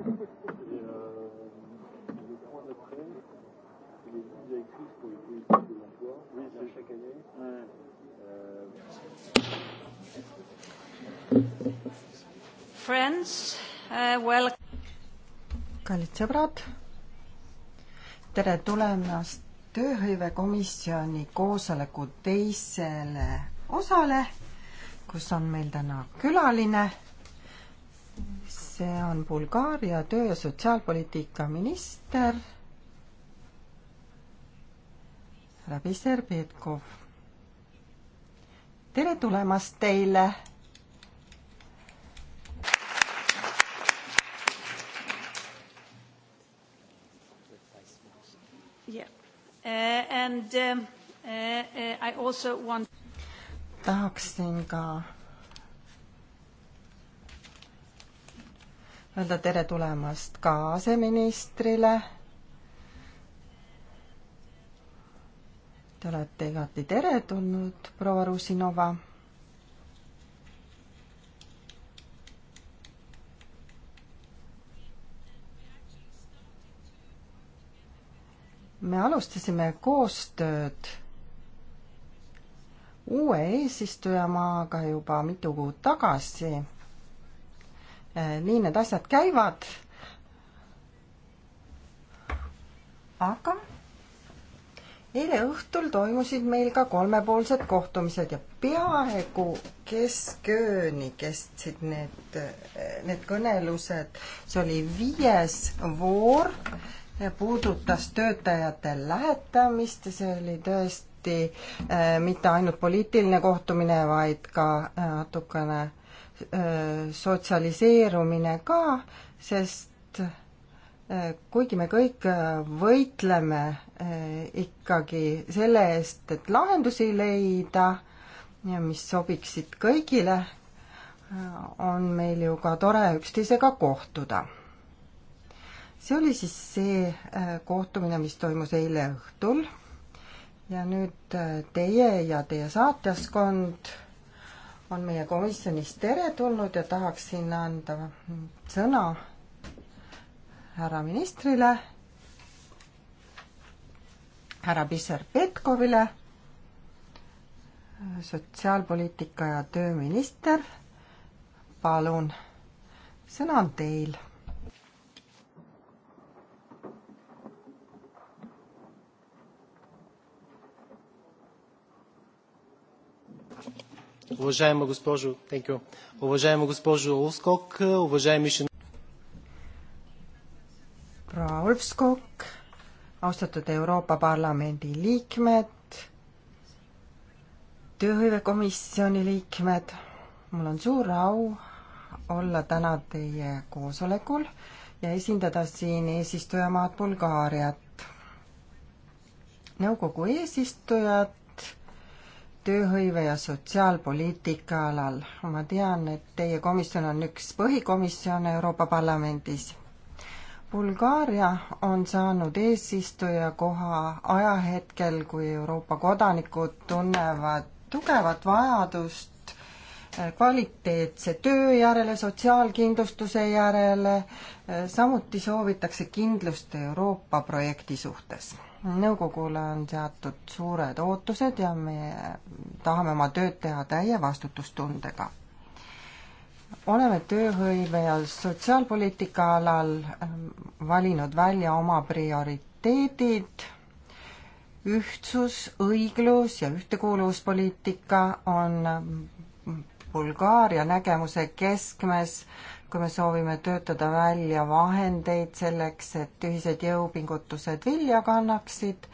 Et euh, le point d'après, c'est les lignes directrices pour les politiques de l'emploi. Oui, c'est chaque année. Ouais. Euh... Friends, uh, well... kallid sõbrad, tere tulemast tööhõivekomisjoni koosoleku teisele osale, kus on meil täna külaline see on Bulgaaria töö- ja sotsiaalpoliitika minister härra Piser Petkov. tere tulemast teile. Yeah. Uh, and um, uh, uh, I also want tahaksin ka öelda tere tulemast ka aseministrile. Te olete igati teretulnud, proua Rusinova me alustasime koostööd uue eesistujamaaga juba mitu kuud tagasi Äh, nii need asjad käivad. aga eile õhtul toimusid meil ka kolmepoolsed kohtumised ja peaaegu keskööni kestsid need, need kõnelused. see oli viies voor, puudutas töötajate lähetamist ja see oli tõesti äh, mitte ainult poliitiline kohtumine, vaid ka äh, natukene äh, Äh, sotsialiseerumine ka, sest äh, kuigi me kõik äh, võitleme ikkagi selle eest, et lahendusi leida, mis sobiksid kõigile, on meil ju ka tore üksteisega kohtuda. see oli siis see kohtumine, mis toimus eile õhtul ja nüüd teie ja teie saatjaskond on meie komisjonis teretulnud ja tahaksin anda sõna härra ministrile, härra Pisser Petkovile, sotsiaalpoliitika ja tööminister, palun, sõna on teil Уважаема госпожо, thank you. Уважаема госпожо Ускок, уважаеми шен... proua Ulfskog, austatud Euroopa Parlamendi liikmed, tööhõivekomisjoni liikmed, mul on suur au olla täna teie koosolekul ja esindada siin eesistujamaad Bulgaariat. nõukogu eesistujad tööhõive ja sotsiaalpoliitika alal. ma tean, et teie komisjon on üks põhikomisjone Euroopa Parlamendis. Bulgaaria on saanud eesistuja koha ajahetkel, kui Euroopa kodanikud tunnevad tugevat vajadust kvaliteetse töö järele, sotsiaalkindlustuse järele, samuti soovitakse kindlust Euroopa projekti suhtes nõukogule on seatud suured ootused ja me tahame oma tööd teha täie vastutustundega. oleme tööhõive ja sotsiaalpoliitika alal ähm, valinud välja oma prioriteedid. ühtsus, õiglus ja ühtekuuluvuspoliitika on ähm, Bulgaaria nägemuse keskmes äh, kui me soovime töötada välja vahendeid selleks, et ühised jõupingutused vilja kannaksid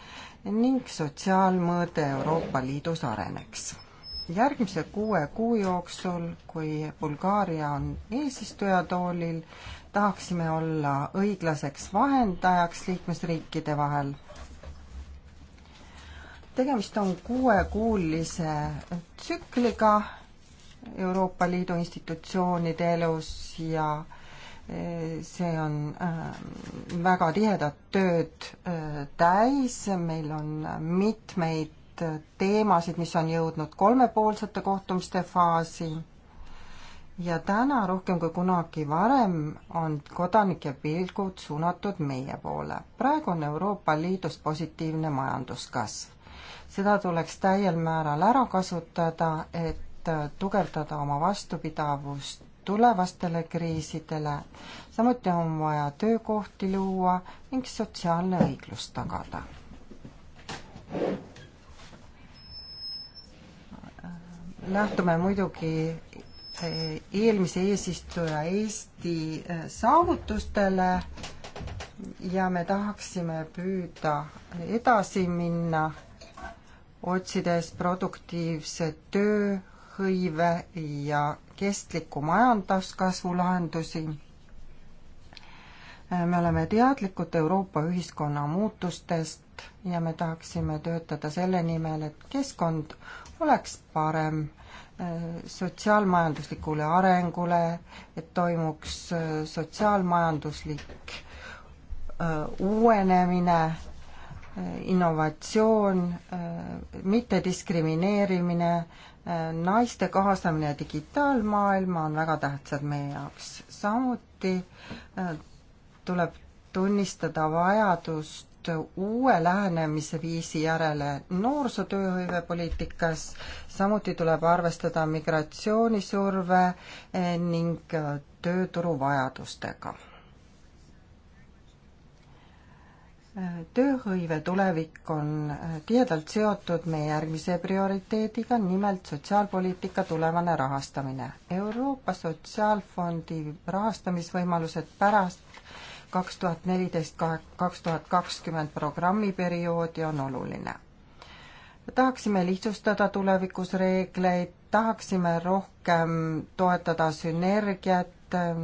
ning sotsiaalmõõde Euroopa Liidus areneks. järgmise kuue kuu jooksul, kui Bulgaaria on eesistujatoolil, tahaksime olla õiglaseks vahendajaks liikmesriikide vahel tegemist on kuuekuulise tsükliga Euroopa Liidu institutsioonide elus ja e, see on e, väga tihedat tööd e, täis, meil on mitmeid teemasid, mis on jõudnud kolmepoolsete kohtumiste faasi ja täna rohkem kui kunagi varem on kodanike pilgud suunatud meie poole. praegu on Euroopa Liidus positiivne majanduskasv. seda tuleks täiel määral ära kasutada, et tugevdada oma vastupidavust tulevastele kriisidele. samuti on vaja töökohti luua ning sotsiaalne õiglus tagada. lähtume muidugi eh, eelmise eesistuja Eesti eh, saavutustele ja me tahaksime püüda edasi minna, otsides produktiivse töö hõive ja kestliku majanduskasvu lahendusi. me oleme teadlikud Euroopa ühiskonna muutustest ja me tahaksime töötada selle nimel, et keskkond oleks parem sotsiaalmajanduslikule arengule, et toimuks äh, sotsiaalmajanduslik äh, uuenemine, äh, innovatsioon, mittediskrimineerimine, Äh, naiste kaasamine digitaalmaailma on väga tähtsad meie jaoks. samuti äh, tuleb tunnistada vajadust uue lähenemise viisi järele noorsootööhõivepoliitikas, samuti tuleb arvestada migratsioonisurve eh, ning äh, tööturu vajadustega tööhõive tulevik on äh, tihedalt seotud meie järgmise prioriteediga, nimelt sotsiaalpoliitika tulevane rahastamine. Euroopa Sotsiaalfondi rahastamisvõimalused pärast kaks tuhat neliteist, kaks tuhat kakskümmend programmiperioodi on oluline. tahaksime lihtsustada tulevikus reegleid, tahaksime rohkem toetada sünergiat, ähm,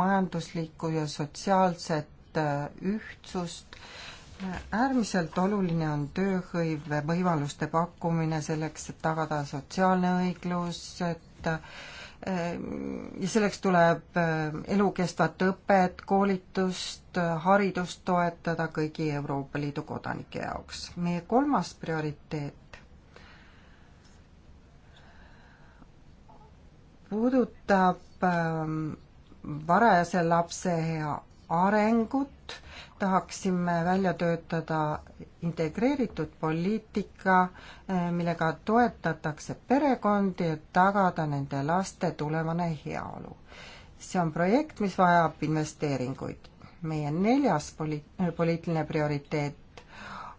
majanduslikku ja sotsiaalset Äh, ühtsust. äärmiselt oluline on tööhõive võimaluste pakkumine selleks, et tagada sotsiaalne õiglus, et äh, ja selleks tuleb äh, elukestvat õpet, koolitust, haridust toetada kõigi Euroopa Liidu kodanike jaoks. meie kolmas prioriteet puudutab ähm, varajase lapse arengut, tahaksime välja töötada integreeritud poliitika, eh, millega toetatakse perekondi, et tagada nende laste tulevane heaolu. see on projekt, mis vajab investeeringuid. meie neljas poli-, eh, poliitiline prioriteet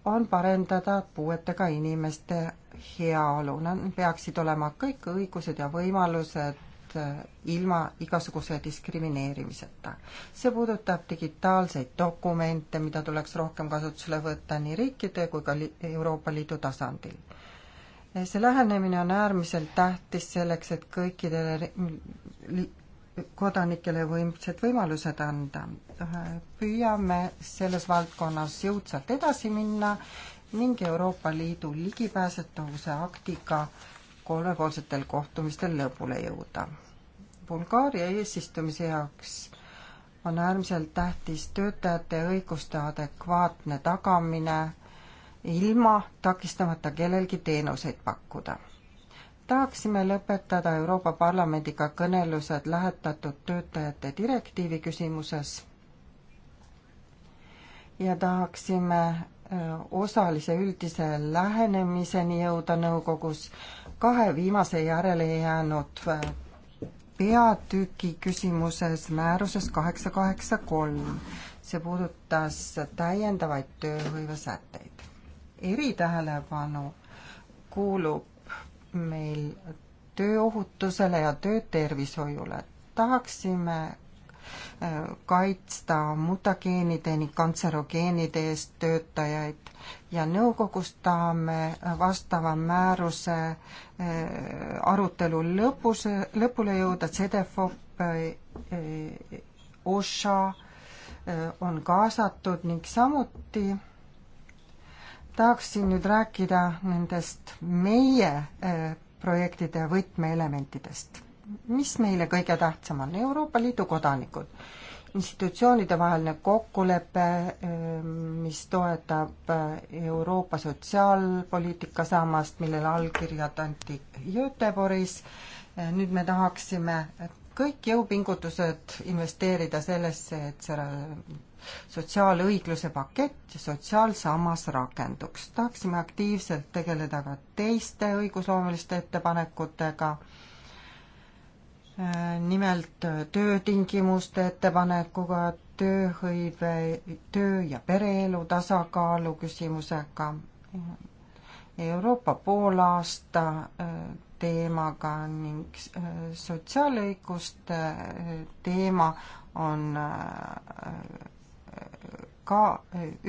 on parendada puuetega inimeste heaolu, nad peaksid olema kõik õigused ja võimalused Äh, ilma igasuguse diskrimineerimiseta. see puudutab digitaalseid dokumente, mida tuleks rohkem kasutusele võtta nii riikide kui ka li Euroopa Liidu tasandil. see lähenemine on äärmiselt tähtis selleks, et kõikidele kodanikele võimsad võimalused anda. püüame selles valdkonnas jõudsalt edasi minna ning Euroopa Liidu ligipääsetavuse aktiga äh, kolmepoolsetel kohtumistel lõpule jõuda. Bulgaaria eesistumise jaoks on äärmiselt tähtis töötajate õiguste adekvaatne tagamine, ilma takistamata kellelgi teenuseid pakkuda. tahaksime lõpetada Euroopa Parlamendiga kõnelused lähetatud töötajate direktiivi küsimuses ja tahaksime Äh, osalise üldise lähenemiseni jõuda nõukogus. kahe viimase järele jäänud äh, peatüki küsimuses määruses kaheksa kaheksa kolm. see puudutas täiendavaid tööhõivesätteid. eritähelepanu kuulub meil tööohutusele ja töötervishoiule. tahaksime kaitsta mutageenide ning kantserogeenide eest töötajaid ja nõukogus tahame vastava määruse äh, arutelu lõpus, lõpule jõuda, CDFOP, äh, OSHA äh, on kaasatud ning samuti tahaksin nüüd rääkida nendest meie projektide võtmeelementidest mis meile kõige tähtsam on, Euroopa Liidu kodanikud. institutsioonide vaheline kokkulepe, eh, mis toetab eh, Euroopa sotsiaalpoliitika sammast, millele allkirjad anti Göteborgis, eh, nüüd me tahaksime kõik jõupingutused investeerida sellesse, et see sotsiaalõigluse pakett ja sotsiaalsammas rakenduks. tahaksime aktiivselt tegeleda ka teiste õigusloomeliste ettepanekutega Äh, nimelt äh, töötingimuste ettepanekuga, tööhõive, töö ja pereelu tasakaalu küsimusega, Euroopa poolaasta äh, teemaga ning sotsiaalõiguste teema on ka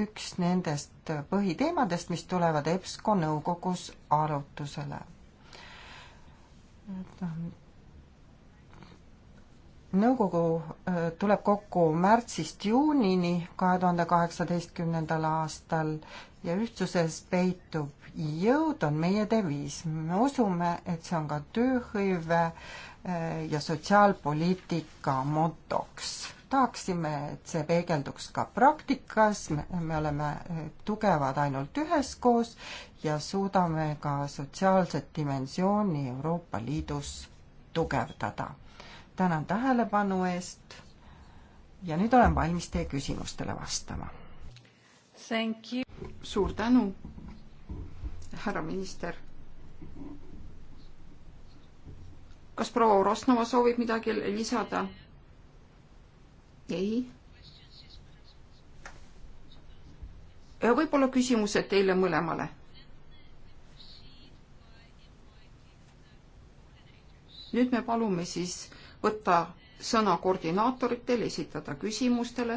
üks nendest põhiteemadest, mis tulevad EBSCO nõukogus arutusele nõukogu tuleb kokku märtsist juunini kahe tuhande kaheksateistkümnendal aastal ja ühtsuses peitub jõud, on meie deviis. me usume, et see on ka tööhõive ja sotsiaalpoliitika motoks. tahaksime, et see peegelduks ka praktikas, me oleme tugevad ainult üheskoos ja suudame ka sotsiaalset dimensiooni Euroopa Liidus tugevdada tänan tähelepanu eest ja nüüd olen valmis teie küsimustele vastama. suur tänu, härra minister. kas proua Orosnova soovib midagi lisada? ei? võib-olla küsimused teile mõlemale nüüd me palume siis võtta sõna koordinaatoritel, esitada küsimustele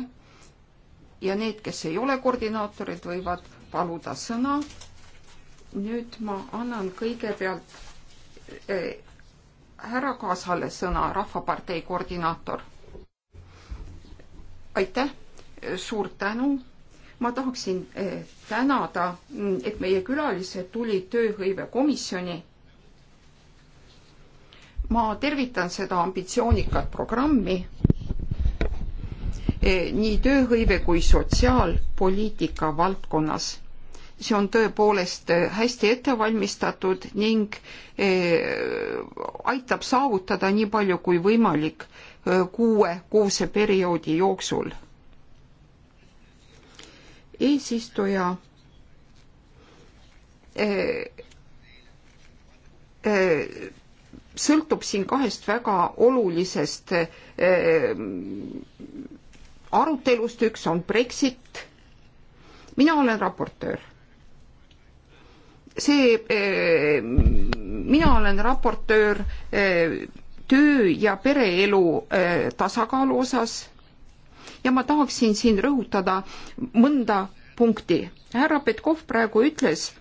ja need, kes ei ole koordinaatorid, võivad paluda sõna. nüüd ma annan kõigepealt eh, härra Kaasale sõna, Rahvapartei koordinaator. aitäh, suur tänu. ma tahaksin eh, tänada, mm, et meie külalised tulid tööhõivekomisjoni ma tervitan seda ambitsioonikat programmi, eh, nii tööhõive kui sotsiaalpoliitika valdkonnas. see on tõepoolest eh, hästi ette valmistatud ning eh, aitab saavutada nii palju kui võimalik kuue kuuse perioodi jooksul. eesistuja sõltub siin kahest väga olulisest eh, arutelust, üks on Brexit. mina olen raportöör. see, eh, mina olen raportöör eh, töö ja pereelu tasakaalu osas ja ma tahaksin siin rõhutada mõnda punkti. härra Petkov praegu ütles,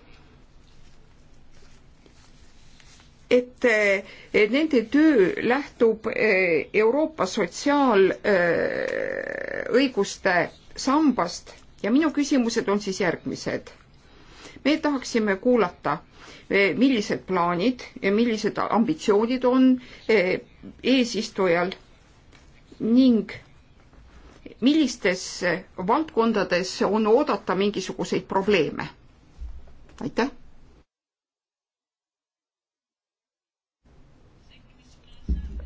et eh, nende töö lähtub eh, Euroopa sotsiaalõiguste eh, sambast ja minu küsimused on siis järgmised. me tahaksime kuulata, millised plaanid ja millised ambitsioonid on eesistujal ning millistes valdkondades on oodata mingisuguseid probleeme? aitäh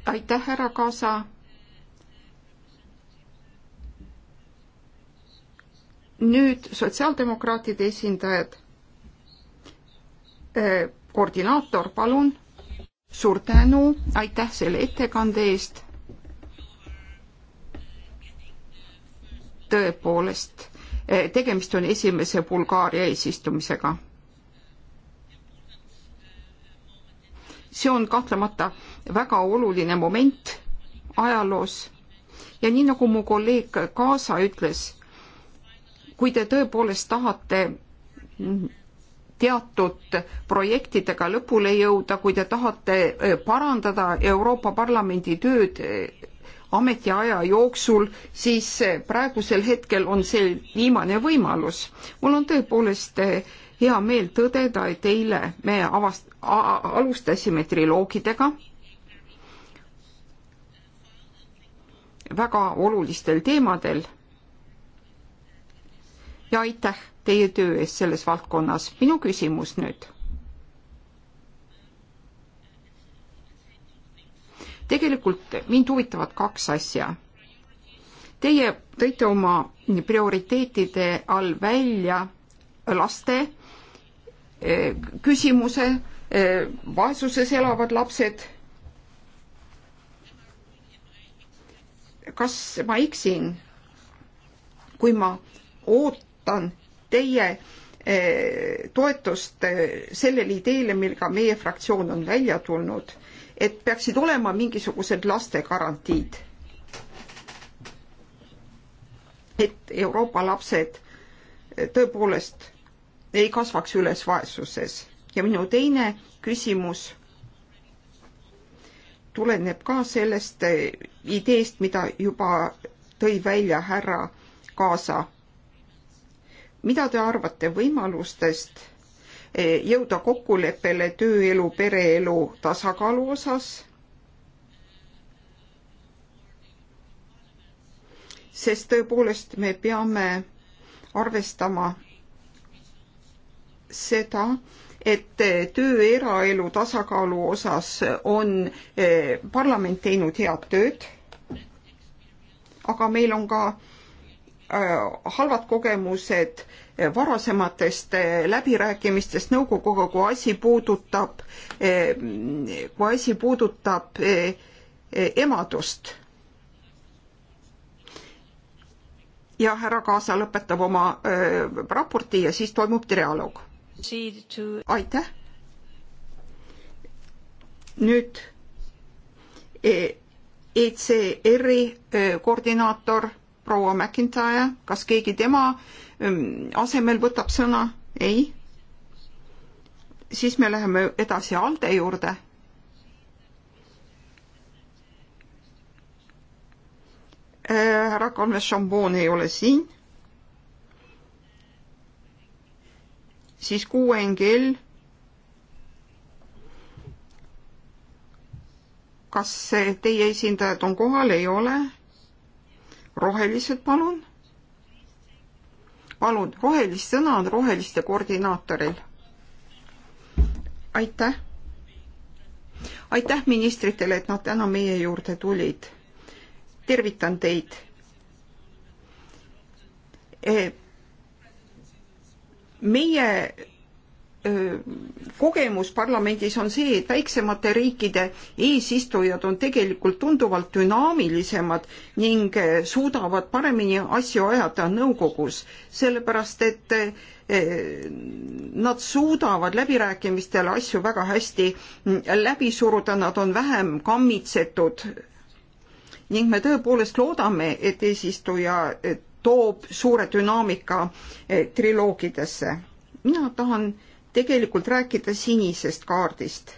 aitäh, härra Kaasa. nüüd sotsiaaldemokraatide esindajad. Äh, koordinaator, palun. suur tänu, aitäh selle ettekande eest. tõepoolest, äh, tegemist on esimese Bulgaaria eesistumisega see on kahtlemata väga oluline moment ajaloos. ja nii nagu mu kolleeg Kaasa ütles, kui te tõepoolest tahate teatud projektidega lõpule jõuda, kui te tahate eh, parandada Euroopa Parlamendi tööd eh, ametiaja jooksul, siis eh, praegusel hetkel on see viimane võimalus. mul on tõepoolest hea meel tõdeda, et eile me avast-, alustasime triloogidega väga olulistel teemadel. ja aitäh teie töö eest selles valdkonnas. minu küsimus nüüd. tegelikult mind huvitavad kaks asja. Teie tõite oma prioriteetide all välja laste küsimuse, eh, vaesuses elavad lapsed. kas ma eksin, kui ma ootan teie eh, toetust eh, sellele ideele, millega meie fraktsioon on välja tulnud, et peaksid olema mingisugused lastegarantiid et Euroopa lapsed tõepoolest ei kasvaks üles vaesuses. ja minu teine küsimus tuleneb ka sellest ideest, mida juba tõi välja härra Kaasa. mida te arvate võimalustest jõuda kokkuleppele tööelu, pereelu tasakaalu osas? sest tõepoolest me peame arvestama seda, et töö eraelu tasakaalu osas on eh, parlament teinud head tööd, aga meil on ka eh, halvad kogemused eh, varasematest läbirääkimistest nõukoguga, kui asi puudutab, kui asi puudutab emadust ja härra Kaasa lõpetab oma äh, raporti ja siis toimub trialoog aitäh. nüüd ECR-i e e, koordinaator proua McIntyre, kas keegi tema asemel võtab sõna? ei? siis me läheme edasi ALDE juurde. E, härra Kalmes Šambon ei ole siin siis QNGL. kas teie esindajad on kohal, ei ole? rohelised, palun. palun, rohelist sõna on roheliste koordinaatoril. aitäh. aitäh ministritele, et nad täna meie juurde tulid. tervitan teid e meie kogemus parlamendis on see, et väiksemate riikide eesistujad on tegelikult tunduvalt dünaamilisemad ning suudavad paremini asju ajada nõukogus, sellepärast et nad suudavad läbirääkimistel asju väga hästi läbi suruda, nad on vähem kammitsetud ning me tõepoolest loodame, et eesistuja et toob suure dünaamika eh, triloogidesse. mina tahan tegelikult rääkida sinisest kaardist.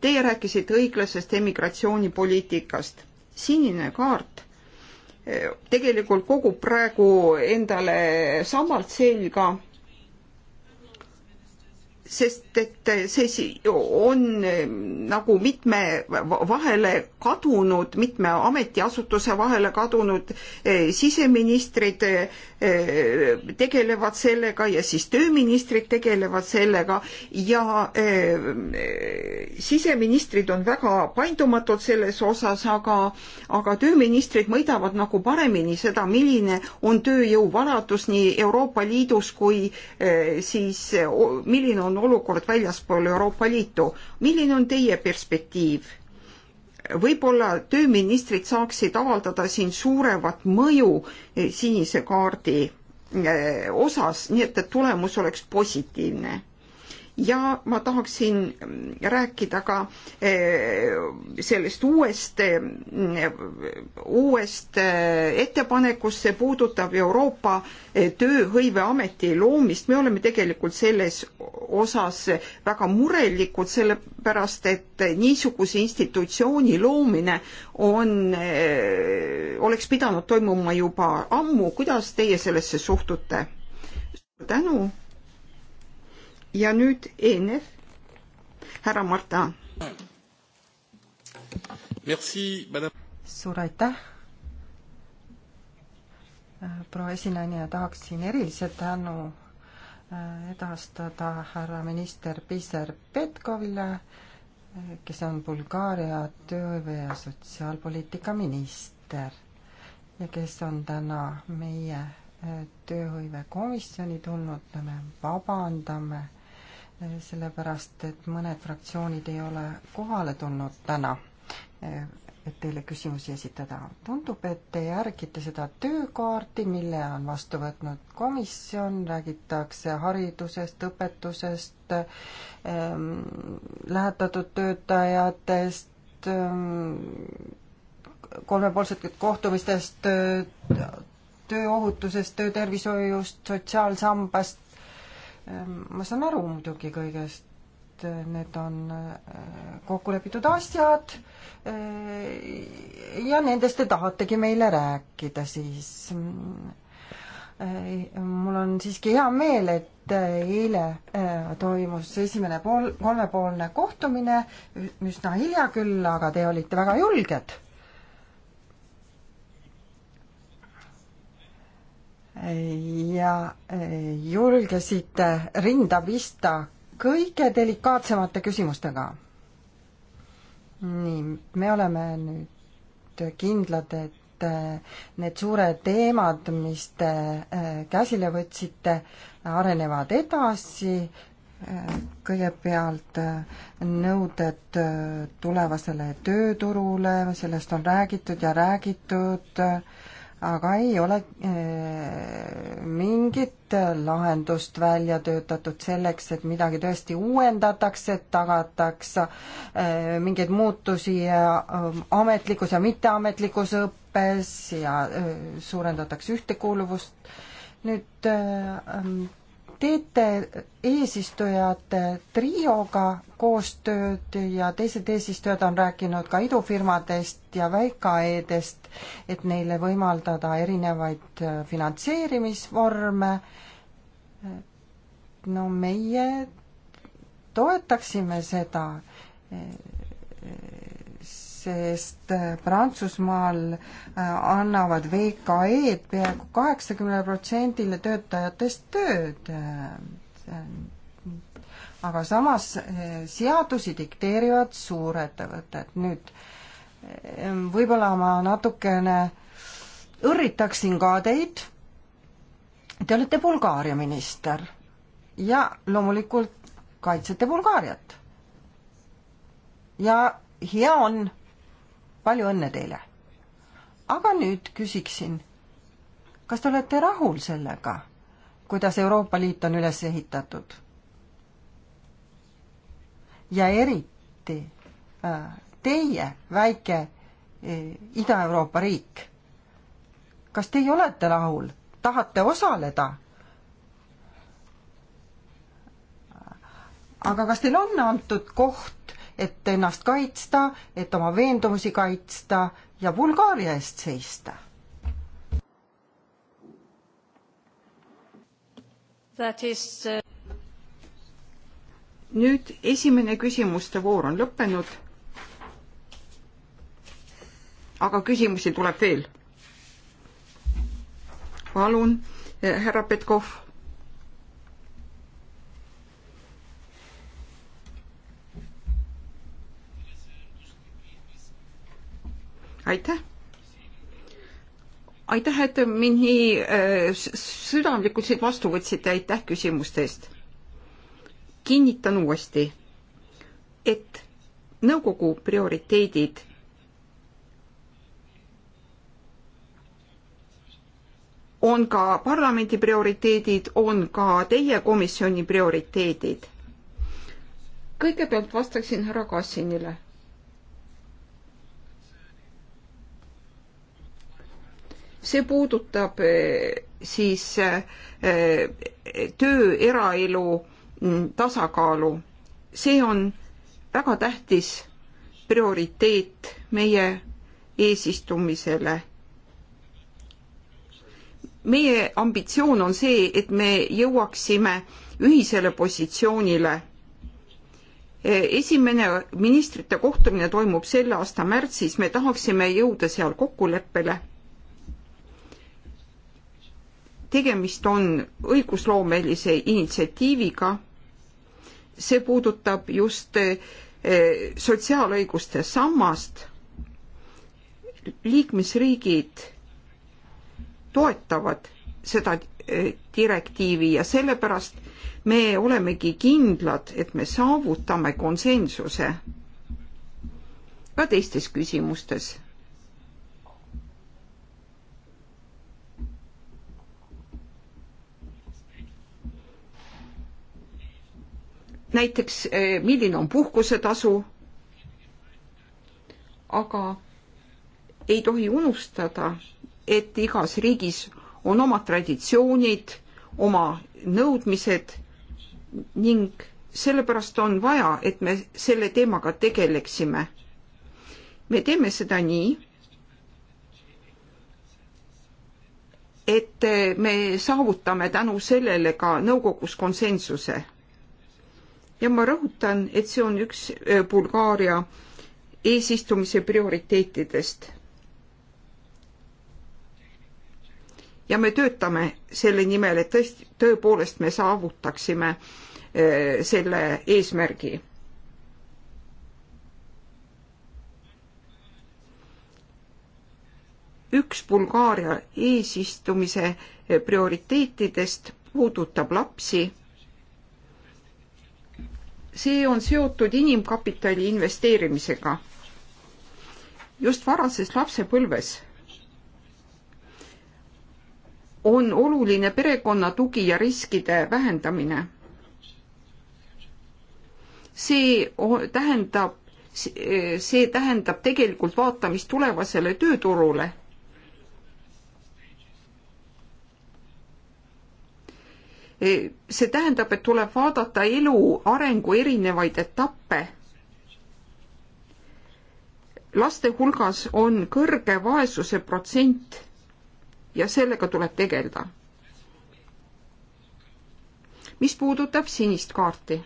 Teie rääkisite õiglasest emigratsioonipoliitikast. sinine kaart eh, tegelikult kogub praegu endale sammalt selga sest et see on nagu mitme vahele kadunud, mitme ametiasutuse vahele kadunud, e, siseministrid e, e, tegelevad sellega ja siis tööministrid tegelevad sellega ja siseministrid on väga paindumatud selles osas, aga, aga tööministrid mõõdavad nagu paremini seda, milline on tööjõu varadus nii Euroopa Liidus kui siis milline on on olukord väljaspool Euroopa Liitu. milline on teie perspektiiv? võib-olla tööministrid saaksid avaldada siin suuremat mõju eh, sinise kaardi eh, osas, nii et, et tulemus oleks positiivne ja ma tahaksin rääkida ka eh, sellest uuest, eh, uuest eh, ettepanekust, see puudutab Euroopa Tööhõiveameti loomist. me oleme tegelikult selles osas väga murelikud, sellepärast et niisuguse institutsiooni loomine on, oleks pidanud toimuma juba ammu. kuidas teie sellesse suhtute? suur tänu ja nüüd ENF, härra Marta. suur aitäh, proua esinaine ja tahaksin erilise tänu äh, edastada härra minister Piser Petkovile, äh, kes on Bulgaaria tööhõive ja sotsiaalpoliitika minister ja kes on täna meie äh, tööhõivekomisjoni tulnud, me vabandame sellepärast et mõned fraktsioonid ei ole kohale tulnud täna, et teile küsimusi esitada. tundub, et te järgite seda töökaarti, mille on vastu võtnud komisjon, räägitakse haridusest, õpetusest ähm,, lähetatud töötajatest ähm,, kolmepoolsetest kohtumistest äh,, tööohutusest, töötervishoiust, sotsiaalsambast, Ehm, ma saan aru muidugi kõigest, need on äh, kokku lepitud asjad äh, ja nendest te tahategi meile rääkida siis. Äh, mul on siiski hea meel, et eile toimus esimene pool, kolmepoolne kohtumine, üsna hilja küll, aga te olite väga julged ja e, julgesite rinda pista kõige delikaatsemate küsimustega. nii, me oleme nüüd kindlad, et e, need suured teemad, mis te e, käsile võtsite, arenevad edasi, kõigepealt nõuded tulevasele tööturule, sellest on räägitud ja räägitud, aga ei ole eh, mingit lahendust välja töötatud selleks, et midagi tõesti uuendatakse, tagatakse eh, mingeid muutusi eh, ametlikus ja mitteametlikus õppes ja suurendatakse ühtekuuluvust. nüüd teete eesistujate trioga koostööd ja teised eesistujad on rääkinud ka idufirmadest ja väikaeedest, et neile võimaldada erinevaid äh, finantseerimisvorme. no meie toetaksime seda äh, sest äh, Prantsusmaal äh, annavad VKE-d peaaegu kaheksakümnele protsendile töötajatest tööd. Äh, aga samas seadusi dikteerivad suurettevõtted. nüüd võib-olla ma natukene õrritaksin ka teid. Te olete Bulgaaria minister ja loomulikult kaitsete Bulgaariat. ja hea on palju õnne teile! aga nüüd küsiksin, kas te olete rahul sellega, kuidas Euroopa Liit on üles ehitatud? ja eriti äh, teie väike äh, Ida-Euroopa riik, kas teie olete rahul, tahate osaleda? aga kas teile on antud koht et ennast kaitsta, et oma veendumusi kaitsta ja Bulgaaria eest seista. Is... Uh, nüüd esimene küsimuste voor on lõppenud. aga küsimusi tuleb veel. palun, eh, härra Petkov aitäh! aitäh, et mind nii äh, südamlikult siit vastu võtsite, aitäh küsimuste eest! kinnitan uuesti, et nõukogu prioriteedid on ka parlamendi prioriteedid, on ka teie komisjoni prioriteedid. kõigepealt vastaksin härra Kassinile see puudutab eh, siis eh, eh, töö, eraelu mm, tasakaalu. see on väga tähtis prioriteet meie eesistumisele. meie ambitsioon on see, et me jõuaksime ühisele positsioonile. esimene ministrite kohtumine toimub selle aasta märtsis, me tahaksime jõuda seal kokkuleppele tegemist on õigusloomelise initsiatiiviga. see puudutab just eh, sotsiaalõiguste sammast. liikmesriigid toetavad seda eh, direktiivi ja sellepärast me olemegi kindlad, et me saavutame konsensuse ka teistes küsimustes näiteks eh, milline on puhkusetasu, aga ei tohi unustada, et igas riigis on oma traditsioonid, oma nõudmised ning sellepärast on vaja, et me selle teemaga tegeleksime. me teeme seda nii, et me saavutame tänu sellele ka nõukogus konsensuse ja ma rõhutan, et see on üks äh, Bulgaaria eesistumise prioriteetidest. ja me töötame selle nimel, et tõesti, tõepoolest me saavutaksime äh, selle eesmärgi. üks Bulgaaria eesistumise äh, prioriteetidest puudutab lapsi see on seotud inimkapitali investeerimisega just varases lapsepõlves on oluline perekonna tugi ja riskide vähendamine. see tähendab, see tähendab tegelikult vaatamist tulevasele tööturule see tähendab, et tuleb vaadata elu arengu erinevaid etappe. laste hulgas on kõrge vaesuse protsent ja sellega tuleb tegeleda. mis puudutab sinist kaarti,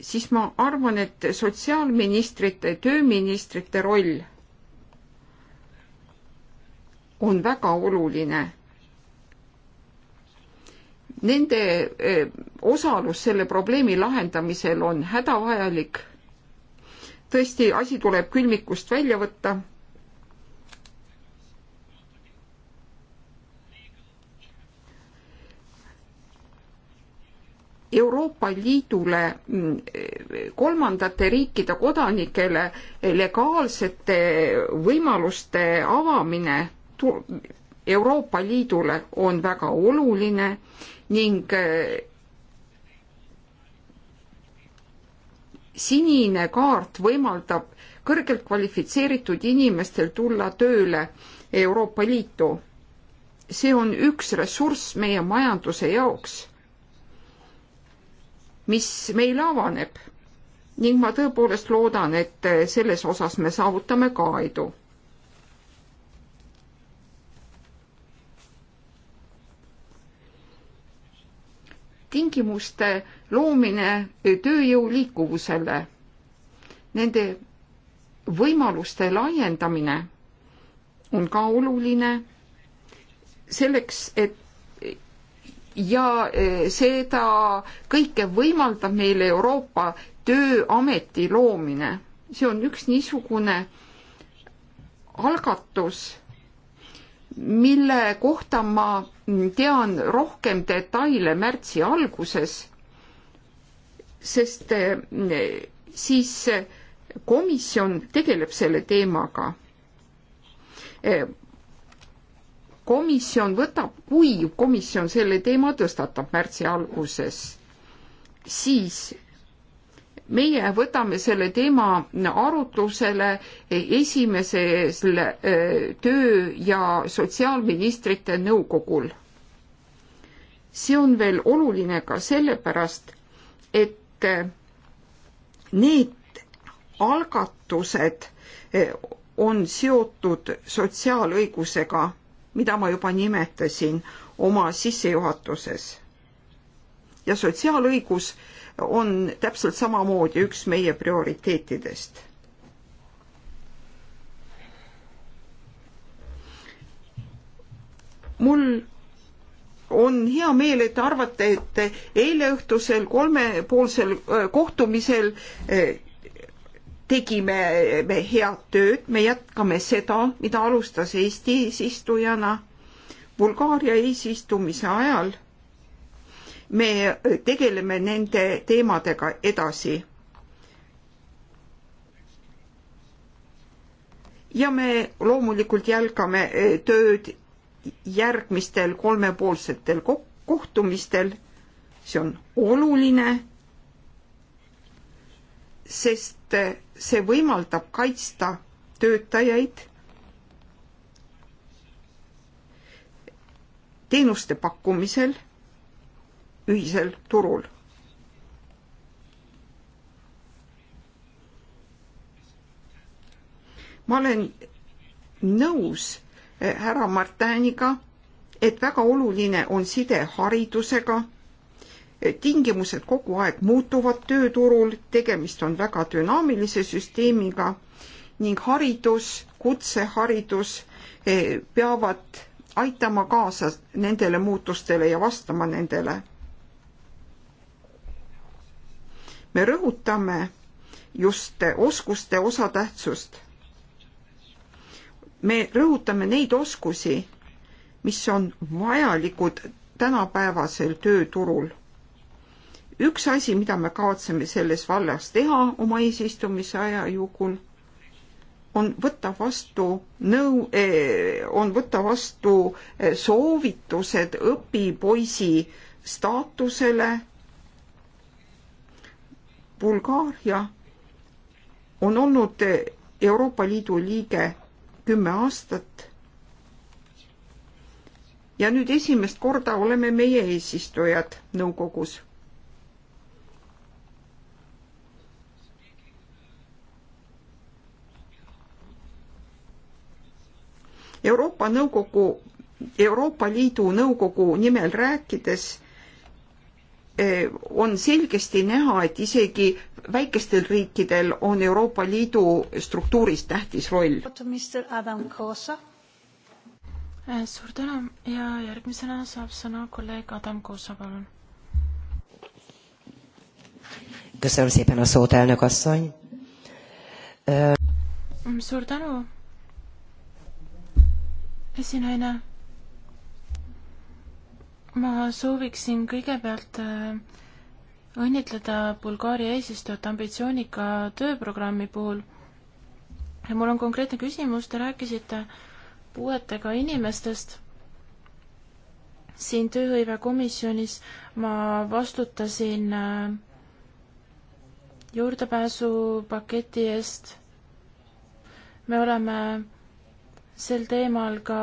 siis ma arvan, et sotsiaalministrite, tööministrite roll on väga oluline nende eh, osalus selle probleemi lahendamisel on hädavajalik. tõesti, asi tuleb külmikust välja võtta. Euroopa Liidule mm, eh, kolmandate riikide kodanikele legaalsete võimaluste avamine Euroopa Liidule on väga oluline ning äh, sinine kaart võimaldab kõrgelt kvalifitseeritud inimestel tulla tööle Euroopa Liitu. see on üks ressurss meie majanduse jaoks, mis meil avaneb ning ma tõepoolest loodan, et selles osas me saavutame ka edu tingimuste loomine tööjõu liikuvusele, nende võimaluste laiendamine on ka oluline selleks, et ja e, seda kõike võimaldab meile Euroopa Tööameti loomine. see on üks niisugune algatus, mille kohta ma tean rohkem detaile märtsi alguses, sest eh, siis komisjon tegeleb selle teemaga. Eh, komisjon võtab, kui komisjon selle teema tõstatab märtsi alguses, siis meie võtame selle teema arutlusele esimesel äh, töö- ja sotsiaalministrite nõukogul. see on veel oluline ka sellepärast, et äh, need algatused äh, on seotud sotsiaalõigusega, mida ma juba nimetasin oma sissejuhatuses. ja sotsiaalõigus äh, on täpselt samamoodi üks meie prioriteetidest. mul on hea meel, et arvate, et eile õhtusel kolmepoolsel äh, kohtumisel äh, tegime me head tööd, me jätkame seda, mida alustas Eesti eesistujana Bulgaaria eesistumise ajal me tegeleme nende teemadega edasi. ja me loomulikult jälgame e, tööd järgmistel kolmepoolsetel kohtumistel. see on oluline, sest see võimaldab kaitsta töötajaid teenuste pakkumisel ühisel turul. ma olen nõus eh, härra Martiniga, et väga oluline on side haridusega. Eh, tingimused kogu aeg muutuvad tööturul, tegemist on väga dünaamilise süsteemiga ning haridus, kutseharidus eh, peavad aitama kaasa nendele muutustele ja vastama nendele. me rõhutame just oskuste osatähtsust. me rõhutame neid oskusi, mis on vajalikud tänapäevasel tööturul. üks asi, mida me kavatseme selles vallas teha oma eesistumise aja jooksul, on võtta vastu nõu eh,, on võtta vastu eh, soovitused õpipoisi staatusele Bulgaaria on olnud Euroopa Liidu liige kümme aastat. ja nüüd esimest korda oleme meie eesistujad nõukogus. Euroopa Nõukogu, Euroopa Liidu Nõukogu nimel rääkides Äh, on selgesti näha, et isegi väikestel riikidel on Euroopa Liidu struktuuris tähtis roll. Äh, suur tänu ja järgmisena saab sõna kolleeg Adam Koosa, palun. köszönöm szépen a szót, elnök asszony. Mm, suur tänu, esinaine ma sooviksin kõigepealt äh, õnnitleda Bulgaaria eesistujat ambitsioonika tööprogrammi puhul. ja mul on konkreetne küsimus, te rääkisite puuetega inimestest. siin tööhõivekomisjonis ma vastutasin äh, juurdepääsupaketi eest. me oleme sel teemal ka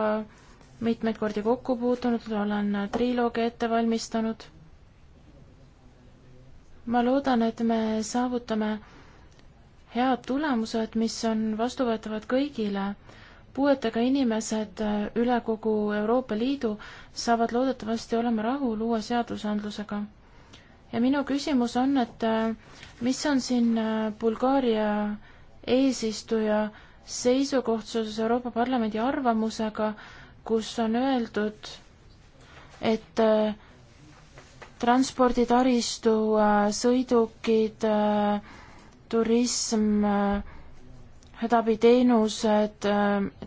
mitmeid kordi kokku puutunud, olen triloogi ette valmistanud. ma loodan, et me saavutame head tulemused, mis on vastuvõetavad kõigile. puuetega inimesed üle kogu Euroopa Liidu saavad loodetavasti olema rahul uue seadusandlusega. ja minu küsimus on, et eh, mis on siin eh, Bulgaaria eesistuja seisukoht seoses Euroopa Parlamendi arvamusega äh, kus on öeldud, et äh, transporditaristu, äh, sõidukid, äh, turism, hädaabiteenused, et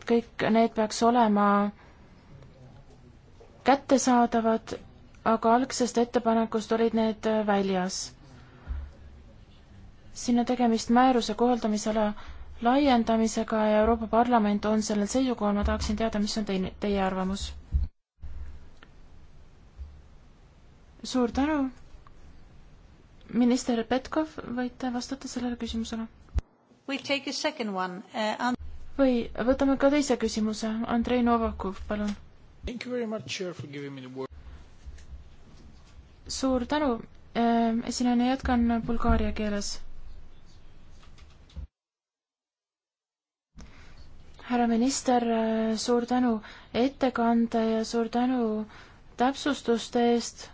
kõik need peaks olema kättesaadavad, aga algsest ettepanekust olid need väljas. siin on tegemist määruse kohaldamisala laiendamisega ja Euroopa Parlament on sellel seisukohal, ma tahaksin teada, mis on teine, teie arvamus? suur tänu. minister Petkov, võite vastata sellele küsimusele we'll one, uh,? või võtame ka teise küsimuse, Andrei Novakov, palun. suur tänu, ehm, esinejana jätkan bulgaaria keeles härra minister, suur tänu ettekande ja suur tänu täpsustuste eest.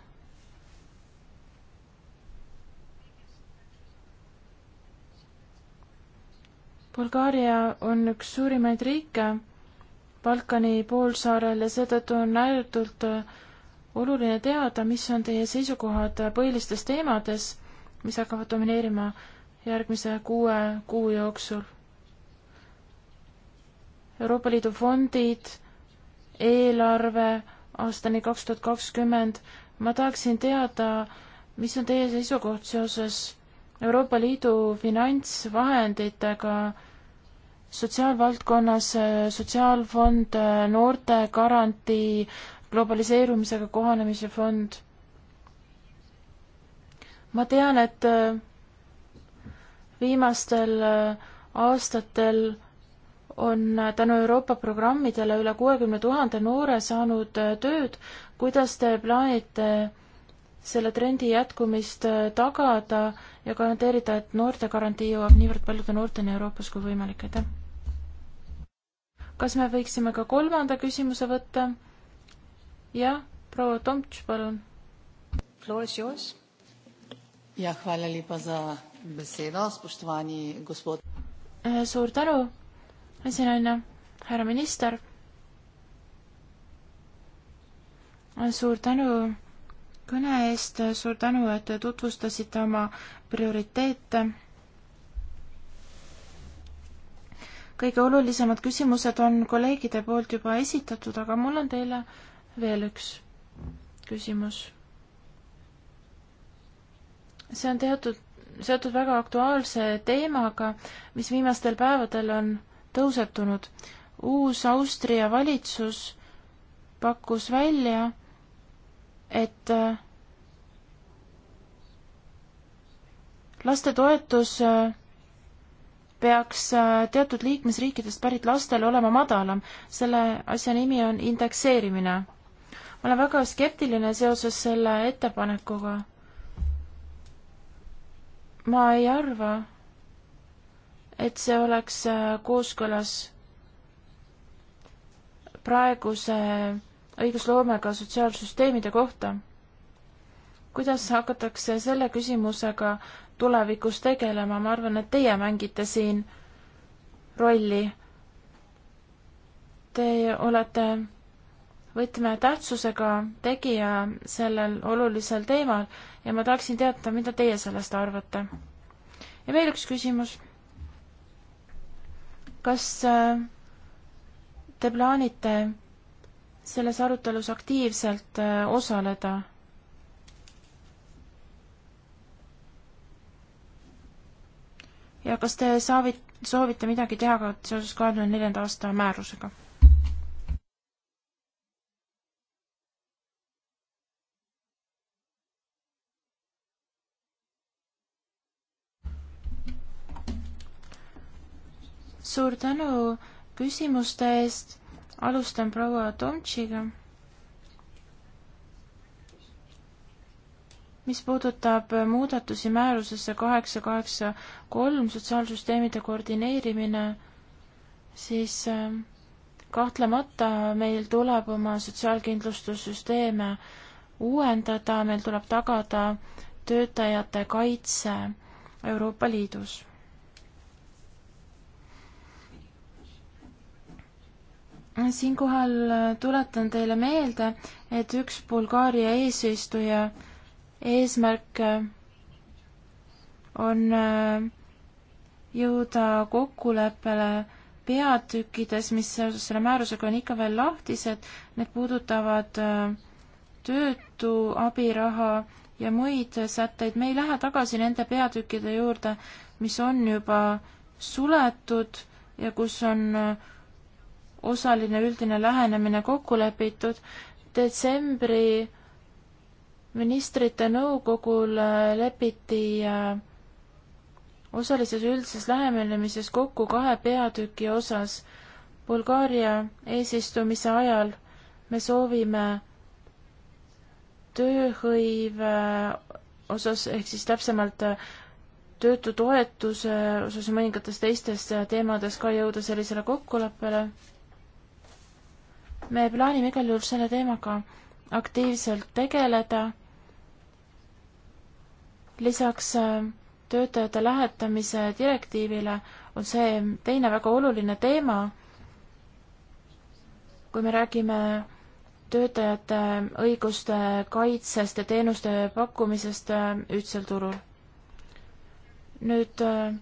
Bulgaaria on üks suurimaid riike Balkani poolsaarel ja seetõttu on ääretult oluline teada, mis on teie seisukohad põhilistes teemades, mis hakkavad domineerima järgmise kuue kuu jooksul Euroopa Liidu fondid, eelarve aastani kaks tuhat kakskümmend. ma tahaksin teada, mis on teie seisukoht seoses Euroopa Liidu finantsvahenditega sotsiaalvaldkonnas, sotsiaalfond, noorte garantii, globaliseerumisega kohanemise fond. ma tean, et viimastel äh, aastatel on tänu Euroopa programmidele üle kuuekümne tuhande noore saanud äh, tööd. kuidas te plaanite selle trendi jätkumist äh, tagada ja garanteerida, et noortegarantii jõuab niivõrd paljude noorteni Euroopas kui võimalik, aitäh! kas me võiksime ka kolmanda küsimuse võtta? jah, proua Tomtš, palun. Floor is yours. jah, hvala lepa za besedo, spoštovani gospod. Äh, suur tänu esinaine, härra minister. suur tänu kõne eest, suur tänu, et te tutvustasite oma prioriteete. kõige olulisemad küsimused on kolleegide poolt juba esitatud, aga mul on teile veel üks küsimus. see on teatud, seotud väga aktuaalse teemaga, mis viimastel päevadel on tõusetunud. uus Austria valitsus pakkus välja, et äh, lastetoetus äh, peaks äh, teatud liikmesriikidest pärit lastel olema madalam. selle asja nimi on indekseerimine. ma olen väga skeptiline seoses selle ettepanekuga. ma ei arva, et see oleks äh, kooskõlas praeguse õigusloomega sotsiaalsüsteemide kohta. kuidas hakatakse selle küsimusega tulevikus tegelema, ma arvan, et teie mängite siin rolli. Te olete võtmetähtsusega tegija sellel olulisel teemal ja ma tahaksin teada, mida teie sellest arvate. ja veel üks küsimus kas äh, te plaanite selles arutelus aktiivselt äh, osaleda? ja kas te saavit-, soovite midagi teha ka seoses kahe tuhande neljanda aasta määrusega? suur tänu küsimuste eest. alustan proua Tomtšiga. mis puudutab muudatusi määrusesse kaheksa, kaheksa, kolm sotsiaalsüsteemide koordineerimine, siis äh, kahtlemata meil tuleb oma sotsiaalkindlustussüsteeme uuendada, meil tuleb tagada töötajate kaitse Euroopa Liidus siinkohal äh, tuletan teile meelde, et üks Bulgaaria eesistuja eesmärk äh, on äh, jõuda kokkuleppele peatükkides, mis seoses selle määrusega on ikka veel lahtised, need puudutavad töötu abiraha ja muid sätteid, me ei lähe tagasi nende peatükkide juurde, mis on juba suletud ja kus on osaline üldine lähenemine kokku lepitud. detsembri ministrite nõukogul äh, lepiti äh, osalises üldses lähenemises kokku kahe peatüki osas. Bulgaaria eesistumise ajal me soovime tööhõive äh, osas ehk siis täpsemalt töötutoetuse osas ja mõningates teistes teemades ka jõuda sellisele kokkuleppele me plaanime igal juhul selle teemaga aktiivselt tegeleda. lisaks äh, töötajate lähetamise direktiivile on see teine väga oluline teema. kui me räägime töötajate õiguste kaitsest ja teenuste pakkumisest äh, ühtsel turul. nüüd äh,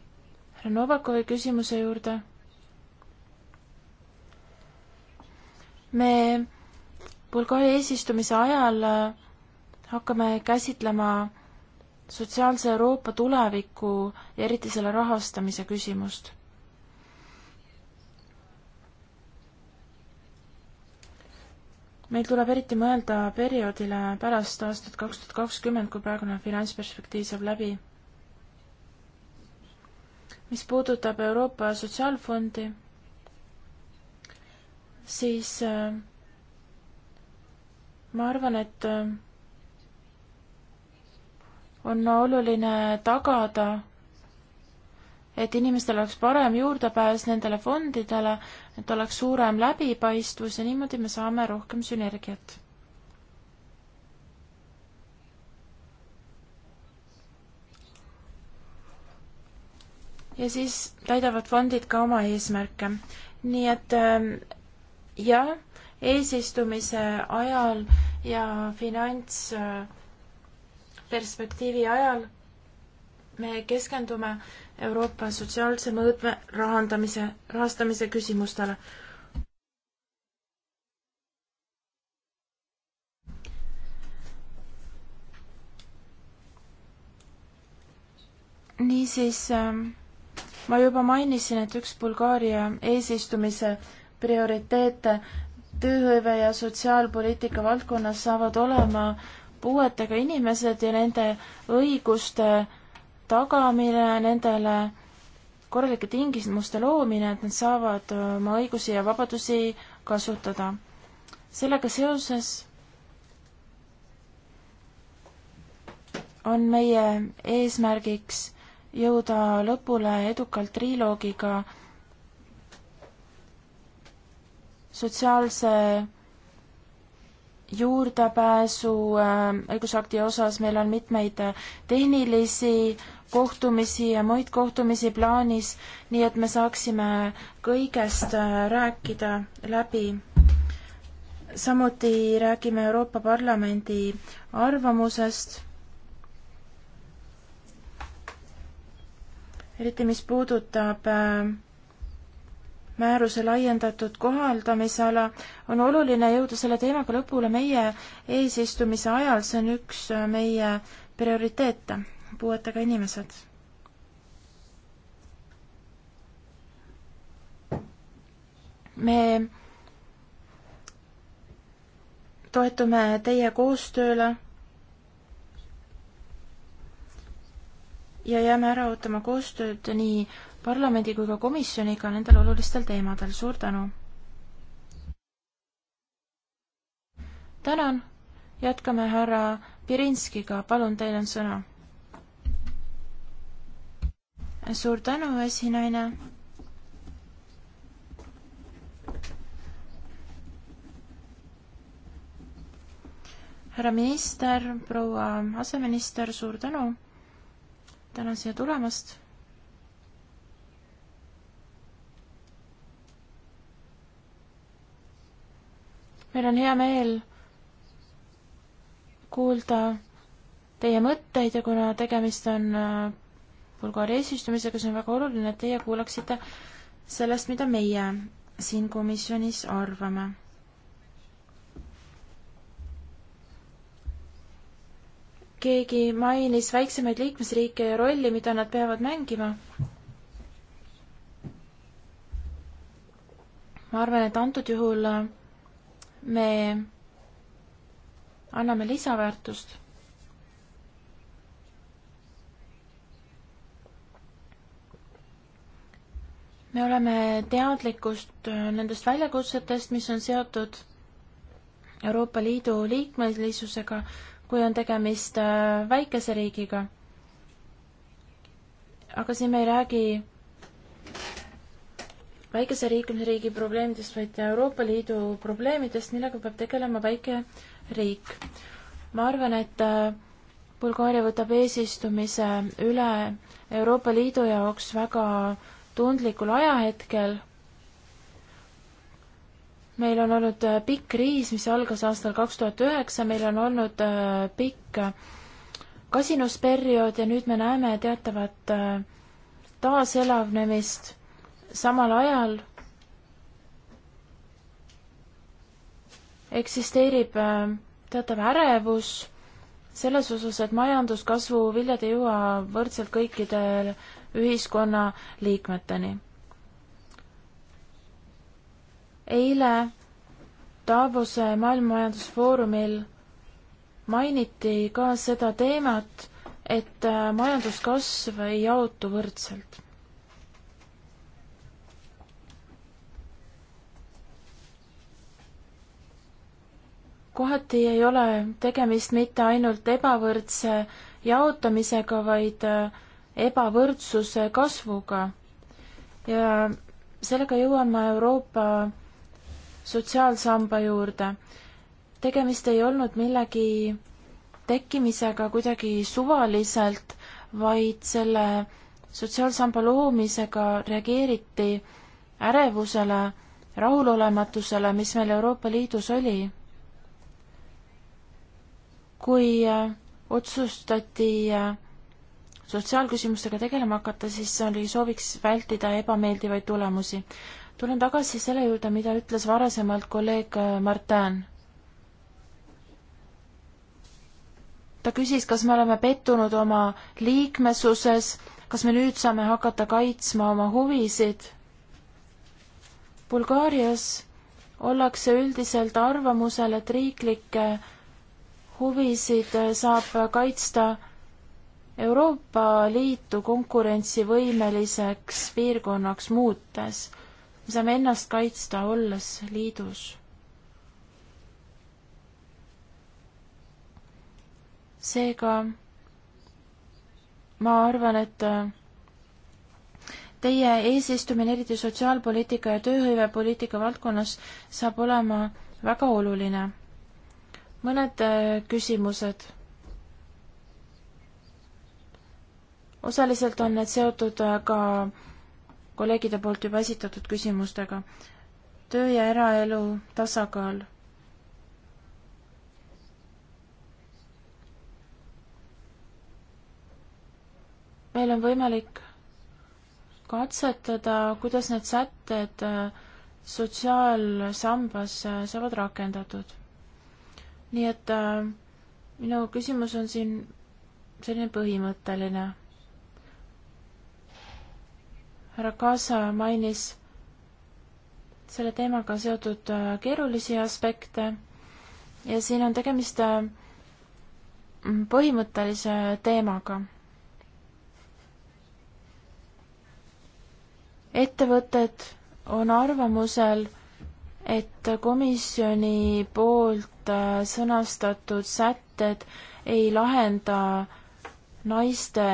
härra Novakovi küsimuse juurde me Bulgaaria eesistumise ajal äh, hakkame käsitlema sotsiaalse Euroopa tuleviku ja eriti selle rahastamise küsimust. meil tuleb eriti mõelda perioodile pärast aastat kaks tuhat kakskümmend, kui praegune finantsperspektiiv saab läbi. mis puudutab Euroopa Sotsiaalfondi siis äh, ma arvan, et äh, on oluline tagada, et inimestel oleks parem juurdepääs nendele fondidele, et oleks suurem läbipaistvus ja niimoodi me saame rohkem sünergiat. ja siis täidavad fondid ka oma eesmärke. nii et äh, jah, eesistumise ajal ja finantsperspektiivi äh, ajal me keskendume Euroopa sotsiaalse mõõtme rahandamise, rahastamise küsimustele. niisiis, ähm, ma juba mainisin, et üks Bulgaaria eesistumise prioriteete tööhõive ja sotsiaalpoliitika valdkonnas saavad olema puuetega inimesed ja nende õiguste tagamine, nendele korralike tingimuste loomine, et nad saavad oma õigusi ja vabadusi kasutada. sellega seoses on meie eesmärgiks jõuda lõpule edukalt triloogiga sotsiaalse juurdepääsu ähm, õigusakti osas meil on mitmeid äh, tehnilisi kohtumisi ja muid kohtumisi plaanis, nii et me saaksime kõigest äh, rääkida läbi. samuti räägime Euroopa Parlamendi arvamusest eriti mis puudutab äh, määruse laiendatud kohaldamisala, on oluline jõuda selle teemaga lõpule meie eesistumise ajal, see on üks äh, meie prioriteete, puuetega inimesed. me toetume teie koostööle ja jääme ära ootama koostööd nii parlamendi kui ka komisjoniga nendel olulistel teemadel, suur tänu! tänan, jätkame härra Pirinskiga, palun, teil on sõna. suur tänu, esinaine. härra minister, proua aseminister, suur tänu täna siia tulemast meil on hea meel kuulda teie mõtteid ja kuna tegemist on äh, Bulgaaria eesistumisega, siis on väga oluline, et teie kuulaksite sellest, mida meie siin komisjonis arvame. keegi mainis väiksemaid liikmesriike ja rolli, mida nad peavad mängima. ma arvan, et antud juhul äh, me anname lisaväärtust. me oleme teadlikud nendest väljakutsetest, mis on seotud Euroopa Liidu liikmelisusega, kui on tegemist äh, väikese riigiga. aga siin me ei räägi väikese liikmesriigi probleemidest, vaid Euroopa Liidu probleemidest, millega peab tegelema väike riik. ma arvan, et äh, Bulgaaria võtab eesistumise üle Euroopa Liidu jaoks väga tundlikul ajahetkel. meil on olnud äh, pikk kriis, mis algas aastal kaks tuhat üheksa, meil on olnud äh, pikk kasinusperiood ja nüüd me näeme teatavat taaselavnemist samal ajal eksisteerib äh, teatav ärevus selles osas, et majanduskasvu viljad ei jõua võrdselt kõikide ühiskonna liikmeteni. eile Davose maailmamajandusfoorumil mainiti ka seda teemat, et äh, majanduskasv ei jaotu võrdselt kohati ei ole tegemist mitte ainult ebavõrdse jaotamisega, vaid äh, ebavõrdsuse kasvuga. ja sellega jõuame Euroopa sotsiaalsamba juurde. tegemist ei olnud millegi tekkimisega kuidagi suvaliselt, vaid selle sotsiaalsamba loomisega reageeriti ärevusele, rahulolematusele, mis meil Euroopa Liidus oli kui äh, otsustati äh, sotsiaalküsimustega tegelema hakata, siis oli sooviks vältida ebameeldivaid tulemusi. tulen tagasi selle juurde, mida ütles varasemalt kolleeg äh, Martin. ta küsis, kas me oleme pettunud oma liikmesuses, kas me nüüd saame hakata kaitsma oma huvisid. Bulgaarias ollakse üldiselt arvamusel, et riiklike huvisid eh, saab kaitsta Euroopa Liitu konkurentsivõimeliseks piirkonnaks muutes. me saame ennast kaitsta, olles liidus. seega ma arvan, et eh, teie eesistumine, eriti sotsiaalpoliitika ja tööhõivepoliitika valdkonnas, saab olema väga oluline mõned äh, küsimused. osaliselt on need seotud äh, ka kolleegide poolt juba esitatud küsimustega. töö ja eraelu tasakaal. meil on võimalik katsetada, kuidas need sätted äh, sotsiaalsambas saavad rakendatud nii et äh, minu küsimus on siin selline põhimõtteline. härra Kaasa mainis selle teemaga seotud äh, keerulisi aspekte ja siin on tegemist äh, põhimõttelise teemaga. ettevõtted on arvamusel, et komisjoni poolt äh, sõnastatud sätted ei lahenda naiste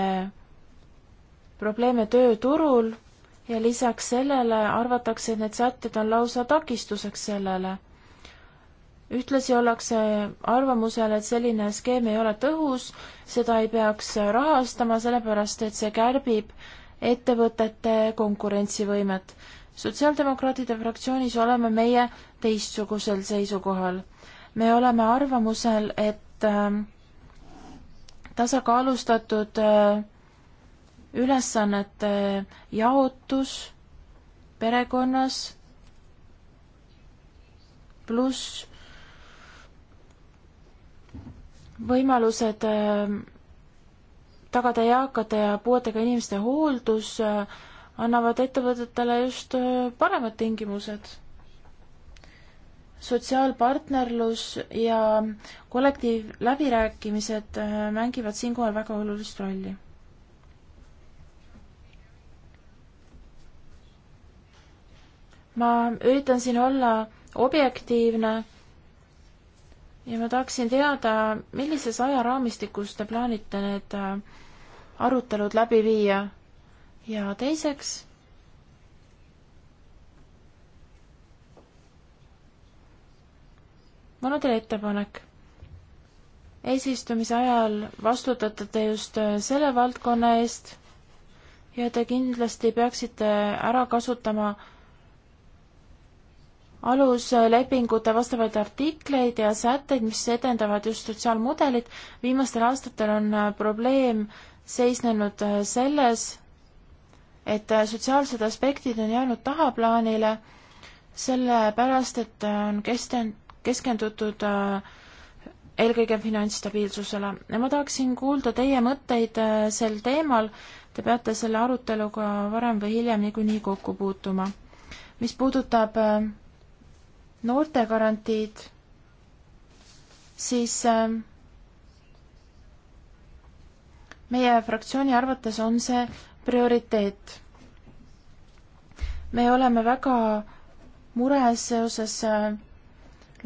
probleeme tööturul ja lisaks sellele arvatakse, et need sätted on lausa takistuseks sellele. ühtlasi ollakse arvamusel, et selline skeem ei ole tõhus, seda ei peaks rahastama, sellepärast et see kärbib ettevõtete konkurentsivõimet sotsiaaldemokraatide fraktsioonis oleme meie teistsugusel seisukohal. me oleme arvamusel, et ähm, tasakaalustatud äh, ülesannete äh, jaotus perekonnas pluss võimalused äh, tagada eakate ja puuetega inimeste hooldus äh, annavad ettevõtetele just äh, paremad tingimused. sotsiaalpartnerlus ja kollektiivläbirääkimised äh, mängivad siinkohal väga olulist rolli. ma üritan siin olla objektiivne ja ma tahaksin teada, millises ajaraamistikus te plaanite need äh, arutelud läbi viia ja teiseks mul on teile ettepanek. eesistumise ajal vastutate te just selle valdkonna eest ja te kindlasti peaksite ära kasutama aluslepingute vastavaid artikleid ja sätteid, mis edendavad just sotsiaalmudelit. viimastel aastatel on probleem seisnenud selles, et äh, sotsiaalsed aspektid on jäänud tahaplaanile, sellepärast et äh, on kesten-, keskendutud äh, eelkõige finantsstabiilsusele ja ma tahaksin kuulda teie mõtteid sel teemal, te peate selle aruteluga varem või hiljem niikuinii kokku puutuma. mis puudutab noortegarantiid, siis meie fraktsiooni arvates on see prioriteet. me oleme väga mures seoses äh,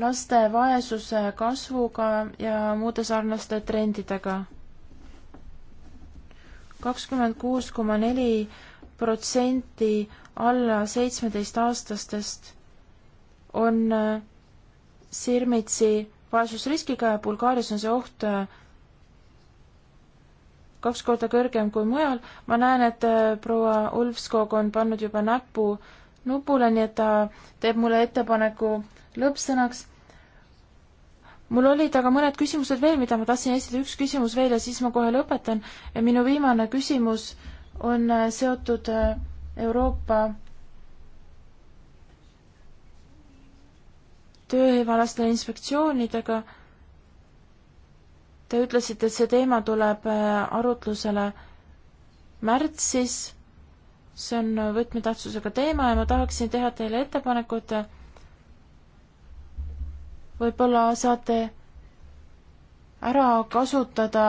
laste vaesuse kasvuga ja muude sarnaste trendidega. kakskümmend kuus koma neli protsenti alla seitsmeteistaastastest on äh, sirmitsi vaesusriskiga ja Bulgaarias on see oht äh, kaks korda kõrgem kui mujal. ma näen, et äh, proua Ulfskog on pannud juba näpu nupule, nii et ta teeb mulle ettepaneku lõppsõnaks. mul olid aga mõned küsimused veel, mida ma tahtsin esitada, üks küsimus veel ja siis ma kohe lõpetan. minu viimane küsimus on äh, seotud äh, Euroopa tööhõivealaste inspektsioonidega Te ütlesite, et see teema tuleb äh, arutlusele märtsis. see on võtmetähtsusega teema ja ma tahaksin teha teile ettepanekut. võib-olla saate ära kasutada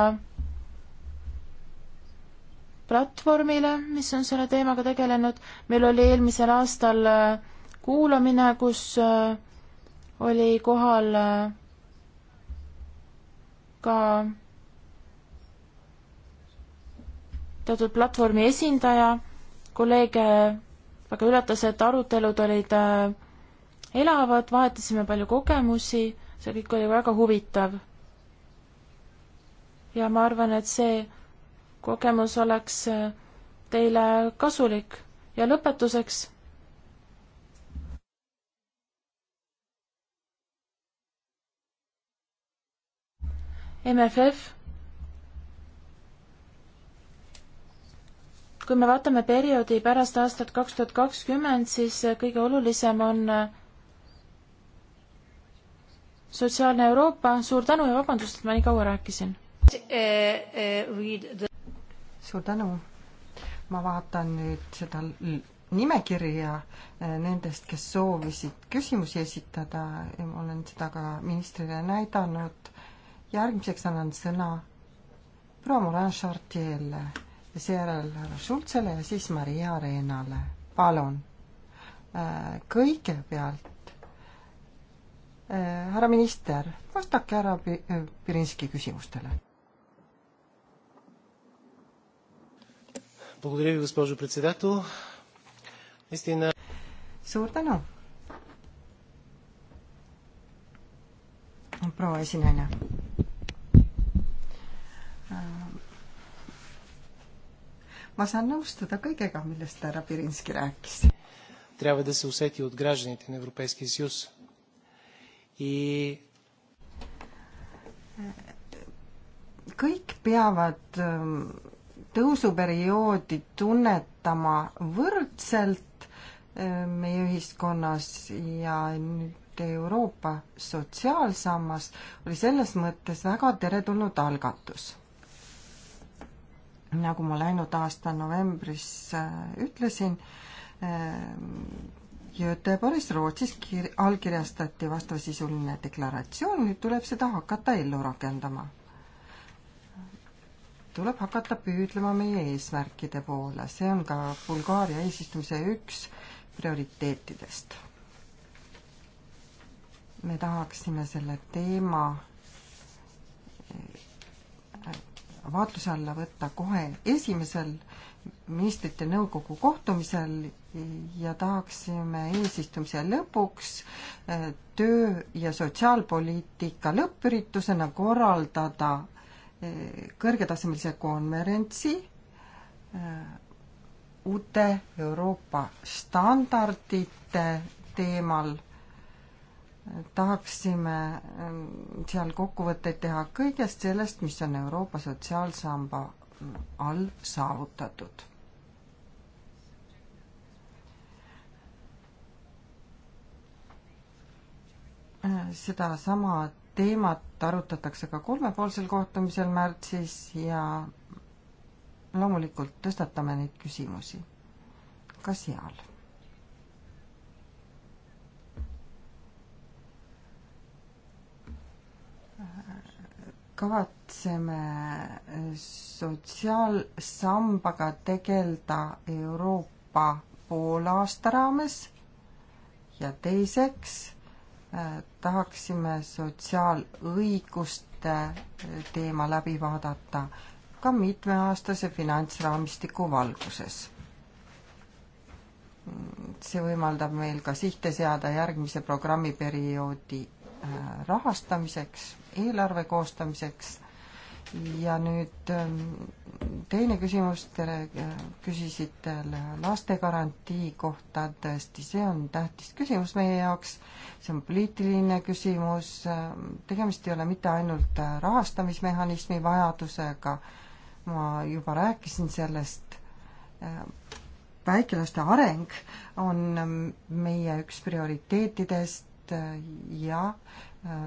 platvormile, mis on selle teemaga tegelenud. meil oli eelmisel aastal äh, kuulamine, kus äh, oli kohal ka teatud platvormi esindaja, kolleege väga üllatas, et arutelud olid äh, elavad, vahetasime palju kogemusi, see kõik oli väga huvitav. ja ma arvan, et see kogemus oleks äh, teile kasulik ja lõpetuseks MFF. kui me vaatame perioodi pärast aastat kaks tuhat kakskümmend, siis äh, kõige olulisem on äh, sotsiaalne Euroopa, suur tänu ja vabandust, et ma nii kaua rääkisin. Äh, suur tänu. ma vaatan nüüd seda nimekirja nendest, kes soovisid küsimusi esitada ja ma olen seda ka ministrile näidanud järgmiseks annan sõna proua Morin Chartier'le ja seejärel härra Schultzele ja siis Maria Areenale. palun. Äh, kõigepealt äh, härra minister, vastake härra äh, Pirinski küsimustele. suur tänu proua esinaine ma saan nõustuda kõigega, millest härra Pirinski rääkis. Трябва да се усети от гражданите на Европейския съюз. И kõik peavad tõusuperioodi tunnetama võrdselt meie ühiskonnas ja nüüd Euroopa sotsiaalsammas oli selles mõttes väga teretulnud algatus nagu ma läinud aasta novembris äh, ütlesin, Göteborgis äh, Rootsis kir-, allkirjastati vastavasisuline deklaratsioon, nüüd tuleb seda hakata ellu rakendama. tuleb hakata püüdlema meie eesmärkide poole, see on ka Bulgaaria eesistumise üks prioriteetidest. me tahaksime selle teema vaatluse alla võtta kohe esimesel ministrite nõukogu kohtumisel ja tahaksime eesistumise lõpuks eh, töö- ja sotsiaalpoliitika lõppüritusena korraldada eh, kõrgetasemelise konverentsi eh, uute Euroopa standardite teemal tahaksime ähm, seal kokkuvõtteid teha kõigest sellest, mis on Euroopa Sotsiaalsamba all saavutatud. Äh, sedasama teemat arutatakse ka kolmepoolsel kohtumisel märtsis ja loomulikult tõstatame neid küsimusi ka seal kavatseme sotsiaalsambaga tegeleda Euroopa poolaasta raames ja teiseks äh, tahaksime sotsiaalõiguste äh, teema läbi vaadata ka mitmeaastase finantsraamistiku valguses. see võimaldab meil ka sihte seada järgmise programmiperioodi äh, rahastamiseks eelarve koostamiseks. ja nüüd ähm, teine küsimus, te äh, küsisite lastegarantii kohta, tõesti, see on tähtis küsimus meie jaoks, see on poliitiline küsimus, ähm, tegemist ei ole mitte ainult rahastamismehhanismi vajadusega, ma juba rääkisin sellest, ähm, väikelaste areng on meie üks prioriteetidest äh, ja äh,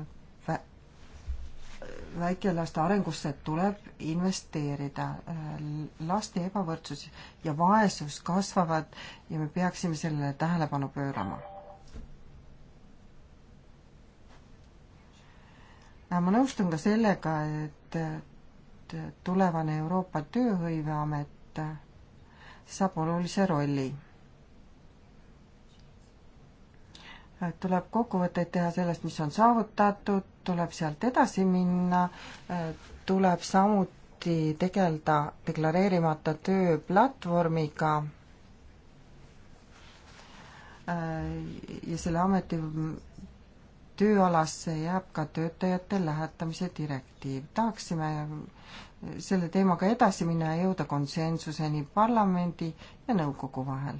väikelaste arengusse tuleb investeerida. laste ebavõrdsus ja vaesus kasvavad ja me peaksime sellele tähelepanu pöörama. ma nõustun ka sellega, et tulevane Euroopa Tööhõiveamet saab olulise rolli tuleb kokkuvõtteid teha sellest, mis on saavutatud, tuleb sealt edasi minna, tuleb samuti tegeleda deklareerimata töö platvormiga ja selle ameti tööalasse jääb ka töötajate lähetamise direktiiv. tahaksime selle teemaga edasi minna ja jõuda konsensuseni parlamendi ja nõukogu vahel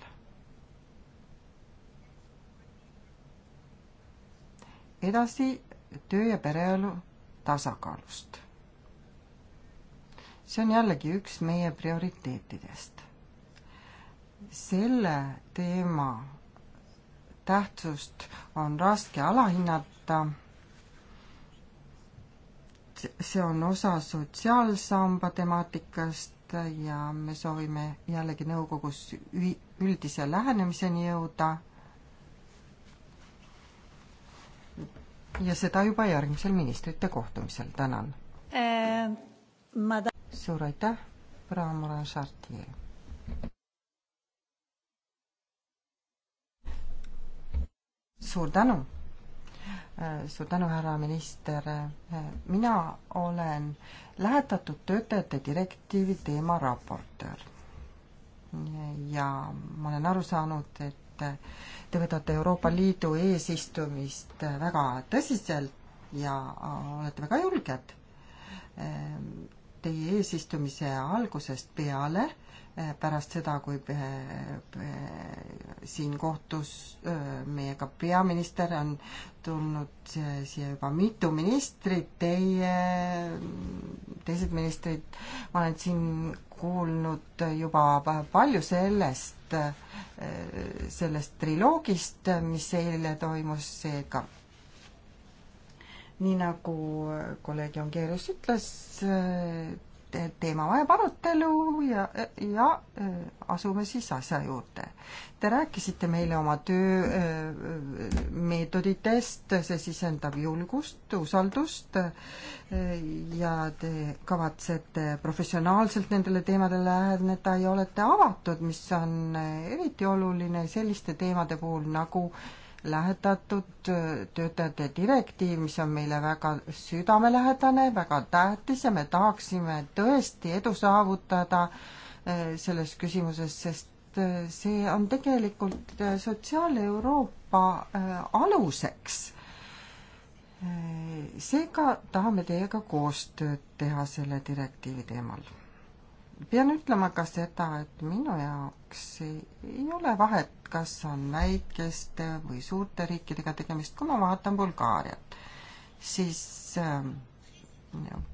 edasi töö ja pereelu tasakaalust. see on jällegi üks meie prioriteetidest. selle teema tähtsust on raske alahinnata. see on osa sotsiaalsamba temaatikast ja me soovime jällegi nõukogus üldise lähenemiseni jõuda ja seda juba järgmisel ministrite kohtumisel, tänan äh,. Eh, Ta... suur aitäh, Pramora Šartje. suur tänu eh, suur tänu, härra minister. Eh, mina olen lähetatud töötajate direktiivi teema raportöör. ja ma olen aru saanud, et võtate, te võtate Euroopa Liidu eesistumist väga tõsiselt ja olete väga julged. Teie eesistumise algusest peale äh, Eh, pärast seda, kui siin kohtus eh, meiega peaminister, on tulnud siia juba mitu ministrit, teie, teised ministrid, ma olen siin kuulnud juba palju sellest, eh, sellest triloogist, mis eile toimus, seega nii nagu kolleeg Jongeerus ütles, teema vajab arutelu ja, ja äh, asume siis asja juurde. Te rääkisite meile oma töömeetoditest, äh, see sisendab julgust, usaldust äh, ja te kavatsete professionaalselt nendele teemadele läheneda ja olete avatud, mis on eriti oluline selliste teemade puhul nagu äh, lähetatud äh, töötajate direktiiv, mis on meile väga südamelähedane, väga tähtis ja me tahaksime tõesti edu saavutada äh, selles küsimuses, sest äh, see on tegelikult Sotsiaal-Euroopa aluseks. seega tahame teiega koostööd teha selle direktiivi teemal pean ütlema ka seda, et minu jaoks ei, ei ole vahet, kas on väikeste või suurte riikidega tegemist, kui ma vaatan Bulgaariat, siis äh,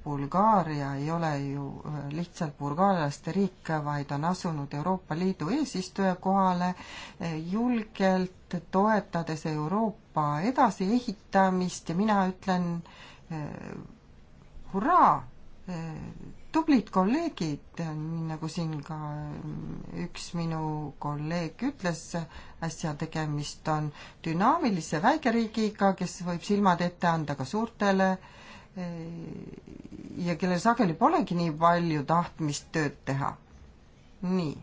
Bulgaaria ei ole ju äh, lihtsalt bulgaarlaste riik, vaid on asunud Euroopa Liidu eesistuja kohale äh, julgelt toetades Euroopa edasiehitamist ja mina ütlen äh, hurraa äh, tublid kolleegid, nii nagu siin ka üks minu kolleeg ütles, äsja tegemist on dünaamilise väikeriigiga, kes võib silmad ette anda ka suurtele ja kellel sageli polegi nii palju tahtmist tööd teha. nii.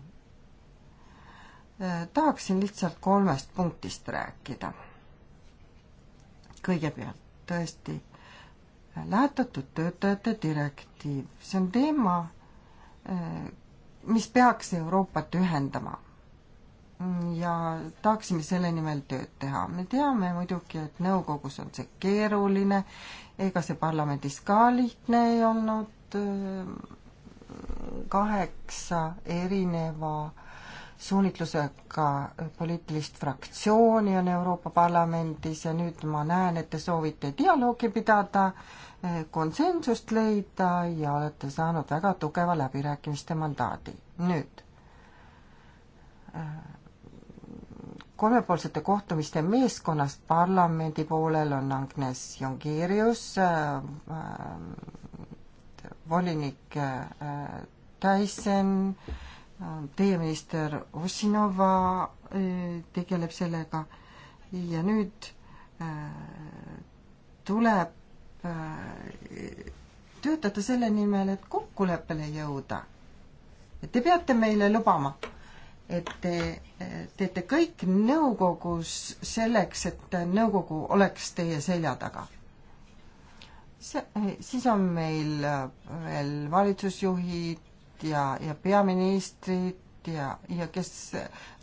tahaksin lihtsalt kolmest punktist rääkida. kõigepealt tõesti lähetatud töötajate direktiiv, see on teema, eh, mis peaks Euroopat ühendama. ja tahaksime selle nimel tööd teha. me teame muidugi, et nõukogus on see keeruline, ega see parlamendis ka lihtne ei olnud, eh, kaheksa erineva suunitlusega poliitilist fraktsiooni on Euroopa Parlamendis ja nüüd ma näen, et te soovite dialoogi pidada, eh, konsensust leida ja olete saanud väga tugeva läbirääkimiste mandaadi. nüüd eh, kolmepoolsete kohtumiste meeskonnast parlamendi poolel on Agnes Jongerius äh,, volinik äh, Tyson äh,, teie minister Ossinova äh, tegeleb sellega ja nüüd äh, tuleb äh, töötada selle nimel, et kokkuleppele jõuda. et te peate meile lubama, et te teete kõik nõukogus selleks, et nõukogu oleks teie selja taga. see, siis on meil veel valitsusjuhid, ja, ja peaministrid ja, ja kes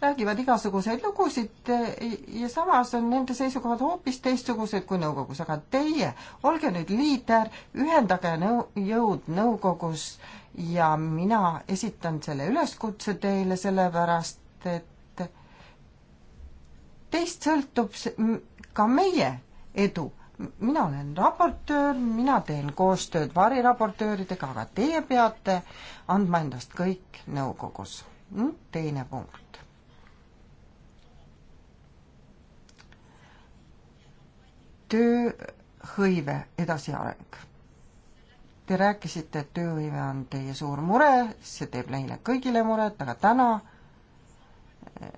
räägivad igasuguseid lugusid eh, ja samas on nende seisukohad hoopis teistsugused kui nõukogus, aga teie olge nüüd liider, ühendage nõu-, jõud nõukogus ja mina esitan selle üleskutse teile sellepärast, et teist sõltub ka meie edu mina olen raportöör, mina teen koostööd variraportööridega, aga teie peate andma endast kõik nõukogus. teine punkt. tööhõive edasiareng. Te rääkisite, et tööhõive on teie suur mure, see teeb neile kõigile muret, aga täna eh,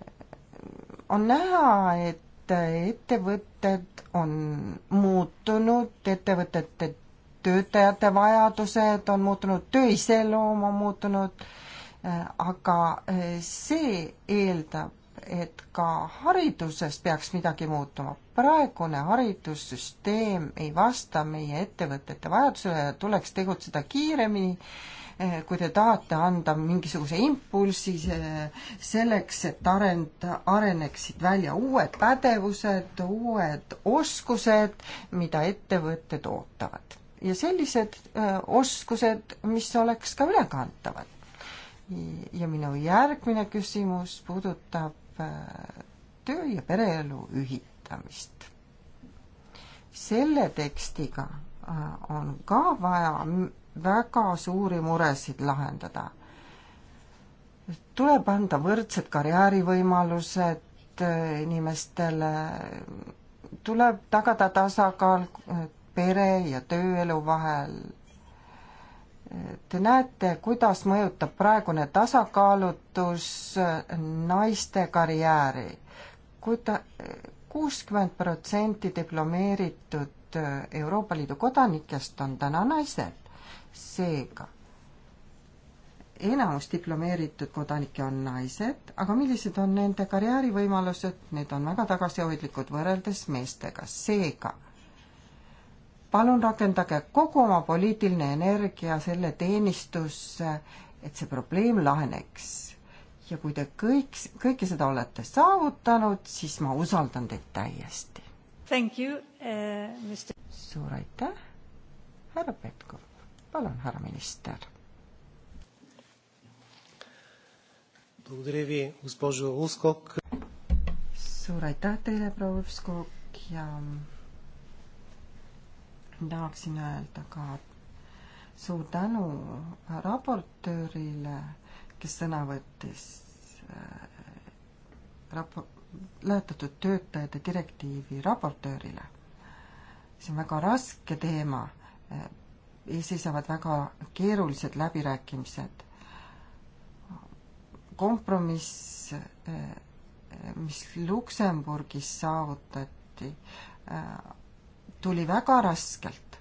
on näha, et ettevõtted on muutunud, ettevõtete töötajate vajadused on muutunud, töö iseloom on muutunud, aga see eeldab, et ka hariduses peaks midagi muutuma. praegune haridussüsteem ei vasta meie ettevõtete vajadusele ja tuleks tegutseda kiiremini Eh, kui te tahate anda mingisuguse impulsi selleks, et arend-, areneksid välja uued pädevused, uued oskused, mida ettevõtted ootavad. ja sellised eh, oskused, mis oleks ka ülekantavad. ja minu järgmine küsimus puudutab eh, töö- ja pereelu ühitamist. selle tekstiga on ka vaja väga suuri muresid lahendada. tuleb anda võrdsed karjäärivõimalused eh, inimestele, tuleb tagada tasakaal eh, pere ja tööelu vahel. Eh, te näete, kuidas mõjutab praegune tasakaalutus naiste karjääri kuida-, kuuskümmend protsenti diplomeeritud Euroopa Liidu kodanikest on täna naised seega enamus diplomeeritud kodanikke on naised, aga millised on nende karjäärivõimalused, need on väga tagasihoidlikud võrreldes meestega, seega palun rakendage kogu oma poliitiline energia selle teenistusse, et see probleem laheneks. ja kui te kõik, kõike seda olete saavutanud, siis ma usaldan teid täiesti. Thank you uh,, eh, Mr. suur aitäh, härra Petkov palun, härra minister. suur aitäh teile, proua Uskok ja tahaksin öelda ka suur tänu raportöörile, kes sõna võttis äh, rapor-, lähetatud töötajate direktiivi raportöörile. see on väga raske teema äh, ees seisavad väga keerulised läbirääkimised. kompromiss, eh, mis Luksemburgis saavutati, eh, tuli väga raskelt.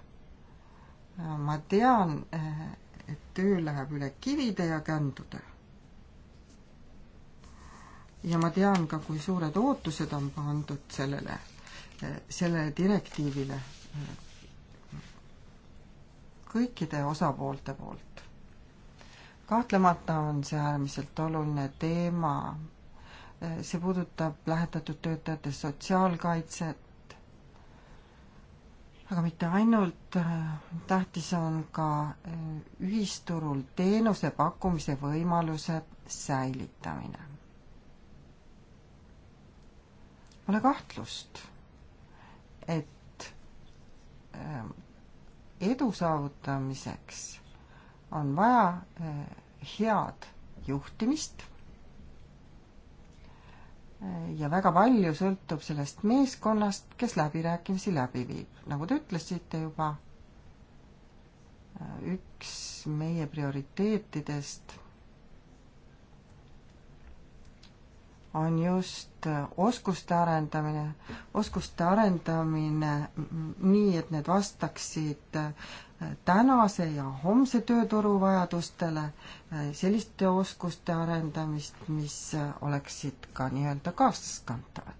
Eh, ma tean, et töö läheb üle kivide ja kändude. ja ma tean ka, kui suured ootused on pandud sellele, sellele direktiivile kõikide osapoolte poolt. kahtlemata on see äärmiselt oluline teema. see puudutab lähetatud töötajate sotsiaalkaitset, aga mitte ainult, tähtis on ka eh, ühisturul teenuse pakkumise võimaluse säilitamine. Pole kahtlust, et eh, edu saavutamiseks on vaja eh, head juhtimist eh, ja väga palju sõltub sellest meeskonnast, kes läbirääkimisi läbi viib. nagu te ütlesite juba, eh, üks meie prioriteetidest on just äh, oskuste arendamine, oskuste arendamine nii, et need vastaksid äh, tänase ja homse tööturu vajadustele, äh, selliste oskuste arendamist, mis oleksid ka nii-öelda kaasaskantavad.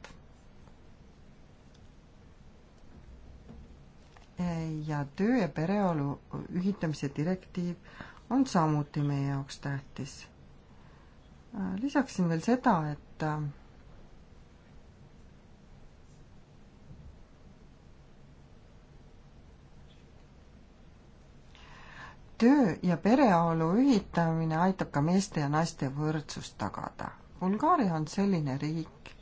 ja töö ja pereolu ühitamise direktiiv on samuti meie jaoks tähtis. lisaksin veel seda, et et töö ja pereolu ühitamine aitab ka meeste ja naiste võrdsust tagada. Bulgaaria on selline riik,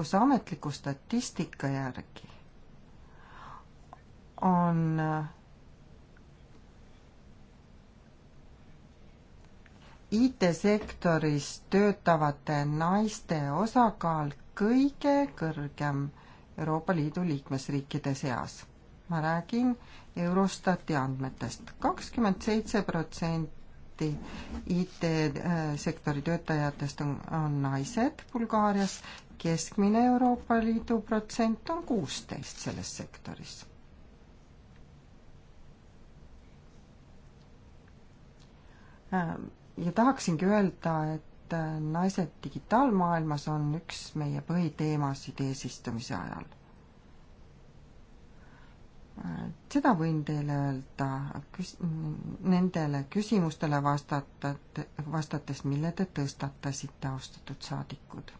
kus ametliku statistika järgi on IT-sektoris töötavate naiste osakaal kõige kõrgem Euroopa Liidu liikmesriikide seas. ma räägin Eurostati andmetest. kakskümmend seitse protsenti IT-sektori töötajatest on, on naised Bulgaarias, keskmine Euroopa Liidu protsent on kuusteist selles sektoris ähm ja tahaksingi öelda, et äh, naised digitaalmaailmas on üks meie põhiteemasid eesistumise ajal. Äh, seda võin teile öelda küs-, nendele küsimustele vastata, vastates, mille te tõstatasite, austatud saadikud.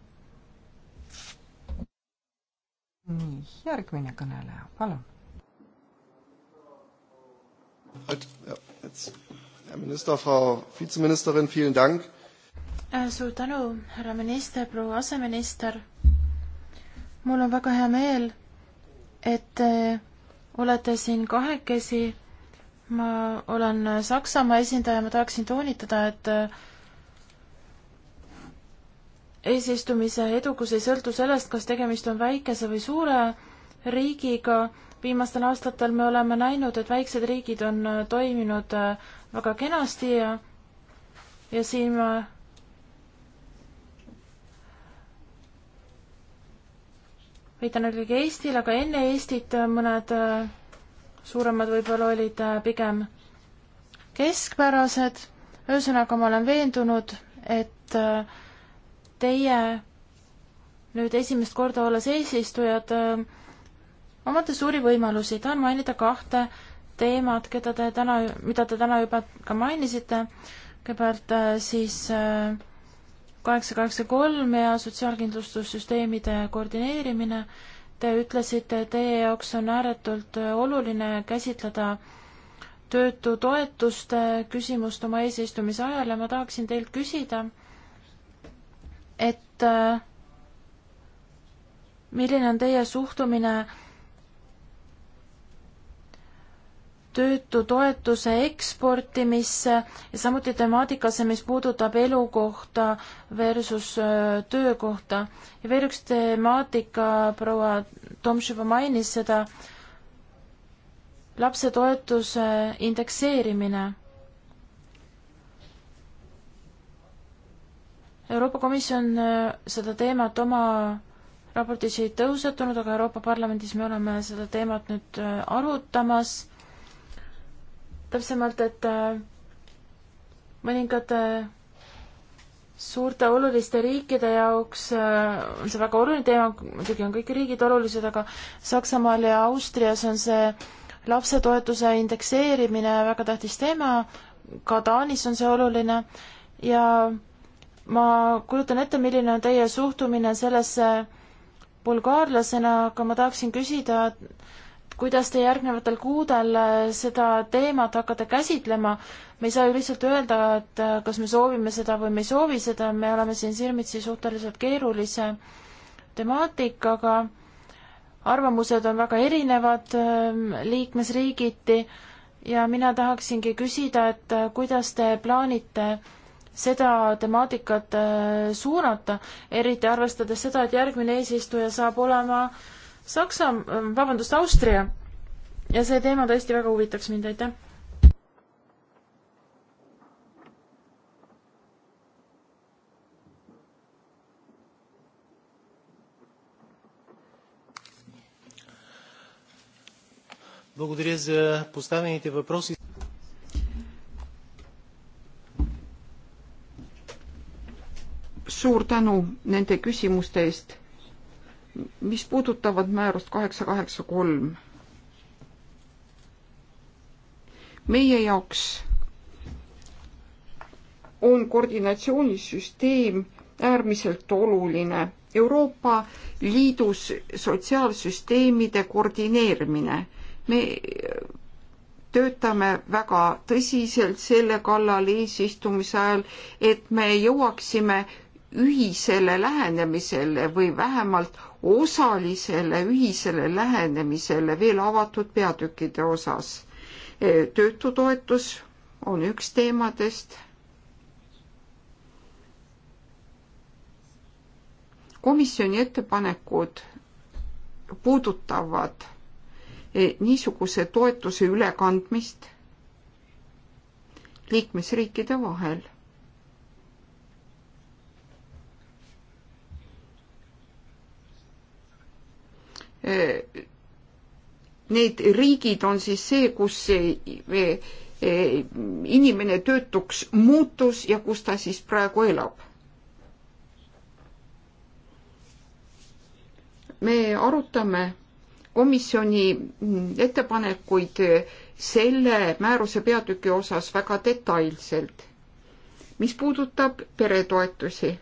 nii, järgmine kõneleja, palun. et, et oh, Herr Minister, Frau Vizeministerin, vielen Dank. Äh, suur tänu, härra minister, proua aseminister. mul on väga hea meel, et te olete siin kahekesi. ma olen Saksamaa esindaja, ma tahaksin toonitada, et äh, eesistumise edukus ei sõltu sellest, kas tegemist on väikese või suure riigiga, viimastel aastatel me oleme näinud, et väiksed riigid on äh, toiminud äh, väga kenasti ja, ja siin ma viitan eelkõige Eestile, aga enne Eestit mõned äh, suuremad võib-olla olid pigem keskpärased. ühesõnaga, ma olen veendunud, et teie nüüd esimest korda olles eesistujad äh, omate suuri võimalusi, tahan mainida kahte teemat, keda te täna, mida te täna juba ka mainisite, kõigepealt äh, siis kaheksa, äh, kaheksa, kolm ja sotsiaalkindlustussüsteemide koordineerimine. Te ütlesite, et teie jaoks on ääretult äh, oluline käsitleda töötutoetuste küsimust oma eesistumise ajal ja ma tahaksin teilt küsida, et milline on teie suhtumine äh, töötutoetuse eksportimisse ja samuti temaatikasse, mis puudutab elukohta versus töökohta. ja veel üks temaatika, proua Toms juba mainis seda, lapsetoetuse indekseerimine. Euroopa Komisjon seda teemat oma raportis ei tõusetunud, aga Euroopa Parlamendis me oleme seda teemat nüüd arutamas täpsemalt, et äh, mõningate suurte oluliste riikide jaoks äh, on see väga oluline teema, muidugi on kõik riigid olulised, aga Saksamaal ja Austrias on see lapsetoetuse indekseerimine väga tähtis teema, ka Taanis on see oluline ja ma kujutan ette, milline on teie suhtumine sellesse bulgaarlasena, aga ma tahaksin küsida, et kuidas te järgnevatel kuudel äh, seda teemat hakkate käsitlema. me ei saa ju lihtsalt öelda, et äh, kas me soovime seda või me ei soovi seda, me oleme siin silmitsi suhteliselt keerulise temaatikaga. arvamused on väga erinevad ähm, liikmesriigiti ja mina tahaksingi küsida, et äh, kuidas te plaanite seda temaatikat suunata, eriti arvestades seda, et järgmine eesistuja saab olema äh, Saksa, ähm, vabandust, Austria ja see teema tõesti väga huvitaks mind, aitäh. Благодаря за поставените въпроси. Suur tänu nende küsimuste eest mis puudutavad määrust kaheksa kaheksa kolm. meie jaoks on koordinatsioonisüsteem äärmiselt oluline. Euroopa Liidus sotsiaalsüsteemide koordineerimine. me töötame väga tõsiselt selle kallal eesistumise ajal, et me jõuaksime ühisele lähenemisele või vähemalt osalisele ühisele lähenemisele veel avatud peatükkide osas. E, töötutoetus on üks teemadest. komisjoni ettepanekud puudutavad e, niisuguse toetuse ülekandmist liikmesriikide vahel need riigid on siis see, kus eh, eh, inimene töötuks muutus ja kus ta siis praegu elab. me arutame komisjoni ettepanekuid selle määruse peatüki osas väga detailselt. mis puudutab peretoetusi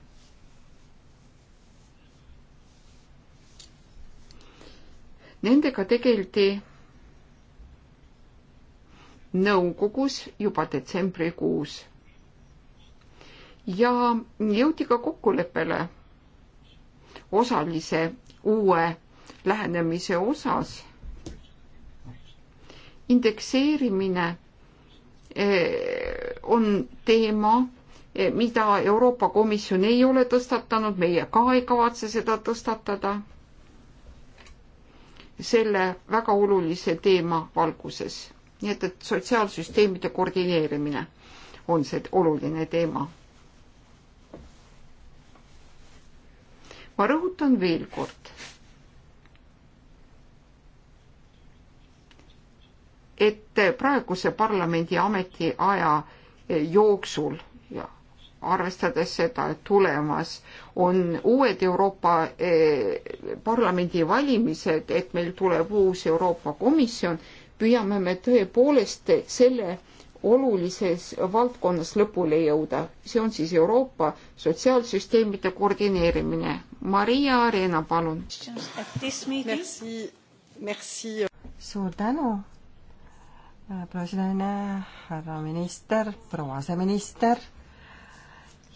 Nendega tegeldi nõukogus juba detsembrikuus ja jõuti ka kokkuleppele osalise uue lähenemise osas. indekseerimine eh, on teema, eh, mida Euroopa Komisjon ei ole tõstatanud, meie ka ei kavatse seda tõstatada selle väga olulise teema valguses. nii et, et sotsiaalsüsteemide koordineerimine on see oluline teema. ma rõhutan veel kord, et praeguse parlamendi ametiaja jooksul arvestades seda, et tulemas on uued Euroopa eh, Parlamendi valimised, et meil tuleb uus Euroopa Komisjon, püüame me tõepoolest selle olulises valdkonnas lõpule jõuda. see on siis Euroopa sotsiaalsüsteemide koordineerimine. Maria Arena, palun. suur tänu, äh, proua Sinane, härra minister, proua aseminister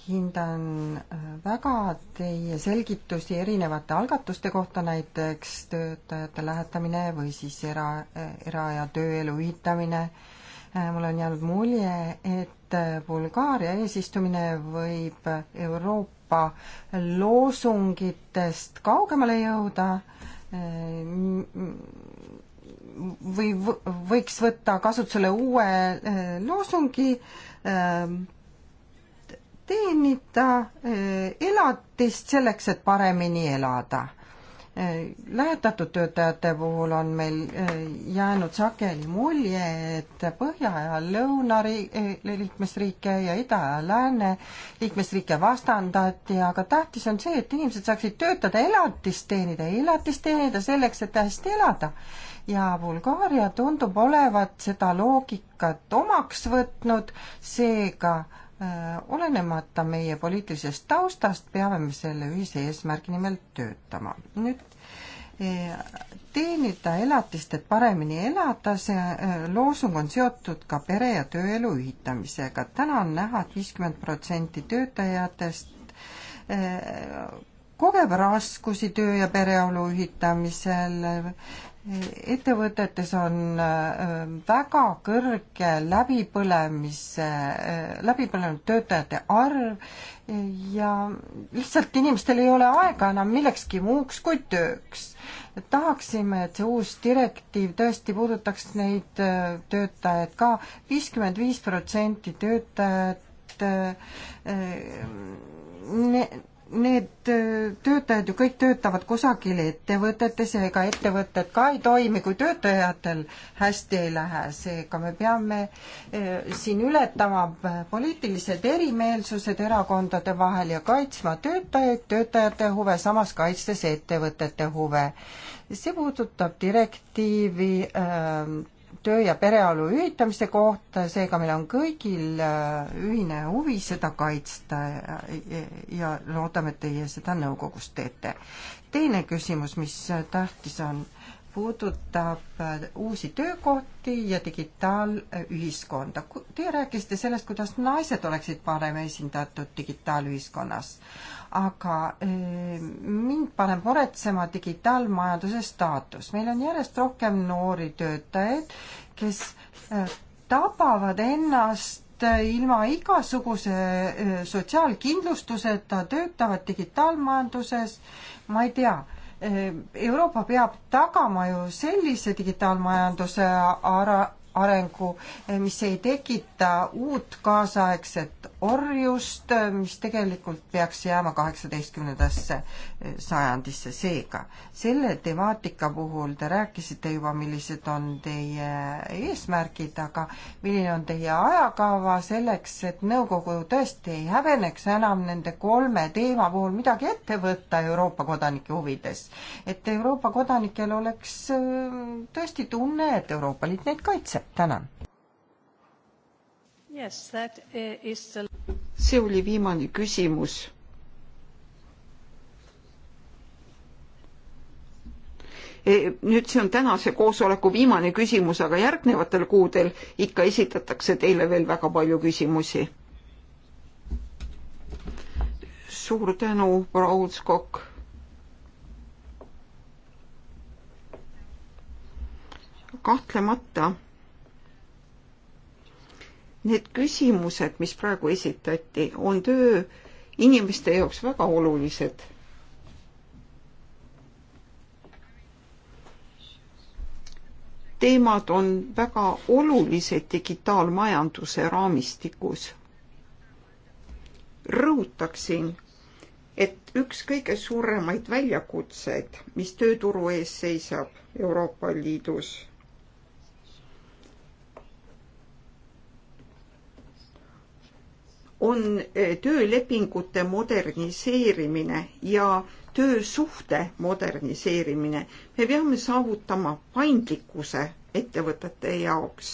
hindan äh, väga teie selgitusi erinevate algatuste kohta, näiteks töötajate lähetamine või siis era, äh, era- ja tööelu ühitamine. Äh, mul on jäänud mulje, et Bulgaaria eesistumine võib Euroopa loosungitest kaugemale jõuda või võiks võtta kasutusele uue loosungi teenida eh, elatist selleks, et paremini elada. Eh, lähetatud töötajate puhul on meil eh, jäänud sageli mulje, et põhja ja lõuna liikmesriike ja ida ja lääne liikmesriike vastandati, aga tähtis on see, et inimesed saaksid töötada, elatist teenida, elatist teenida selleks, et hästi elada ja Bulgaaria tundub olevat seda loogikat omaks võtnud, seega Äh, olenemata meie poliitilisest taustast peame me selle ühise eesmärgi nimel töötama. nüüd äh, teenida elatist, et paremini elada, see äh, loosung on seotud ka pere- ja tööelu ühitamisega. täna on näha et, et viiskümmend protsenti töötajatest kogeb raskusi töö ja pereolu ühitamisel, ettevõtetes on äh, väga kõrge läbipõlemise, äh, läbipõlenud töötajate arv ja lihtsalt inimestel ei ole aega enam millekski muuks kui tööks. tahaksime, et see uus direktiiv tõesti puudutaks neid äh, töötajaid ka, viiskümmend viis protsenti töötajat ne, need äh, töötajad ju kõik töötavad kusagil ettevõtetes ja ega ettevõtted ka ei toimi, kui töötajatel hästi ei lähe, seega me peame äh, siin ületama äh, poliitilised erimeelsused erakondade vahel ja kaitsma töötajaid, töötajate huve, samas kaitstes ettevõtete huve. see puudutab direktiivi äh, töö ja pereolu ühitamise kohta, seega meil on kõigil äh, ühine huvi seda kaitsta ja, äh, ja loodame, et teie seda nõukogus teete. teine küsimus, mis äh, tähtis on puudutab äh, uusi töökohti ja digitaalühiskonda. Äh, teie rääkisite sellest, kuidas naised oleksid parem esindatud digitaalühiskonnas. aga äh, mind paneb muretsema digitaalmajanduse staatus. meil on järjest rohkem noori töötajaid, kes tabavad ennast ilma igasuguse sotsiaalkindlustuseta, töötavad digitaalmajanduses, ma ei tea Äh, Euroopa peab tagama ju sellise digitaalmajanduse ara-, arengu, äh, mis ei tekita uut kaasaegset orjust, mis tegelikult peaks jääma kaheksateistkümnendasse eh, sajandisse. seega selle temaatika puhul te rääkisite juba, millised on teie eesmärgid, aga milline on teie ajakava selleks, et nõukogu tõesti ei häbeneks enam nende kolme teema puhul midagi ette võtta Euroopa kodanike huvides? et Euroopa kodanikel oleks eh, tõesti tunne, et Euroopa Liit neid kaitseb. tänan Yes, that eh, is the... see oli viimane küsimus. E, nüüd see on tänase koosoleku viimane küsimus, aga järgnevatel kuudel ikka esitatakse teile veel väga palju küsimusi. suur tänu, Raul Skok. kahtlemata Need küsimused, mis praegu esitati, on töö inimeste jaoks väga olulised. teemad on väga olulised digitaalmajanduse raamistikus. rõhutaksin, et üks kõige suuremaid väljakutseid, mis tööturu ees seisab Euroopa Liidus on eh, töölepingute moderniseerimine ja töösuhte moderniseerimine. me peame saavutama paindlikkuse ettevõtete jaoks.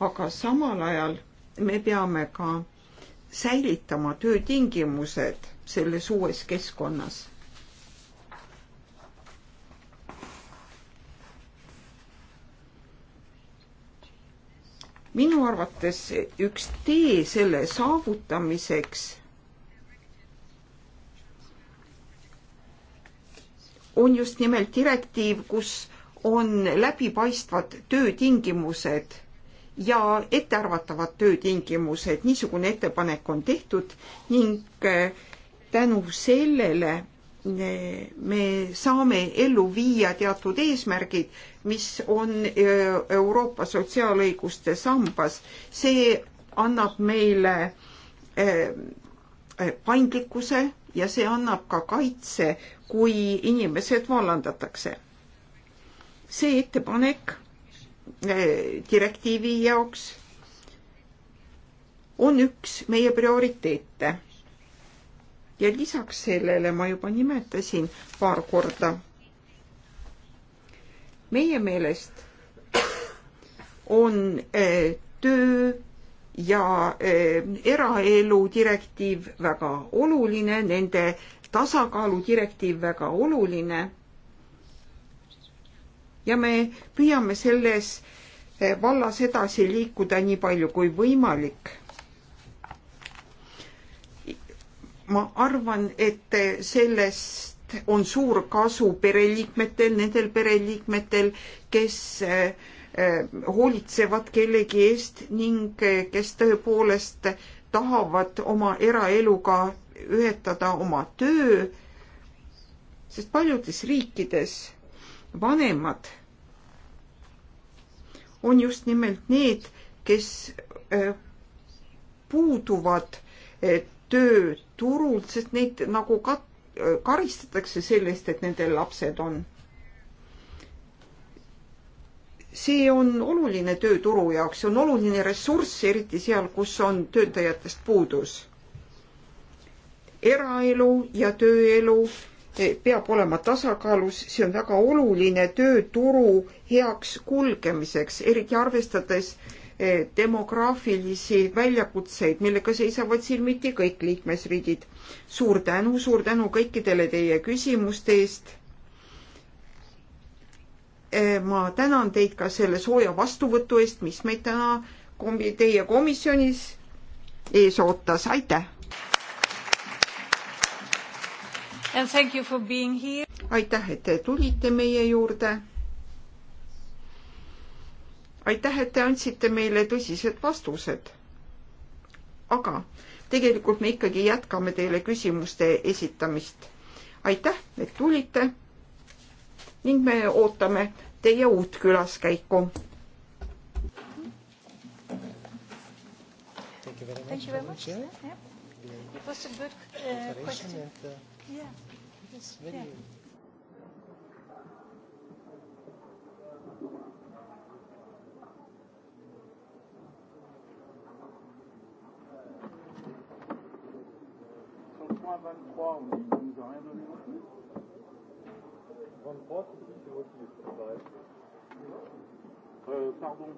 aga samal ajal me peame ka säilitama töötingimused selles uues keskkonnas. minu arvates üks tee selle saavutamiseks on just nimelt direktiiv, kus on läbipaistvad töötingimused ja ettearvatavad töötingimused, niisugune ettepanek on tehtud ning äh, tänu sellele me saame ellu viia teatud eesmärgid, mis on Euroopa sotsiaalõiguste sambas. see annab meile paindlikkuse ja see annab ka kaitse, kui inimesed vallandatakse. see ettepanek direktiivi jaoks on üks meie prioriteete ja lisaks sellele ma juba nimetasin paar korda. meie meelest on äh, töö ja äh, eraelu direktiiv väga oluline, nende tasakaalu direktiiv väga oluline. ja me püüame selles äh, vallas edasi liikuda nii palju kui võimalik ma arvan, et sellest on suur kasu pereliikmetel, nendel pereliikmetel, kes eh, hoolitsevad kellegi eest ning eh, kes tõepoolest tahavad oma eraeluga ühetada oma töö, sest paljudes riikides vanemad on just nimelt need, kes eh, puuduvad töö turult, sest neid nagu kat-, karistatakse sellest, et nendel lapsed on. see on oluline tööturu jaoks, see on oluline ressurss, eriti seal, kus on töötajatest puudus. eraelu ja tööelu eh, peab olema tasakaalus, see on väga oluline tööturu heaks kulgemiseks, eriti arvestades äh, Eh, demograafilisi väljakutseid, millega seisavad silmiti kõik liikmesriigid. suur tänu, suur tänu kõikidele teie küsimuste eest. Eh, ma tänan teid ka selle sooja vastuvõtu eest, mis meid täna kombi, teie komisjonis ees ootas, aitäh! aitäh, et te tulite meie juurde aitäh, et te andsite meile tõsised vastused. aga tegelikult me ikkagi jätkame teile küsimuste esitamist. aitäh, et tulite. ning me ootame teie uut külaskäiku. Thank you very much. Yeah. Yeah. It was a good uh, question. And, uh, yeah. It's very yeah. Form liegen sein und Von vorsichtig Euh, pardon.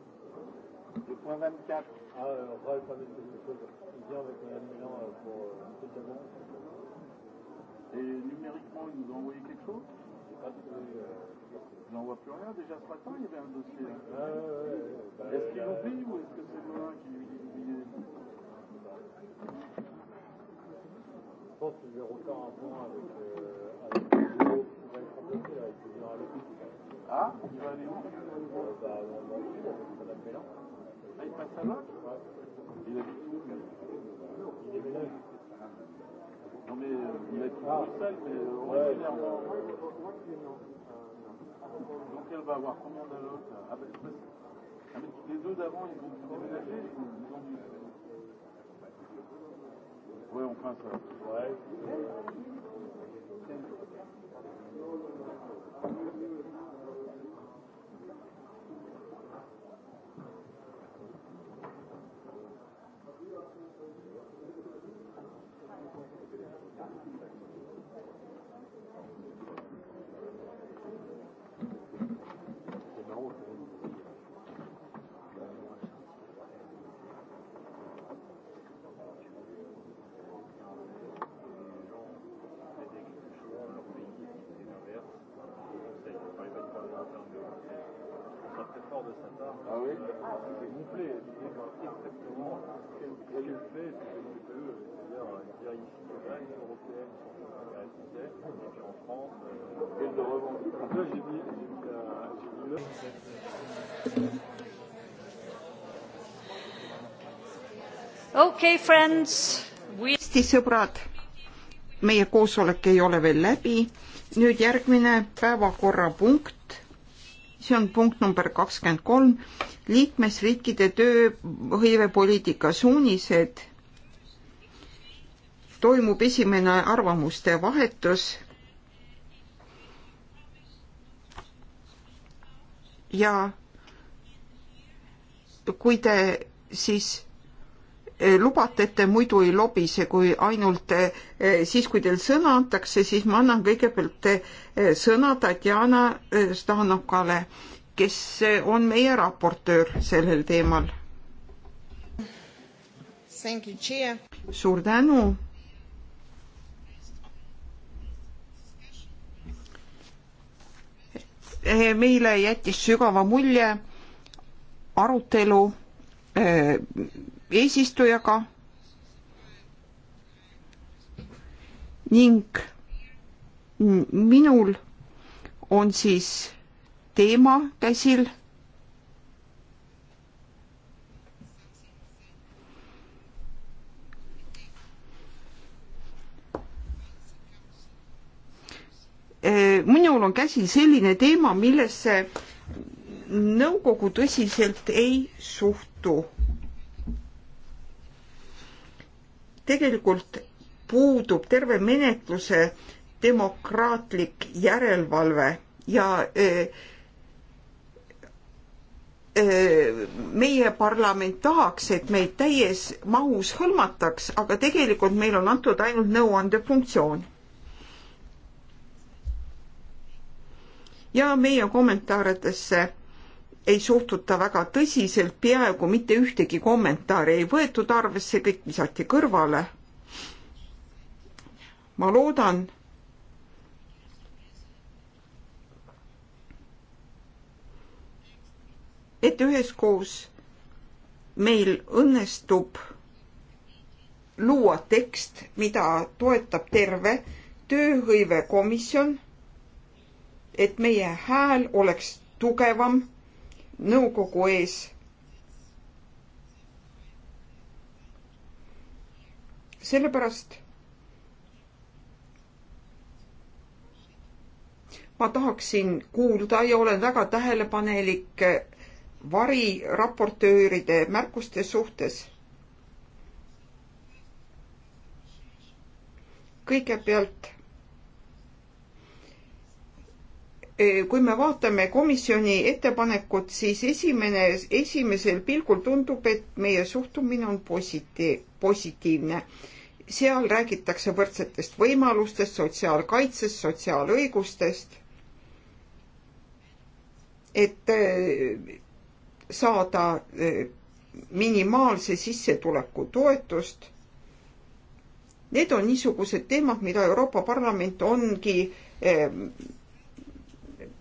Le point 24. Ah, euh, Ralph avait quelque chose. Il vient avec Mme Milan euh, pour euh, le testament. Et numériquement, il nous a envoyé quelque chose J'ai pas trouvé. Euh... Je n'en vois plus rien. Déjà ce matin, il y avait un dossier. Hein. Ah, ouais, ouais, ouais. Bah, est-ce qu'ils l'ont pris ou est-ce que c'est moi qui lui ai oublié pense qu'il y aura encore un point avec, euh, avec Léo qui va être bloqué là, il venir à l'office. Ah Il va aller où euh, bah, dans, dans le sud avec Madame Bélin. Ah, il passe là-bas Ouais. Il habite où Il déménage. Non mais euh, il habite ah. Bruxelles, mais euh, ouais, originairement. Euh, donc elle va avoir combien d'allocs Ah ben je sais pas si... Ah mais les deux d'avant, ils vont déménager, ils ont dû voyons printemps. Ouais. l'Union européenne sont réalisées, et puis en France, euh, et de revendication. Là, j'ai mis, j'ai mis, la, j'ai mis le... Okay, friends. We... Eesti sõbrad, meie koosolek ei ole veel läbi. nüüd järgmine päevakorrapunkt, see on punkt number kakskümmend kolm, liikmesriikide tööhõivepoliitika suunised toimub esimene arvamuste vahetus. ja kui te siis eh, lubate, et te muidu ei lobise, kui ainult eh, siis, kui teil sõna antakse, siis ma annan kõigepealt eh, sõna Tatjana Stanokale, kes on meie raportöör sellel teemal. suur tänu Eh, meile jättis sügava mulje arutelu eh, eesistujaga ning minul on siis teema käsil Äh, minul on käsil selline teema, millesse nõukogu tõsiselt ei suhtu. tegelikult puudub terve menetluse demokraatlik järelevalve ja öö, äh, äh, meie parlament tahaks, et meid täies mahus hõlmataks, aga tegelikult meil on antud ainult nõuandefunktsioon. ja meie kommentaaridesse ei suhtuta väga tõsiselt, peaaegu mitte ühtegi kommentaari ei võetud arvesse, kõik visati kõrvale. ma loodan, et üheskoos meil õnnestub luua tekst, mida toetab terve tööhõivekomisjon et meie hääl oleks tugevam nõukogu ees. sellepärast ma tahaksin kuulda ja olen väga tähelepanelik variraportööride märkuste suhtes kõigepealt Eh, kui me vaatame komisjoni ettepanekut, siis esimene, esimesel pilgul tundub, et meie suhtumine on positiiv, positiivne. seal räägitakse võrdsetest võimalustest, sotsiaalkaitsest, sotsiaalõigustest. et eh, saada eh, minimaalse sissetuleku toetust. Need on niisugused teemad, mida Euroopa Parlament ongi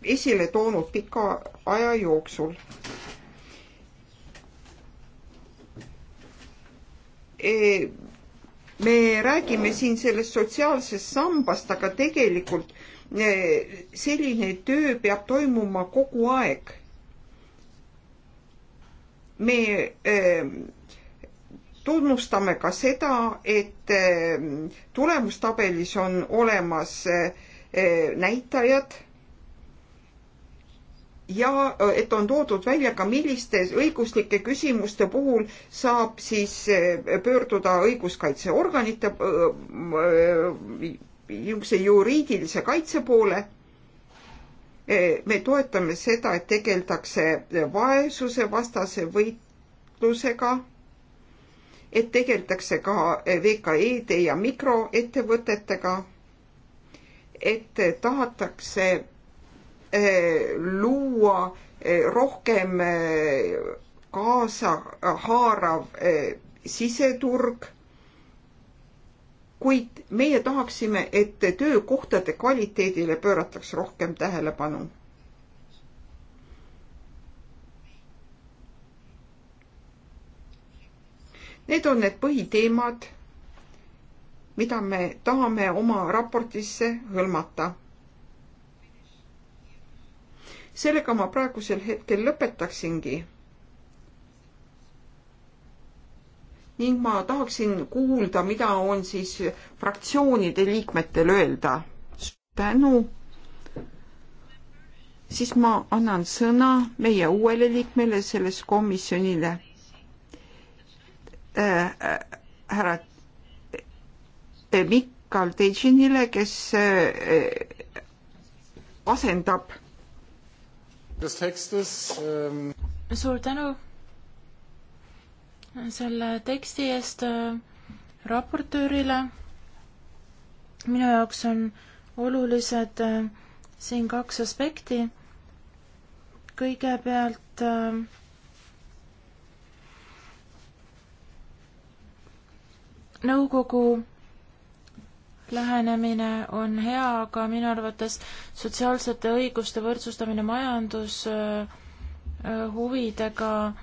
esile toonud pika aja jooksul. E, me räägime siin sellest sotsiaalsest sambast, aga tegelikult e, selline töö peab toimuma kogu aeg. me e, tunnustame ka seda, et tulemustabelis on olemas näitajad ja äh, et on toodud välja ka, milliste õiguslike küsimuste puhul saab siis äh, pöörduda õiguskaitseorganite äh, niisuguse juriidilise kaitse poole. me toetame seda, et tegeldakse vaesuse vastase võitlusega, et tegeldakse ka VKE-de ja mikroettevõtetega, et tahetakse Eh, luua eh, rohkem eh, kaasa haarav siseturg. kuid meie tahaksime, et töökohtade kvaliteedile pöörataks rohkem tähelepanu. Need on need põhiteemad, mida me tahame oma raportisse hõlmata sellega ma praegusel hetkel lõpetaksingi. ning ma tahaksin kuulda, mida on siis fraktsioonide liikmetel öelda. tänu. siis ma annan sõna meie uuele liikmele selles komisjonile äh,. äh härra äh, Mikk Kaldejinile, kes äh, äh asendab des tekstis ähm.... suur tänu selle teksti eest äh, raportöörile. minu jaoks on olulised äh, siin kaks aspekti. kõigepealt äh, nõukogu lähenemine on hea, aga minu arvates sotsiaalsete õiguste võrdsustamine majandushuvidega äh, äh,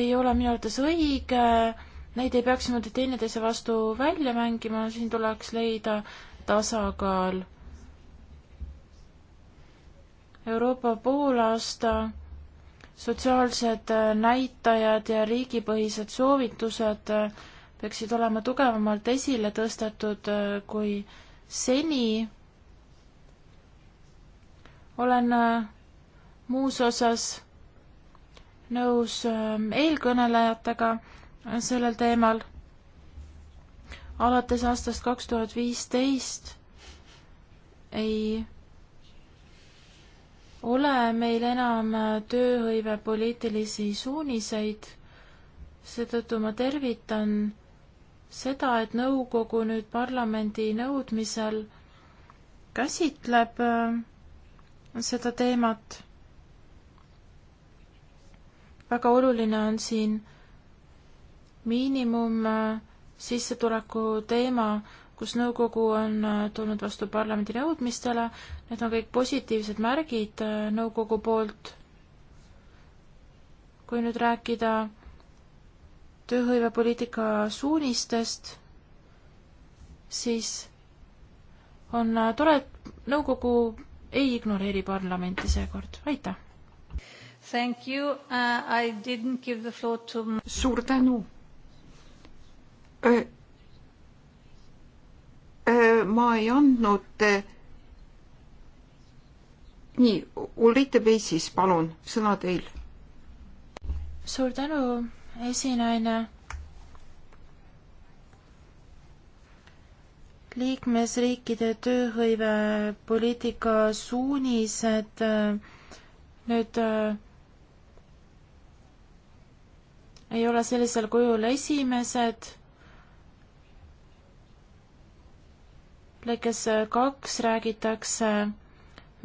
ei ole minu arvates õige, neid ei peaks niimoodi teineteise vastu välja mängima, siin tuleks leida tasakaal. Euroopa poolaasta sotsiaalsed äh, näitajad ja riigipõhised soovitused äh, peaksid olema tugevamalt esile tõstetud äh, kui seni. olen äh, muus osas nõus äh, eelkõnelejatega sellel teemal. alates aastast kaks tuhat viisteist ei ole meil enam tööhõive poliitilisi suuniseid, seetõttu ma tervitan seda, et nõukogu nüüd parlamendi nõudmisel käsitleb äh, seda teemat. väga oluline on siin miinimumsissetuleku äh, teema, kus nõukogu on äh, tulnud vastu parlamendi nõudmistele, need on kõik positiivsed märgid nõukogu poolt. kui nüüd rääkida tööhõivepoliitika suunistest, siis on tore, et nõukogu ei ignoreeri parlamenti seekord, aitäh! Thank you uh,, I didn't give the floor to suur tänu! Äh, äh, ma ei andnud äh, nii, Ulrike Peisis, palun, sõna teil. suur tänu, esinaine. liikmesriikide tööhõivepoliitika suunised äh, nüüd äh, ei ole sellisel kujul esimesed. lõikes äh, kaks räägitakse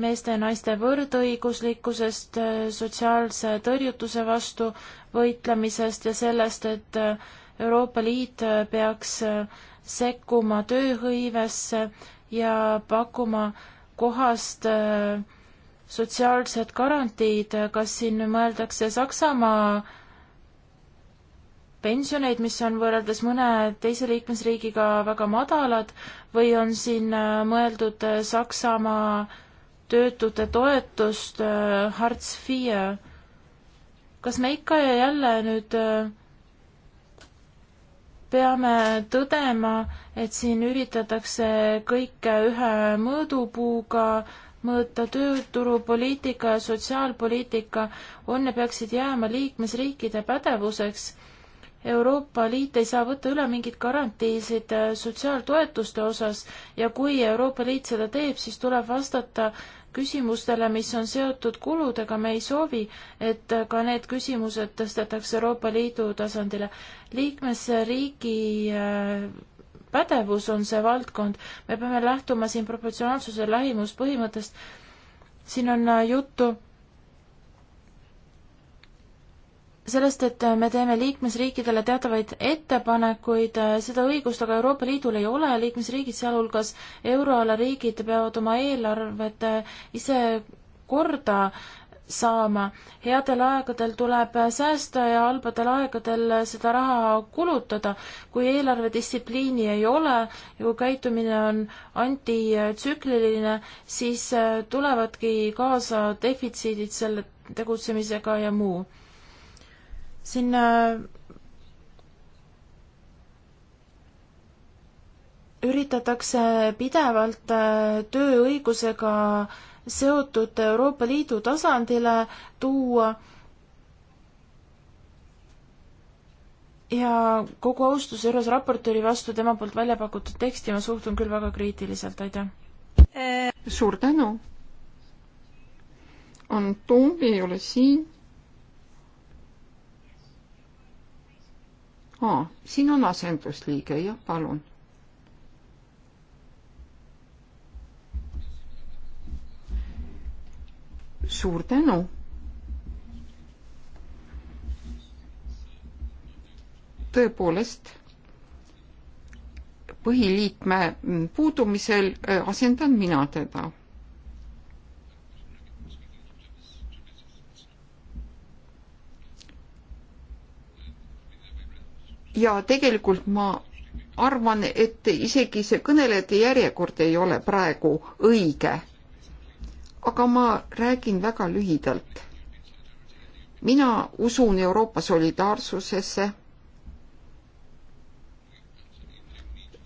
meeste ja naiste võrdõiguslikkusest sotsiaalse tõrjutuse vastu võitlemisest ja sellest, et äh, Euroopa Liit äh, peaks äh, sekkuma tööhõivesse ja pakkuma kohast sotsiaalsed garantiid, kas siin mõeldakse Saksamaa pensioneid, mis on võrreldes mõne teise liikmesriigiga väga madalad või on siin mõeldud Saksamaa töötute toetust Hartz IV kas me ikka ja jälle nüüd äh, peame tõdema, et siin üritatakse kõike ühe mõõdupuuga mõõta tööturupoliitika ja sotsiaalpoliitika on ja peaksid jääma liikmesriikide pädevuseks. Euroopa Liit ei saa võtta üle mingeid garantiisid äh, sotsiaaltoetuste osas ja kui Euroopa Liit seda teeb, siis tuleb vastata küsimustele, mis on seotud kuludega, me ei soovi, et ka need küsimused tõstetakse Euroopa Liidu tasandile. liikmesriigi äh, pädevus on see valdkond, me peame lähtuma siin proportsionaalsuse lähimuspõhimõttest. siin on äh, juttu sellest, et me teeme liikmesriikidele teatavaid ettepanekuid, seda õigust aga Euroopa Liidul ei ole, liikmesriigid, sealhulgas euroala riigid, peavad oma eelarved ise korda saama. headel aegadel tuleb säästa ja halbadel aegadel seda raha kulutada. kui eelarvedistsipliini ei ole ja kui käitumine on antitsükliline, siis tulevadki kaasa defitsiidid selle tegutsemisega ja muu siin äh, üritatakse pidevalt äh, tööõigusega seotud Euroopa Liidu tasandile tuua ja kogu austuse juures raportööri vastu tema poolt välja pakutud teksti ma suhtun küll väga kriitiliselt, aitäh. suur tänu. Anton ei ole siin aa, siin on asendusliige, jah, palun. suur tänu. tõepoolest, põhiliikme puudumisel äh, asendan mina teda ja tegelikult ma arvan, et isegi see kõnelejate järjekord ei ole praegu õige. aga ma räägin väga lühidalt. mina usun Euroopa solidaarsusesse.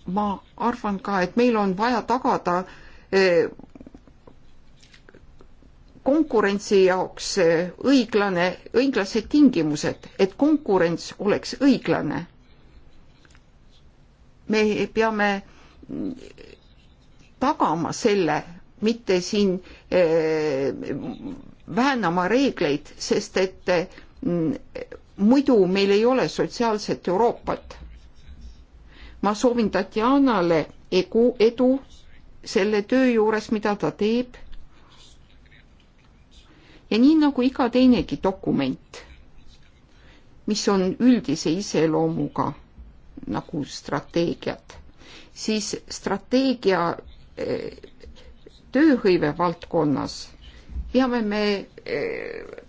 ma arvan ka, et meil on vaja tagada eh, konkurentsi jaoks eh, õiglane, õiglased tingimused, et konkurents oleks õiglane me peame tagama selle, mitte siin eh, väänama reegleid, sest et mm, muidu meil ei ole sotsiaalset Euroopat. ma soovin Tatjanale egu, edu selle töö juures, mida ta teeb. ja nii nagu iga teinegi dokument, mis on üldise iseloomuga nagu strateegiat, siis strateegia eh, tööhõive valdkonnas peame me, eh,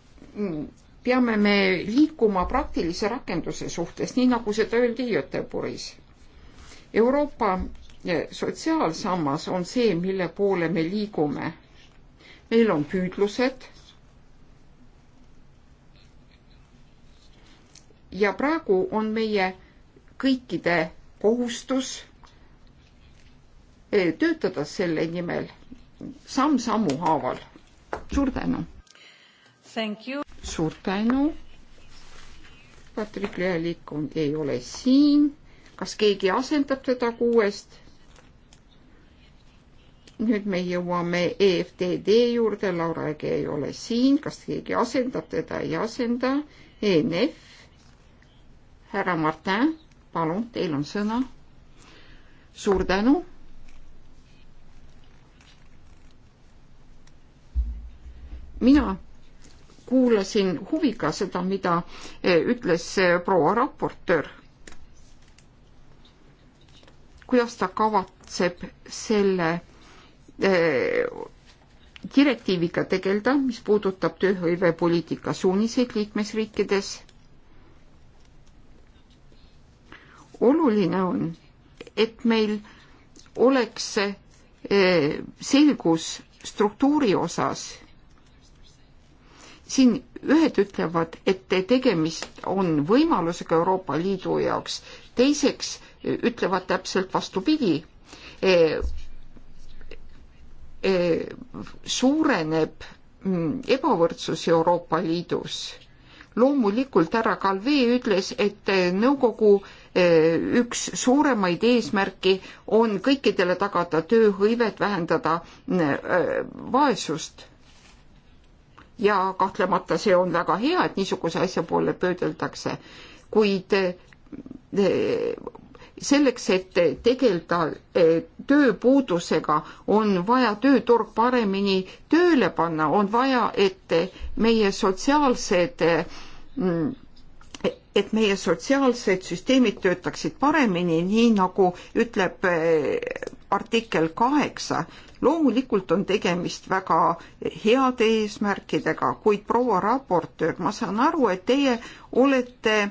peame me liikuma praktilise rakenduse suhtes, nii nagu seda öeldi Göteborgis. Euroopa eh, sotsiaalsammas on see, mille poole me liigume. meil on püüdlused. ja praegu on meie kõikide kohustus eh, töötada selle nimel samm-sammu haaval. suur tänu! suur tänu! Patrik Lealik on, ei ole siin. kas keegi asendab teda kuuest? nüüd me jõuame EFTD juurde, Laura Ege ei ole siin, kas keegi asendab teda, ei asenda. ENF, härra Martin palun, teil on sõna. suur tänu. mina kuulasin huviga seda, mida eh, ütles eh, proua raportöör. kuidas ta kavatseb selle eh, direktiiviga tegeleda, mis puudutab tööhõivepoliitika suuniseid liikmesriikides oluline on, et meil oleks eh, selgus struktuuri osas. siin ühed ütlevad, et tegemist on võimalusega Euroopa Liidu jaoks, teiseks eh, ütlevad täpselt vastupidi eh, suureneb mm, ebavõrdsus Euroopa Liidus. loomulikult härra Calvee ütles, et nõukogu Äh, üks suuremaid eesmärki on kõikidele tagada tööhõivet, vähendada äh, vaesust. ja kahtlemata see on väga hea, et niisuguse asja poole pöördeldakse, kuid äh, selleks, et tegeleda tööpuudusega, on vaja tööturg paremini tööle panna, on vaja, et meie sotsiaalsed mm, et meie sotsiaalsed süsteemid töötaksid paremini, nii nagu ütleb eh, artikkel kaheksa. loomulikult on tegemist väga heade eesmärkidega, kuid proua raportöör, ma saan aru, et teie olete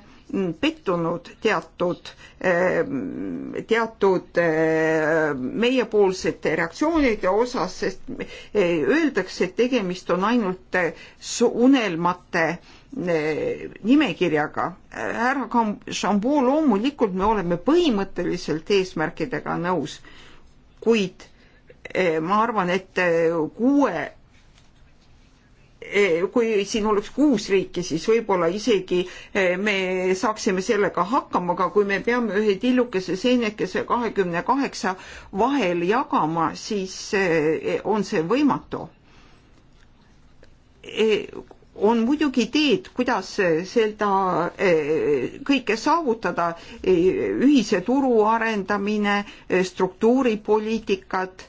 pettunud teatud, eh, teatud eh, meiepoolsete reaktsioonide osas, sest öeldakse, et tegemist on ainult unelmate Eh, nimekirjaga. härra Šamboo, loomulikult me oleme põhimõtteliselt eesmärkidega nõus, kuid eh, ma arvan, et eh, kuue kui siin oleks kuus riiki, siis võib-olla isegi me saaksime sellega hakkama, aga kui me peame ühe tillukese seenekese kahekümne kaheksa vahel jagama, siis on see võimatu on muidugi teed, kuidas seda eh, kõike saavutada, eh, ühise turu arendamine, eh, struktuuripoliitikad,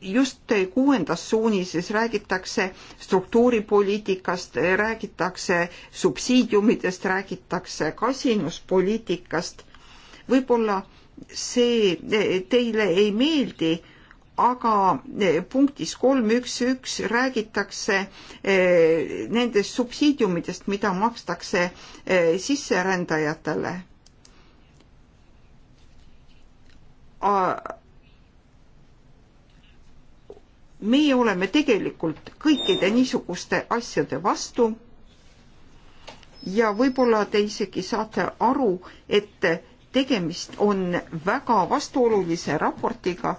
just kuuendas suunises räägitakse struktuuripoliitikast, räägitakse subsiidiumidest, räägitakse kasinuspoliitikast. võib-olla see teile ei meeldi aga eh, punktis kolm üks üks räägitakse eh, nendest subsiidiumidest, mida makstakse eh, sisserändajatele. meie oleme tegelikult kõikide niisuguste asjade vastu ja võib-olla te isegi saate aru, et tegemist on väga vastuolulise raportiga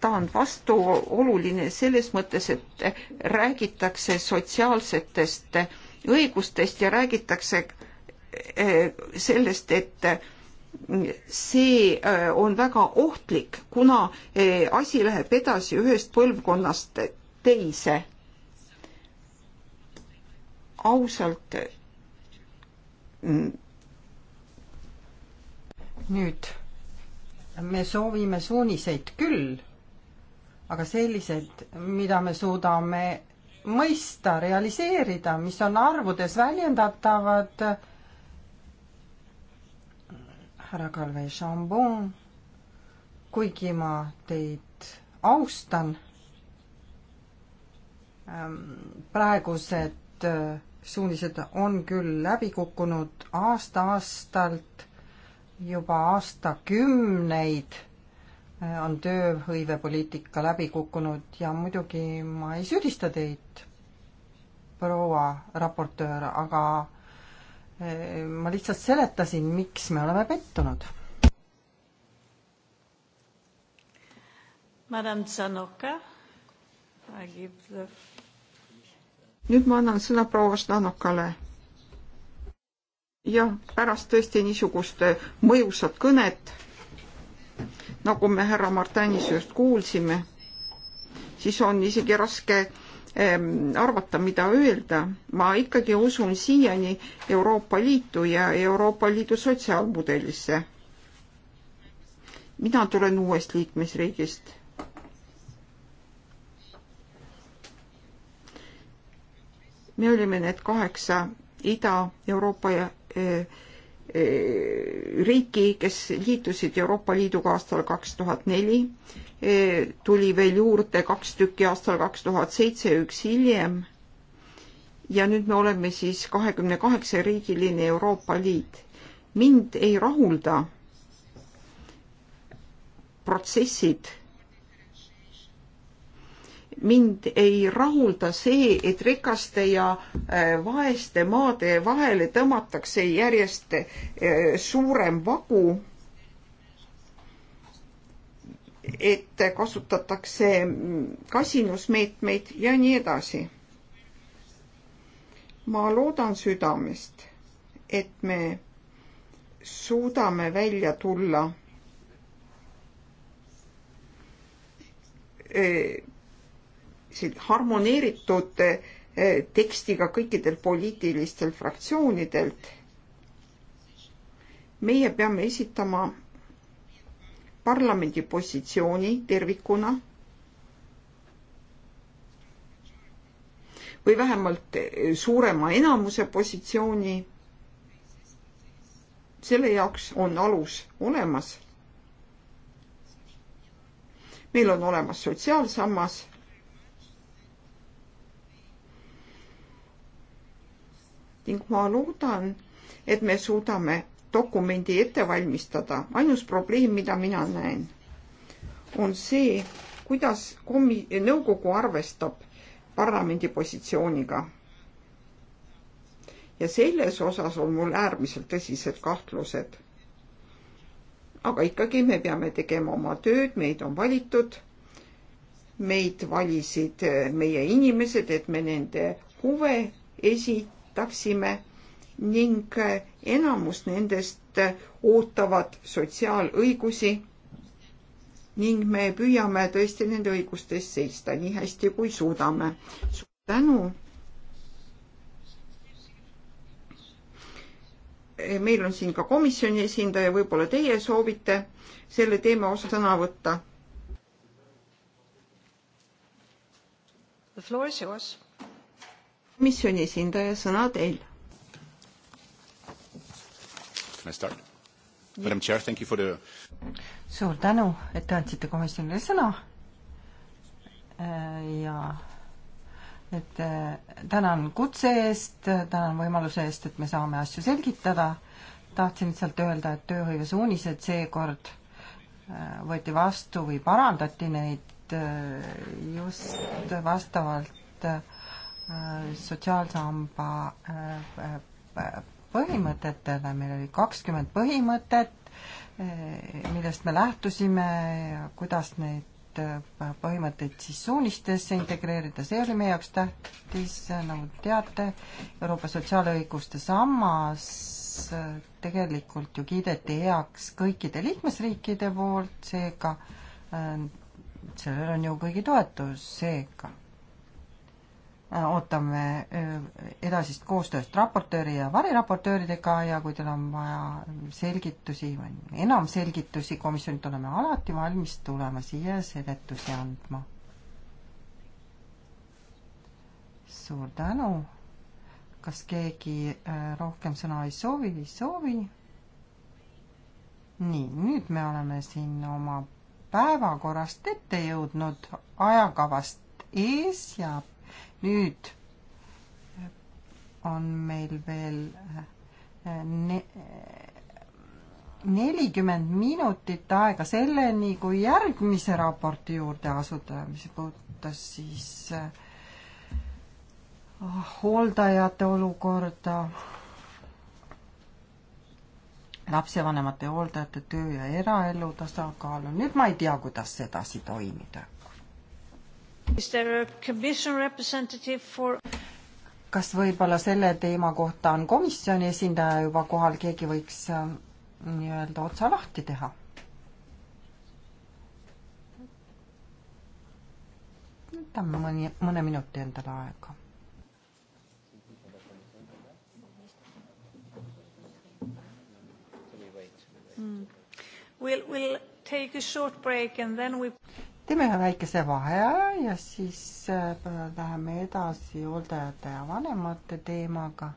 ta on vastuoluline selles mõttes, et räägitakse sotsiaalsetest õigustest ja räägitakse eh, sellest, et see eh, on väga ohtlik, kuna eh, asi läheb edasi ühest põlvkonnast teise. ausalt. Mm, nüüd me soovime suuniseid küll aga sellised, mida me suudame mõista, realiseerida, mis on arvudes väljendatavad. härra Kalve Šambon, kuigi ma teid austan, ähm, praegused äh, suunised on küll läbi kukkunud aasta-aastalt juba aastakümneid Äh, on tööhõivepoliitika läbi kukkunud ja muidugi ma ei süüdista teid, proua raportöör, aga äh, ma lihtsalt seletasin, miks me oleme pettunud. Madam Zanoka, I give the nüüd ma annan sõna proua Stanokale. jah, pärast tõesti niisugust mõjusat kõnet nagu me härra Martanis just kuulsime, siis on isegi raske ehm, arvata, mida öelda. ma ikkagi usun siiani Euroopa Liitu ja Euroopa Liidu sotsiaalmudelisse. mina tulen uuest liikmesriigist me olime need kaheksa Ida-Euroopa ja eh, Eh, riiki, kes liitusid Euroopa Liiduga aastal kaks tuhat neli, eh, tuli veel juurde kaks tükki aastal kaks tuhat seitse, üks hiljem. ja nüüd me oleme siis kahekümne kaheksa riigiline Euroopa Liit. mind ei rahulda protsessid mind ei rahulda see, et rikaste ja äh, vaeste maade vahele tõmmatakse järjest äh, suurem vagu. et kasutatakse mm, kasinusmeetmeid ja nii edasi. ma loodan südamest, et me suudame välja tulla äh, harmoneeritud eh, tekstiga kõikidel poliitilistel fraktsioonidelt. meie peame esitama parlamendi positsiooni tervikuna või vähemalt suurema enamuse positsiooni. selle jaoks on alus olemas. meil on olemas sotsiaalsammas ning ma loodan, et me suudame dokumendi ette valmistada. ainus probleem, mida mina näen, on see, kuidas komi-, nõukogu arvestab parlamendi positsiooniga. ja selles osas on mul äärmiselt tõsised kahtlused. aga ikkagi me peame tegema oma tööd, meid on valitud, meid valisid meie inimesed, et me nende huve esi-, toetaksime ning enamus nendest ootavad sotsiaalõigusi ning me püüame tõesti nende õigustest seista nii hästi, kui suudame. suur tänu. meil on siin ka komisjoni esindaja, võib-olla teie soovite selle teema osa sõna võtta? The floor is yours komisjoni esindaja, sõna teil. suur tänu, et te andsite komisjonile sõna ja et eh, tänan kutse eest, tänan võimaluse eest, et me saame asju selgitada. tahtsin lihtsalt öelda, et tööhõive suunised seekord eh, võeti vastu või parandati neid eh, just vastavalt Äh, sotsiaalsamba äh, äh, põhimõtetele, meil oli kakskümmend põhimõtet, millest me lähtusime ja kuidas neid põhimõtteid siis suunistesse integreerida, see oli meie jaoks tähtis, nagu teate, Euroopa sotsiaalõiguste sammas tegelikult ju kiideti heaks kõikide liikmesriikide poolt, seega sellel on ju kõigi toetus, seega Äh, ootame äh, edasist koostööst raportööri ja variraportööridega ja kui teil on vaja selgitusi või enam selgitusi, komisjonilt oleme alati valmis tulema siia seletusi andma. suur tänu. kas keegi äh, rohkem sõna ei soovi, ei soovi? nii, nüüd me oleme siin oma päevakorrast ette jõudnud, ajakavast ees ja nüüd on meil veel äh, ne-, nelikümmend minutit aega selleni, kui järgmise raporti juurde asuda, mis puudutas siis äh, hooldajate olukorda, lapsevanemate ja hooldajate töö ja eraelu tasakaalu, nüüd ma ei tea, kuidas edasi toimida For... kas võib-olla selle teema kohta on komisjoni esindaja juba kohal, keegi võiks äh, nii-öelda otsa lahti teha? võtame mõni, mõne minuti endale aega mm.. We'll, we'll take a short break and then we teeme ühe väikese vaheaja ja siis äh, läheme edasi hooldajate ja vanemate teemaga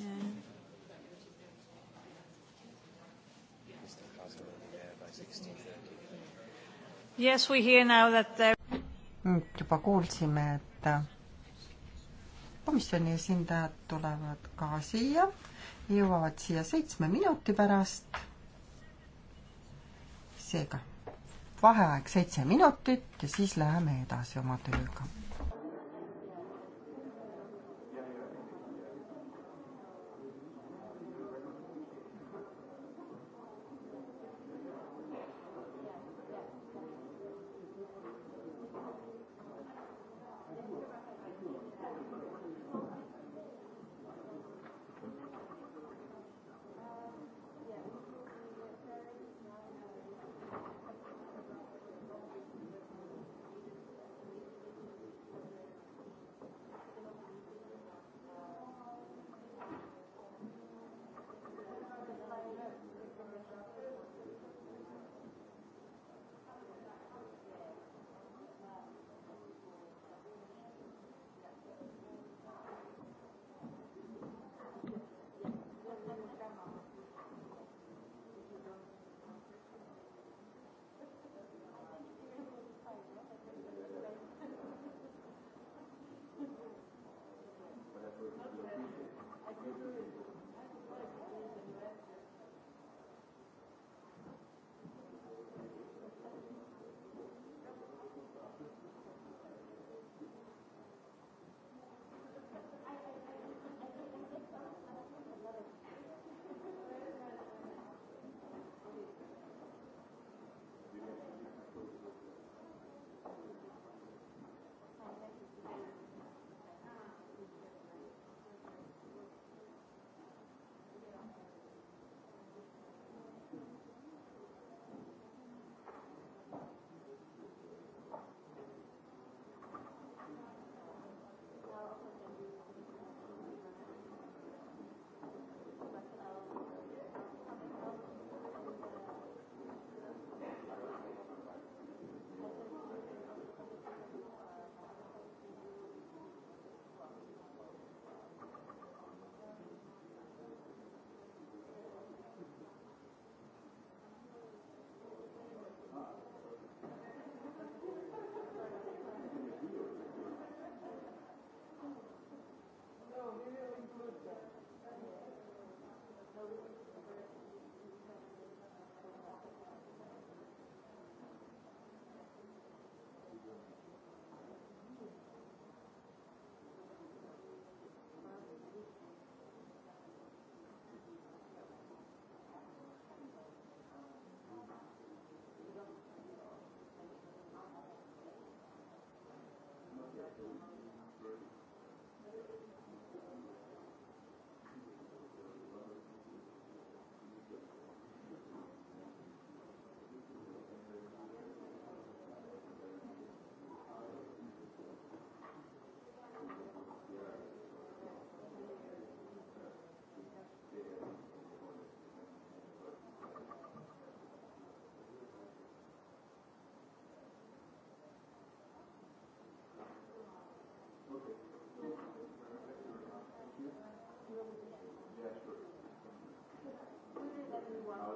Yeah. Yes, we hear now that there... nüüd mm, juba kuulsime, et äh, komisjoni esindajad tulevad ka siia jõuavad siia seitsme minuti pärast. seega vaheaeg seitse minutit ja siis läheme edasi oma tööga Wow.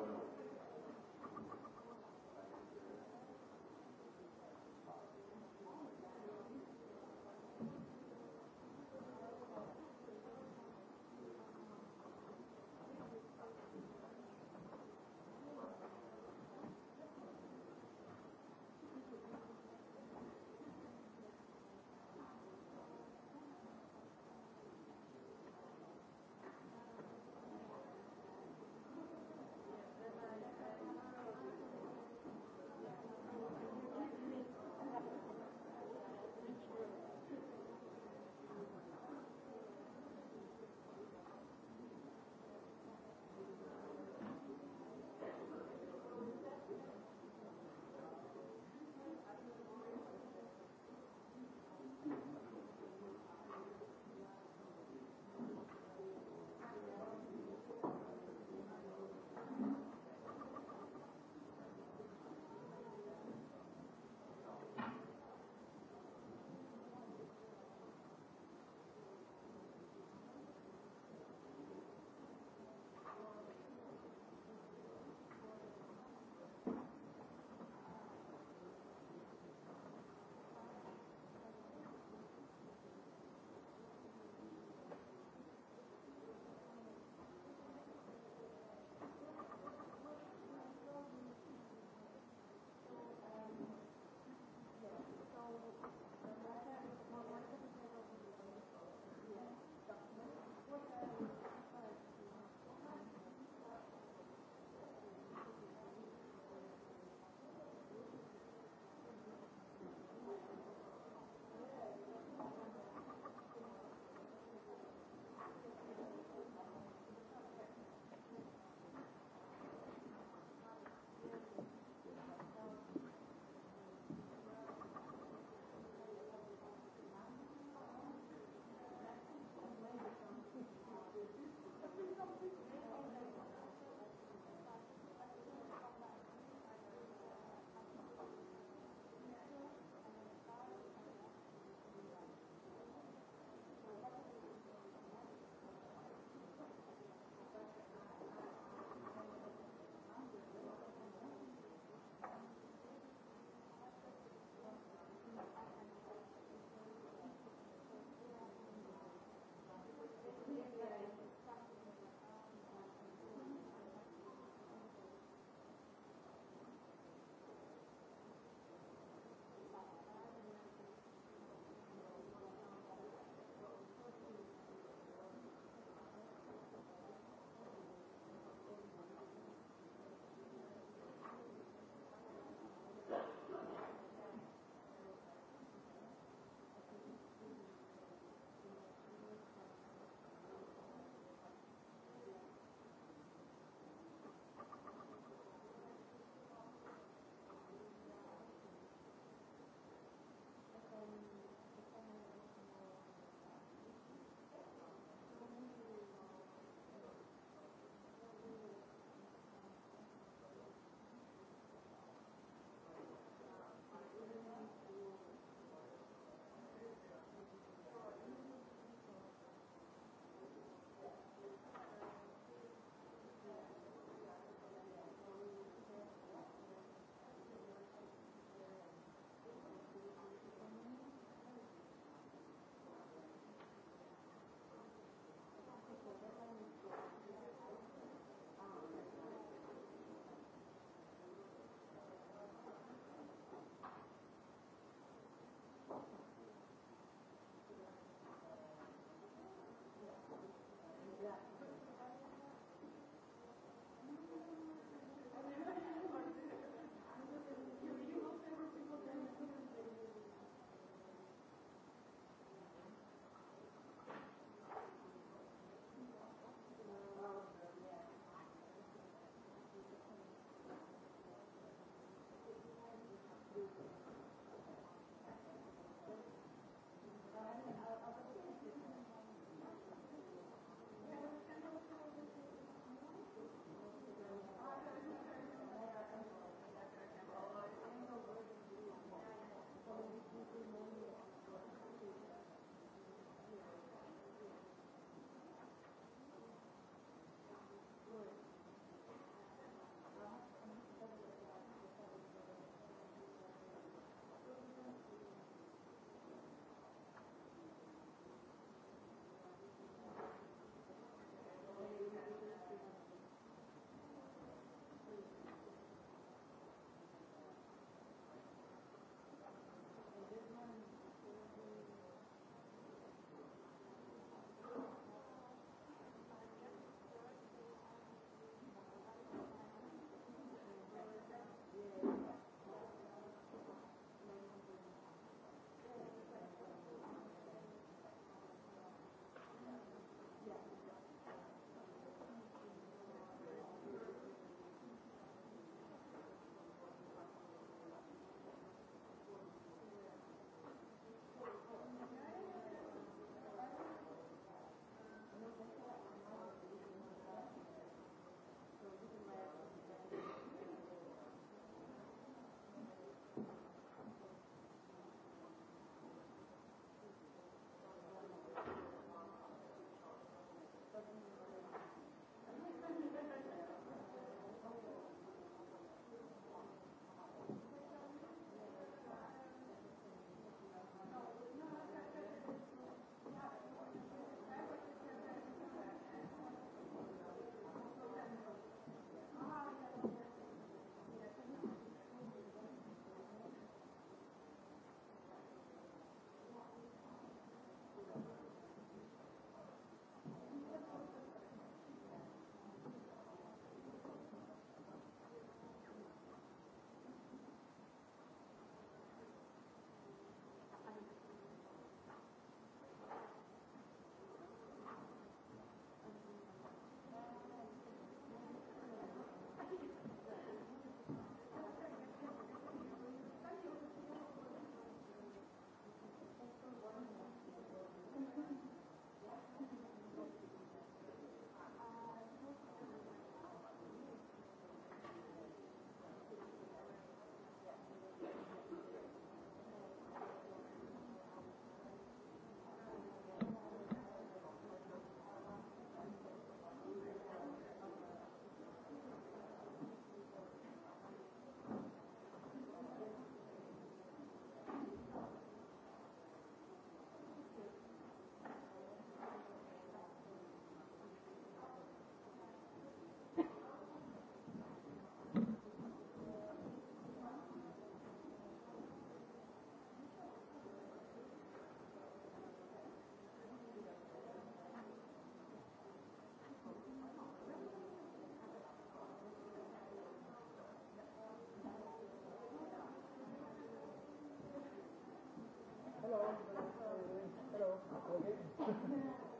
Ah, okay.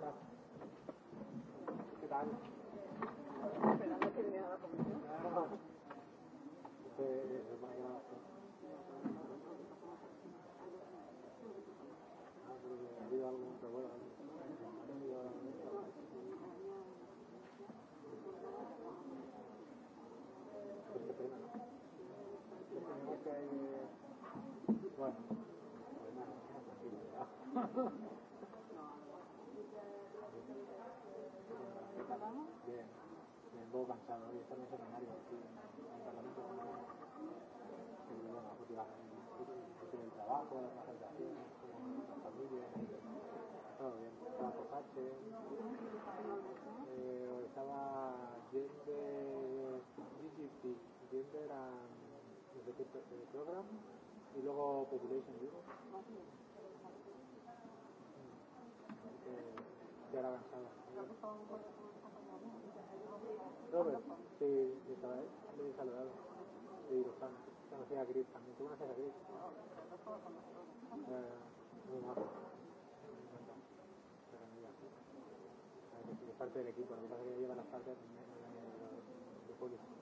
programma de, de Bob Cansado y estar en el seminario aquí en, en el Parlamento Comunero. Que bueno, pues la cuestión del trabajo, las relaciones con la familia, todo bien. Estaba por Sánchez, eh, estaba Gender DGP, Gender and no sé qué eh, program, y luego Population Europe. Mm. Que, que era avanzada. No, pero sí, le estaba le saludado. De Irofán. Conocía a Gris también. ¿Tú conoces a Gris? Eh, muy guapo. Pero mira, es parte del equipo. Lo que pasa es que lleva las partes de, de, de, de, de, de, de, de, de, de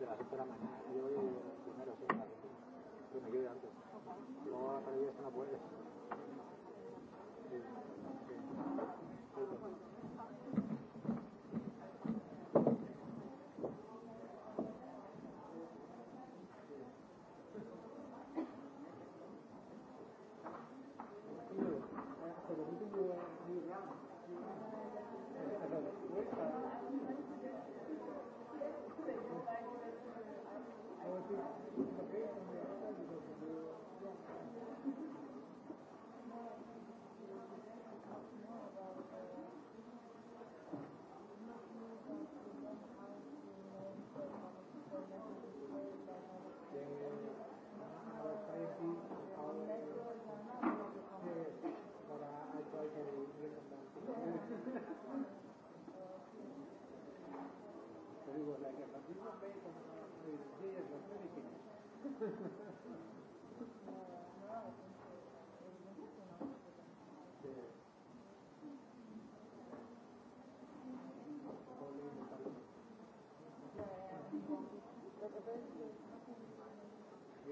de las 8 de la mañana. Yo voy primero siempre, que me quede antes. Luego la pérdida es una puerta.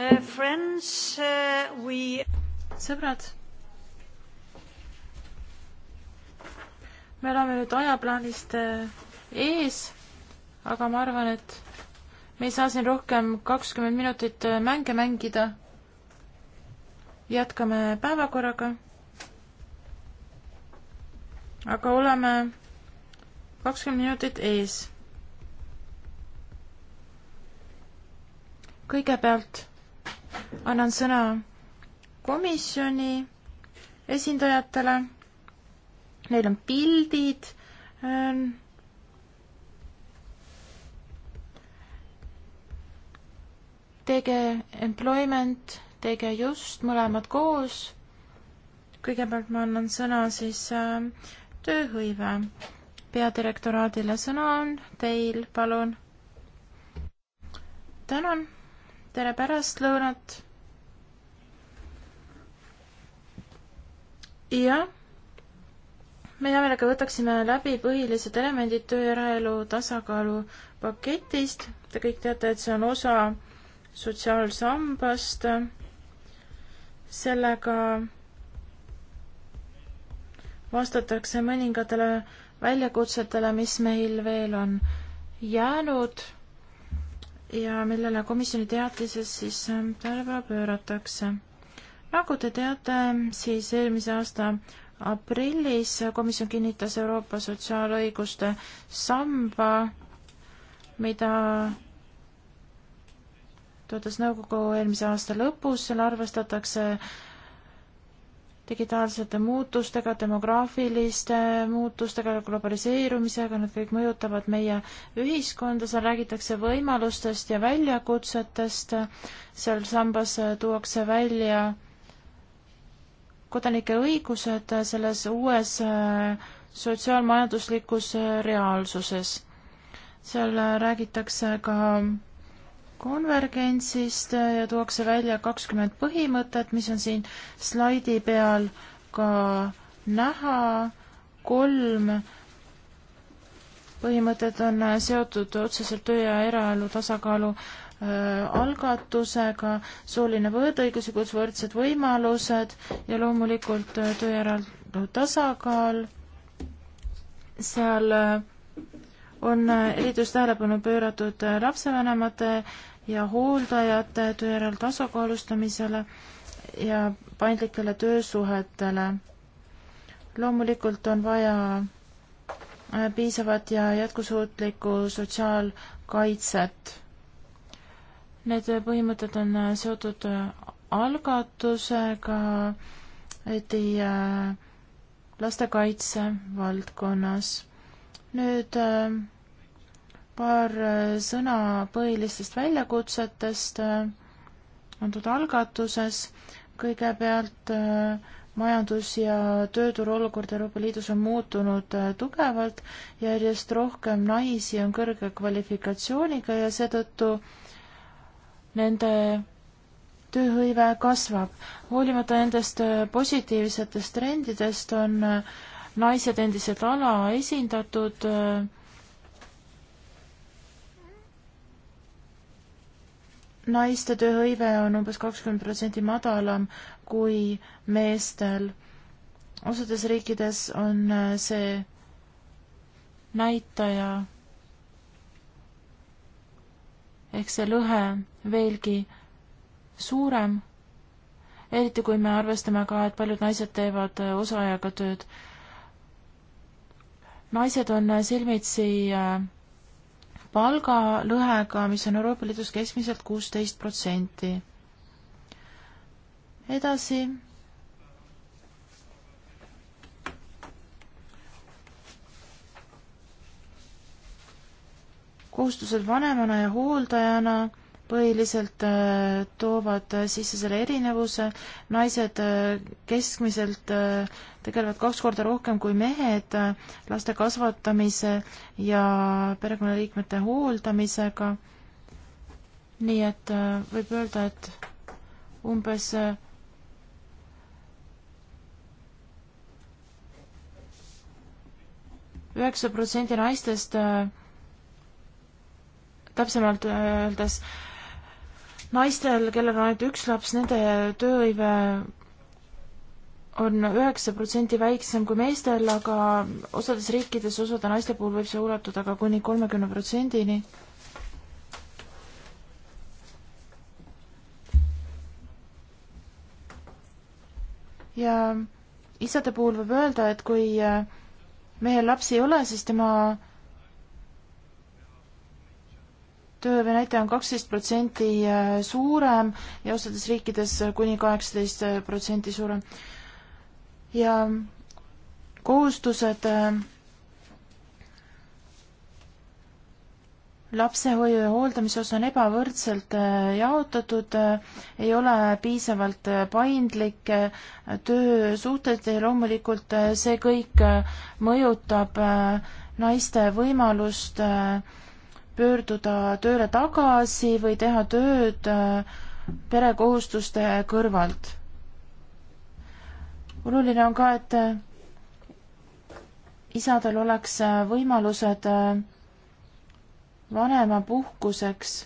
Uh, friends, uh, we... sõbrad, me oleme nüüd ajaplaanist uh, ees, aga ma arvan, et me ei saa siin rohkem kakskümmend minutit mänge mängida. jätkame päevakorraga. aga oleme kakskümmend minutit ees kõigepealt annan sõna komisjoni esindajatele. Neil on pildid. Ähm, tege employment, tege just, mõlemad koos. kõigepealt ma annan sõna siis äh, tööhõive peadirektoraadile, sõna on teil, palun. tänan tere pärastlõunat. jah, me hea meelega võtaksime läbi põhilised elemendid töö ja eraelu tasakaalu paketist. Te kõik teate, et see on osa sotsiaalsambast. sellega vastatakse mõningatele väljakutsetele, mis meil veel on jäänud ja millele komisjoni teatises siis ähm, tähelepanu pööratakse. nagu te teate, siis eelmise aasta aprillis komisjon kinnitas Euroopa sotsiaalõiguste samba, mida töötas nõukogu eelmise aasta lõpus, seal arvestatakse digitaalsete muutustega, demograafiliste muutustega, globaliseerumisega, need kõik mõjutavad meie ühiskonda, seal räägitakse võimalustest ja väljakutsetest, seal sambas tuuakse välja kodanike õigused selles uues äh, sotsiaalmajanduslikus äh, reaalsuses. seal äh, räägitakse ka konvergentsist ja tuuakse välja kakskümmend põhimõtet, mis on siin slaidi peal ka näha. kolm põhimõtet on seotud otseselt töö ja eraelu tasakaalu äh, algatusega, sooline võõdõiguslikud võrdsed võimalused ja loomulikult äh, töö ja eraelu tasakaal. seal äh, on eritus tähelepanu pööratud lapsevanemate ja hooldajate tööjärel tasakaalustamisele ja paindlikele töösuhetele. loomulikult on vaja äh, piisavat ja jätkusuutlikku sotsiaalkaitset. Need põhimõtted on äh, seotud äh, algatusega, et lastekaitse valdkonnas. nüüd äh, paar äh, sõna põhilistest väljakutsetest äh, antud algatuses. kõigepealt äh, majandus- ja tööturu olukord Euroopa Liidus on muutunud tugevalt, järjest rohkem naisi on kõrge kvalifikatsiooniga ja seetõttu nende tööhõive kasvab. hoolimata nendest positiivsetest trendidest on naised endiselt alaesindatud äh, naiste tööhõive on umbes kakskümmend protsenti madalam kui meestel. osades riikides on äh, see näitaja ehk see lõhe veelgi suurem, eriti kui me arvestame ka, et paljud naised teevad äh, osaajaga tööd. naised on äh, silmitsi äh, palgalõhega, mis on Euroopa Liidus keskmiselt kuusteist protsenti. edasi. kohustused vanemana ja hooldajana põhiliselt äh, toovad äh, sisse selle erinevuse, naised äh, keskmiselt tegelevad kaks korda rohkem kui mehed laste kasvatamise ja perekonnaliikmete hooldamisega. nii et võib öelda, et umbes üheksa protsenti naistest täpsemalt öeldes äh, naistel, kellel on ainult üks laps, nende tööhõive on üheksa protsenti väiksem kui meestel, aga osades riikides osade naiste puhul võib see ulatuda ka kuni kolmekümne protsendini. ja isade puhul võib öelda, et kui mehel lapsi ei ole, siis tema tööhõive näitaja on kaksteist protsenti äh, suurem ja osades riikides äh, kuni kaheksateist äh, protsenti suurem. ja kohustused lapsehoiu ja hooldamise osa on ebavõrdselt jaotatud, ei ole piisavalt paindlikke töösuhteid ja loomulikult see kõik mõjutab naiste võimalust äh, pöörduda tööle tagasi või teha tööd äh, perekohustuste kõrvalt. oluline on ka, et äh, isadel oleks äh, võimalused vanemapuhkuseks,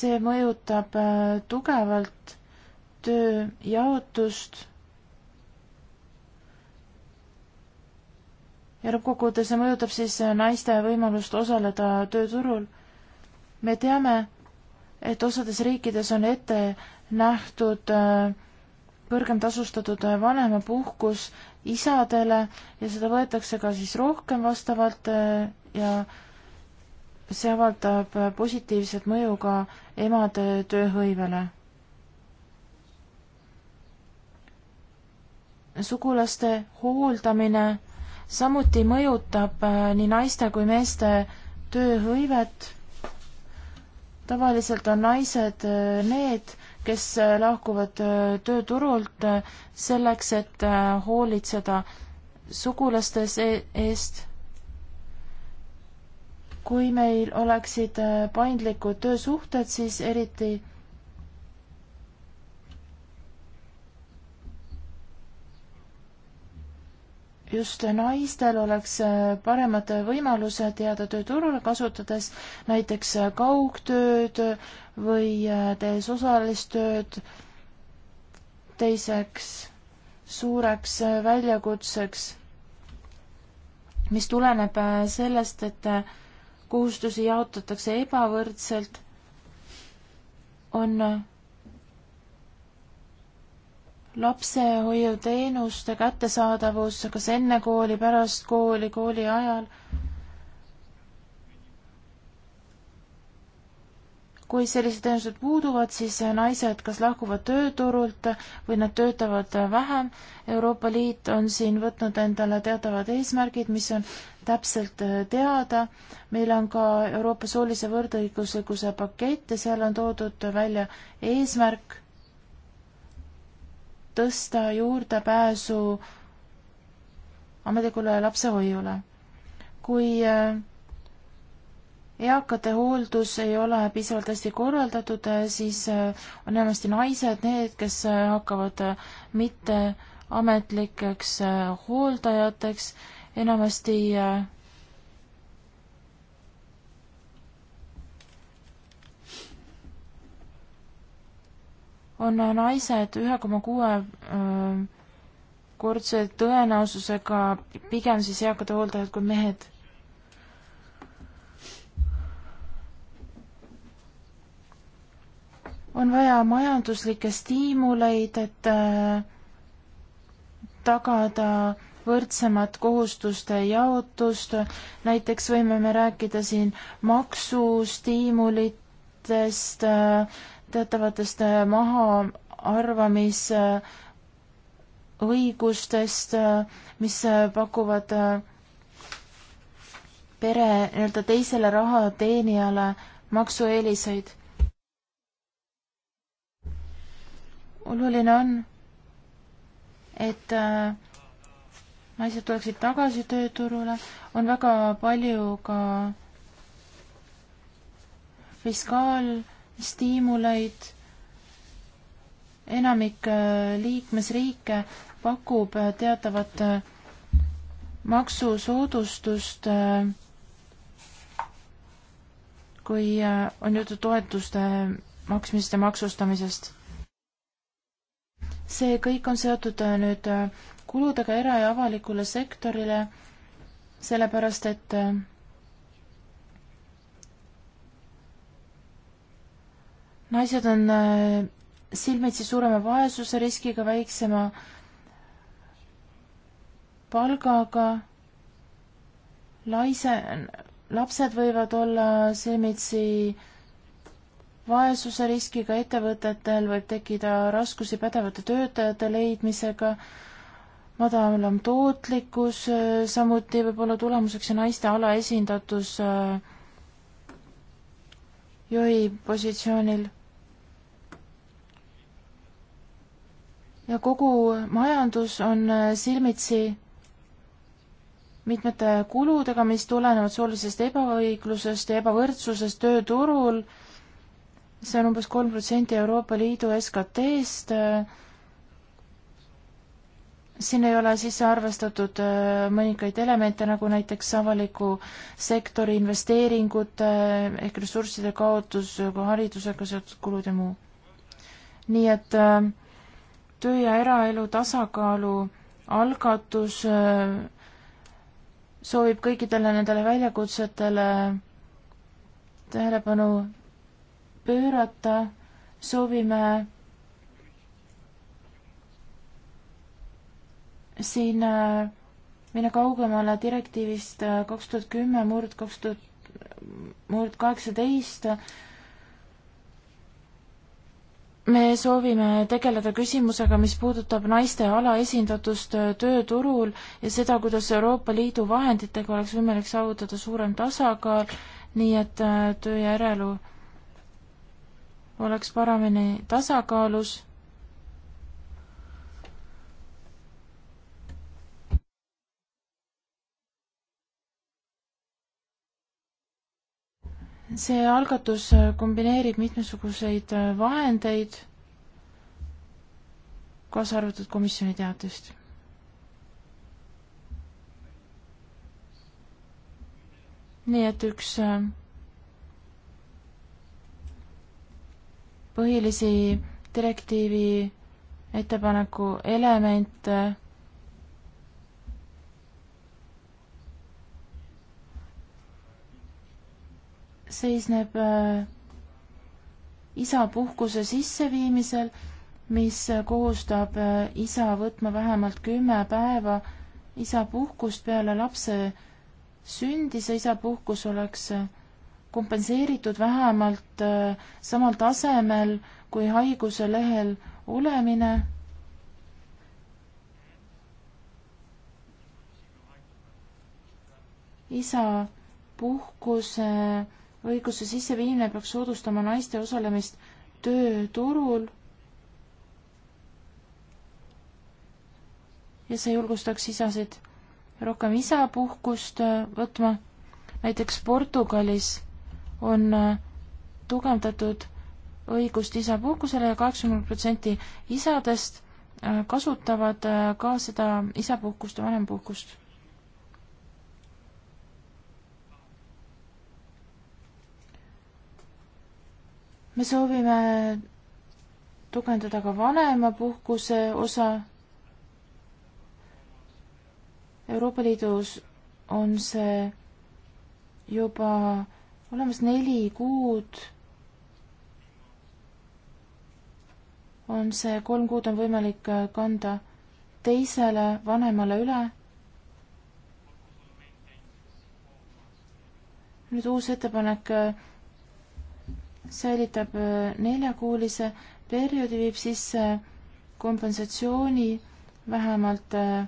see mõjutab tugevalt tööjaotust ja lõppkokkuvõttes see mõjutab siis naiste võimalust osaleda tööturul. me teame, et osades riikides on ette nähtud äh, kõrgem tasustatud äh, vanemapuhkus isadele ja seda võetakse ka siis rohkem vastavalt äh, ja see avaldab positiivset mõju ka emade tööhõivele. sugulaste hooldamine samuti mõjutab äh, nii naiste kui meeste tööhõivet. tavaliselt on naised äh, need, kes äh, lahkuvad tööturult selleks, et hoolitseda sugulaste e-, eest. kui meil oleksid paindlikud töösuhted, siis eriti just naistel oleks äh, paremad võimalused jääda tööturule, kasutades näiteks äh, kaugtööd või äh, tehes osalist tööd. teiseks suureks väljakutseks, mis tuleneb sellest, et kohustusi jaotatakse ebavõrdselt, on lapsehoiuteenuste kättesaadavus kas enne kooli, pärast kooli, kooli ajal. kui sellised teenused puuduvad, siis naised kas lahkuvad tööturult või nad töötavad vähem. Euroopa Liit on siin võtnud endale teatavad eesmärgid, mis on täpselt teada. meil on ka Euroopa soolise võrdõiguslikkuse pakett ja seal on toodud välja eesmärk tõsta juurdepääsu ametlikule lapsehoiule. kui äh, eakate hooldus ei ole piisavalt hästi korraldatud, äh, siis äh, on enamasti naised need, kes hakkavad mitteametlikeks hooldajateks, enamasti äh, on naised ühe koma kuue kordse tõenäosusega pigem siis eakate hooldajad kui mehed. on vaja majanduslikke stiimuleid, et tagada võrdsemat kohustuste jaotust, näiteks võime me rääkida siin maksustiimulitest, teatavatest äh, mahaarvamisõigustest, äh, mis äh, pakuvad pere nii-öelda teisele rahateenijale maksueeliseid. oluline on, et naised tuleksid tagasi tööturule, on väga palju ka fiskaal- stiimuleid. enamik äh, liikmesriike pakub äh, teatavat äh, maksusoodustust, kui on juttu toetuste maksmisest ja maksustamisest. see kõik on seotud nüüd kuludega era- ja avalikule sektorile, sellepärast et naised on äh, silmitsi suurema vaesuse riskiga, väiksema palgaga, laise, lapsed võivad olla silmitsi vaesuse riskiga, ettevõtetel võib tekkida raskusi pädevate töötajate leidmisega, madalam tootlikkus, äh, samuti võib olla tulemuseks naiste alaesindatus äh, juhi positsioonil ja kogu majandus on äh, silmitsi mitmete kuludega, mis tulenevad soolisest ebaõiglusest ja ebavõrdsusest tööturul. see on umbes kolm protsenti Euroopa Liidu SKT-st. Äh, siin ei ole sisse arvestatud äh, mõningaid elemente, nagu näiteks avaliku sektori investeeringud ehk ressursside kaotus, haridusega seotud kulud ja muu. nii et äh, töö ja eraelu tasakaalu algatus äh, soovib kõikidele nendele väljakutsetele tähelepanu pöörata, soovime siin äh, minna kaugemale direktiivist äh, kaks tuhat kümme murd kaks tuhat, murd kaheksateist, me soovime tegeleda küsimusega, mis puudutab naiste alaesindatust äh, tööturul ja seda, kuidas Euroopa Liidu vahenditega oleks võimalik saavutada suurem tasakaal, nii et äh, töö ja eraelu oleks paremini tasakaalus. see algatus kombineerib mitmesuguseid vahendeid, kaasa arvatud komisjoni teatist. nii et üks äh, põhilisi direktiivi ettepaneku elemente äh, seisneb äh, isapuhkuse sisseviimisel, mis kohustab äh, isa võtma vähemalt kümme päeva isapuhkust peale lapse sündi, see isapuhkus oleks äh, kompenseeritud vähemalt samal tasemel kui haiguse lehel olemine isapuhkuse õiguse sisseviimine peaks soodustama naiste osalemist tööturul ja see julgustaks isasid rohkem isapuhkust äh, võtma. näiteks Portugalis on äh, tugevdatud õigust isapuhkusele ja kaheksakümmend protsenti isadest äh, kasutavad ka seda isapuhkust ja vanempuhkust me soovime tugevdada ka vanemapuhkuse osa. Euroopa Liidus on see juba olemas neli kuud. on see kolm kuud on võimalik kanda teisele vanemale üle. nüüd uus ettepanek säilitab äh, neljakuulise perioodi, viib sisse kompensatsiooni vähemalt äh,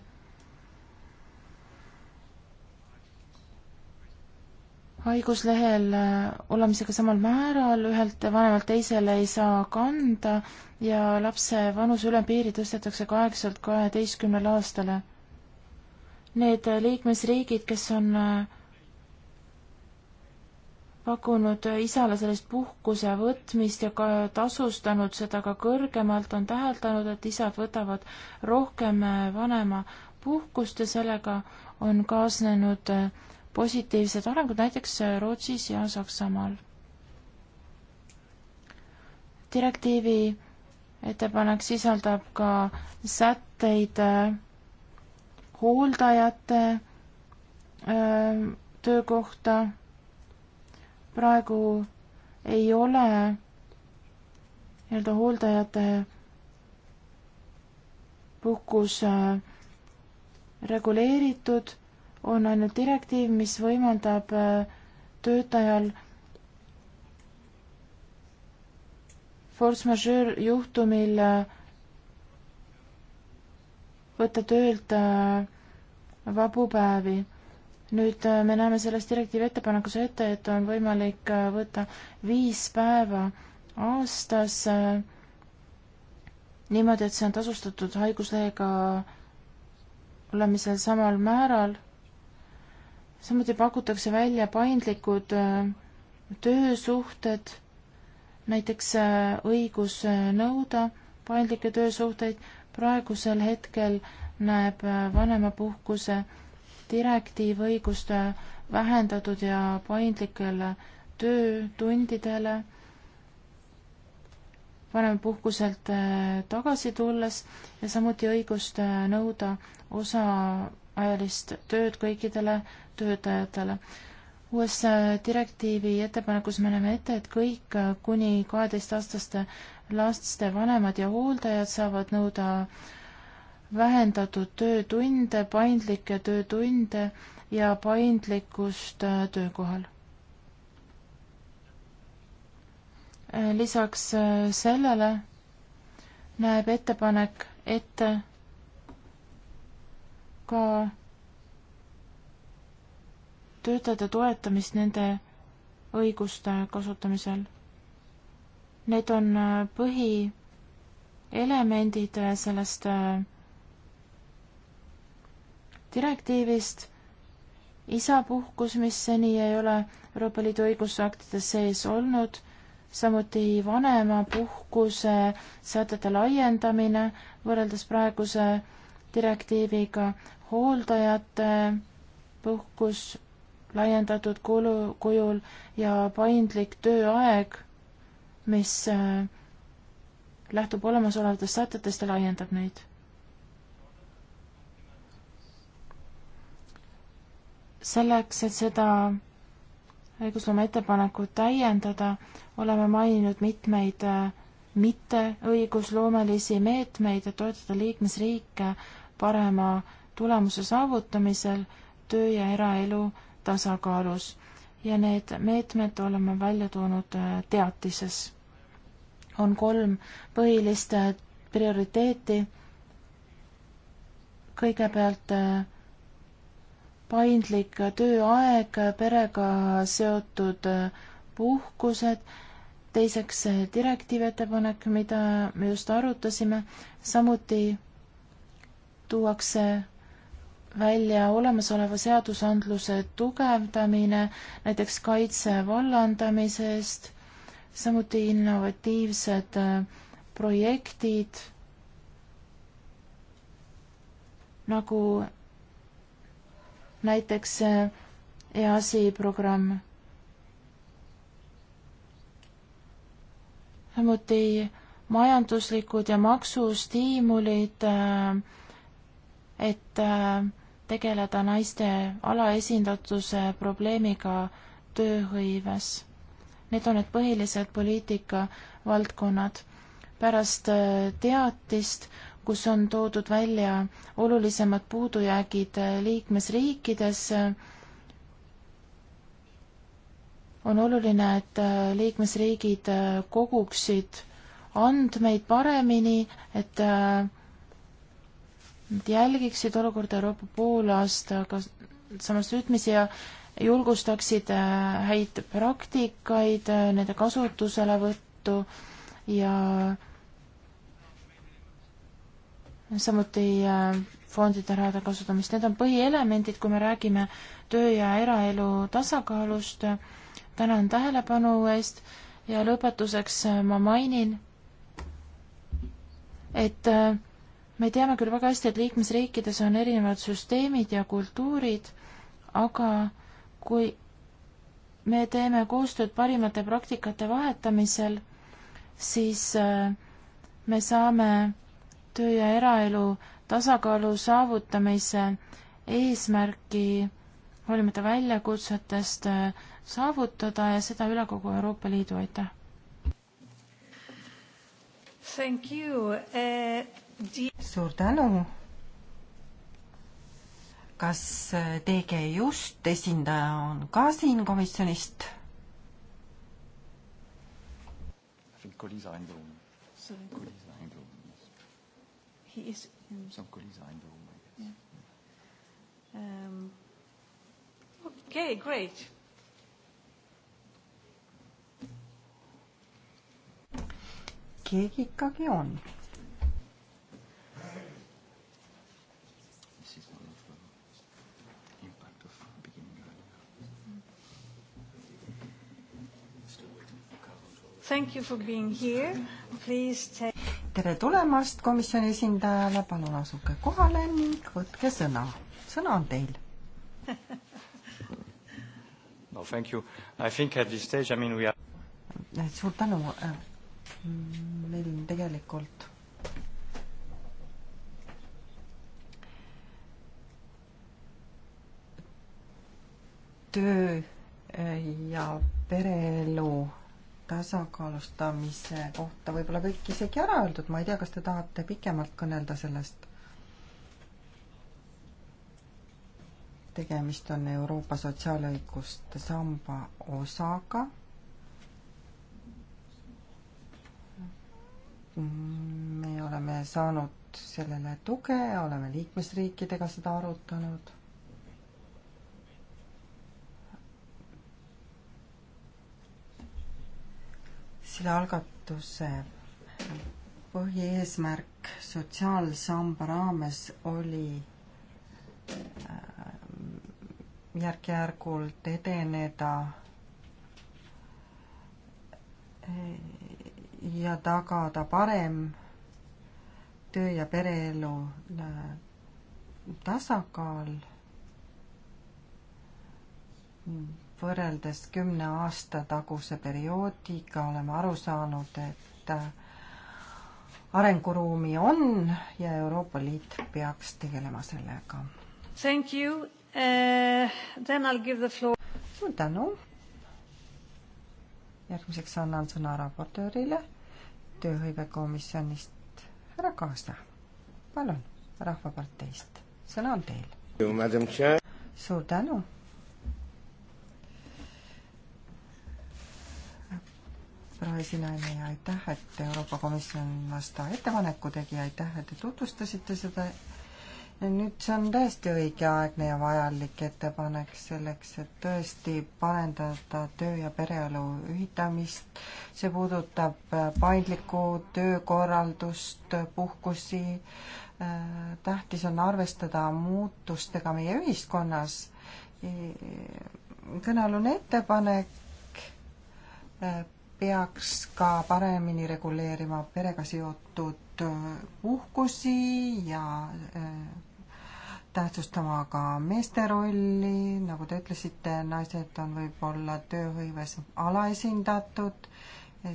haiguslehel äh, olemisega samal määral, ühelt vanemalt teisele ei saa kanda ja lapse vanuse ülempiiri tõstetakse kaheksalt kaheteistkümnele aastale. Need liikmesriigid, kes on äh, pakkunud isale sellist puhkuse võtmist ja ka tasustanud seda ka kõrgemalt, on täheldanud, et isad võtavad rohkem äh, vanemapuhkust ja sellega on kaasnenud äh, positiivsed arengud näiteks äh, Rootsis ja Saksamaal. direktiivi ettepanek sisaldab ka sätteid hooldajate öö, töökohta praegu ei ole nii-öelda hooldajate puhkus äh, reguleeritud, on ainult direktiiv, mis võimaldab äh, töötajal force majeure juhtumil äh, võtta töölt vabu päevi nüüd äh, me näeme selles direktiivi ettepanekus ette, et on võimalik äh, võtta viis päeva aastas äh, niimoodi, et see on tasustatud haiguslehega olemisel samal määral. samuti pakutakse välja paindlikud töösuhted, näiteks õigus nõuda paindlikke töösuhteid. praegusel hetkel näeb vanemapuhkuse direktiiv õiguste vähendatud ja paindlikele töötundidele, varem puhkuselt äh, tagasi tulles ja samuti õigust äh, nõuda osaajalist tööd kõikidele töötajatele. uues direktiivi ettepanekus me näeme ette, et kõik äh, kuni kaheteistaastaste laste vanemad ja hooldajad saavad nõuda äh, vähendatud töötunde, paindlikke töötunde ja paindlikkust äh, töökohal. Äh, lisaks äh, sellele näeb ettepanek ette ka töötajate toetamist nende õiguste kasutamisel. Need on põhielemendid sellest äh, direktiivist, isapuhkus, mis seni ei ole Euroopa Liidu õigusaktides sees olnud, samuti vanemapuhkuse sätete laiendamine võrreldes praeguse direktiiviga, hooldajate puhkus laiendatud kulu, kujul ja paindlik tööaeg, mis äh, lähtub olemasolevatest sätetest ja laiendab neid selleks, et seda õigusloome ettepanekut täiendada, oleme maininud mitmeid äh, mitte õigusloomelisi meetmeid, et toetada liikmesriike parema tulemuse saavutamisel töö ja eraelu tasakaalus ja need meetmed oleme välja toonud äh, teatises. on kolm põhilist äh, prioriteeti. kõigepealt äh, paindlik tööaeg, perega seotud puhkused, teiseks direktiivi ettepanek, mida me just arutasime, samuti tuuakse välja olemasoleva seadusandluse tugevdamine, näiteks kaitse vallandamise eest, samuti innovatiivsed äh, projektid nagu näiteks EAS-i eh, e programm. samuti majanduslikud ja maksustiimulid, eh, et eh, tegeleda naiste alaesindatuse probleemiga tööhõives. Need on need põhilised poliitika valdkonnad. pärast teatist kus on toodud välja olulisemad puudujäägid äh, liikmesriikides. Äh, on oluline, et äh, liikmesriigid koguksid andmeid paremini, et nad jälgiksid olukorda Euroopa poolaastaga samas rütmis ja julgustaksid häid praktikaid, nende kasutuselevõttu ja äh, samuti äh, fondide rahade kasutamist, need on põhielemendid, kui me räägime töö ja eraelu tasakaalust. tänan tähelepanu eest ja lõpetuseks äh, ma mainin, et äh, me teame küll väga hästi, et liikmesriikides on erinevad süsteemid ja kultuurid, aga kui me teeme koostööd parimate praktikate vahetamisel, siis me saame töö ja eraelu tasakaalu saavutamise eesmärki hoolimata väljakutsetest äh, saavutada ja seda üle kogu Euroopa Liidu, aitäh! Eh, suur tänu! kas TG äh, Just esindaja on ka siin komisjonist? Kolisa Endrun he is. Um, Sanko Lisa Einberung, I guess. Yeah. Um, okay, great. keegi ikkagi on. Thank you for being here. Please take tere tulemast komisjoni esindajale, palun asuge kohale ning võtke sõna. sõna on teil no thank you, I think at this stage I mean we are eh, suur tänu, eh, meil on tegelikult töö eh, ja pereelu tasakaalustamise kohta võib-olla kõik isegi ära öeldud, ma ei tea, kas te tahate pikemalt kõnelda sellest? tegemist on Euroopa sotsiaalõiguste samba osaga me oleme saanud sellele tuge, oleme liikmesriikidega seda arutanud. selle algatuse põhieesmärk sotsiaalsamba raames oli äh, järk-järgult edeneda äh, ja tagada parem töö ja pereelu äh, tasakaal võrreldes kümne aasta taguse perioodiga oleme aru saanud, et äh, arenguruumi on ja Euroopa Liit peaks tegelema sellega. Thank you uh,. Then I will give the floor. suur tänu. järgmiseks annan sõna raportöörile tööhõivekomisjonist härra Kaasa. palun, Rahvaparteist, sõna on teil. suur tänu proua esinaine ja aitäh, et Euroopa Komisjon vastava ettepaneku tegi, aitäh, et te tutvustasite seda. nüüd see on täiesti õigeaegne ja vajalik ettepanek selleks, et tõesti parendada töö ja pereelu ühitamist. see puudutab äh, paindlikku töökorraldust, puhkusi. Äh, tähtis on arvestada muutustega meie ühiskonnas. Äh, kõnealune ettepanek peaks ka paremini reguleerima perega seotud äh, puhkusi ja äh, tähtsustama ka meeste rolli, nagu te ütlesite, naised on võib-olla tööhõives alaesindatud,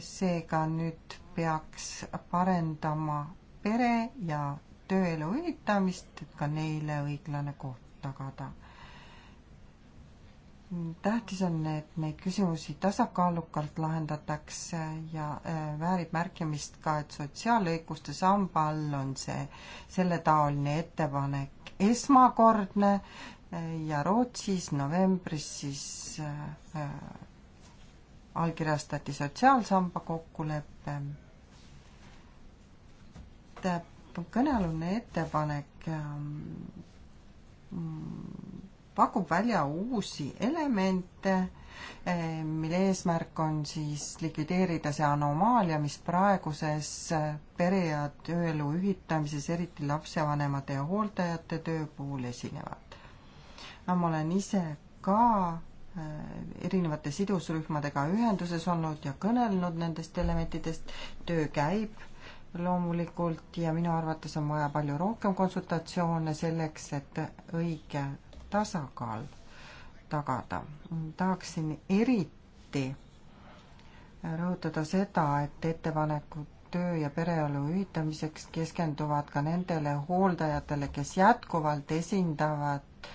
seega nüüd peaks parendama pere ja tööelu ühitamist, et ka neile õiglane koht tagada tähtis on, et neid küsimusi tasakaalukalt lahendatakse ja äh, väärib märkimist ka, et sotsiaalõiguste samba all on see selletaoline ettepanek esmakordne äh, ja Rootsis novembris siis äh, allkirjastati sotsiaalsamba kokkulepe. kõnealune ettepanek ähm, pakub välja uusi elemente, eh, mille eesmärk on siis likvideerida see anomaalia, mis praeguses eh, pere- ja tööelu ühitamises, eriti lapsevanemate ja hooldajate töö puhul esinevad. ma olen ise ka eh, erinevate sidusrühmadega ühenduses olnud ja kõnelenud nendest elementidest, töö käib loomulikult ja minu arvates on vaja palju rohkem konsultatsioone selleks, et õige tasakaal tagada. tahaksin eriti rõhutada seda, et ettepanekud töö ja pereelu ühitamiseks keskenduvad ka nendele hooldajatele, kes jätkuvalt esindavad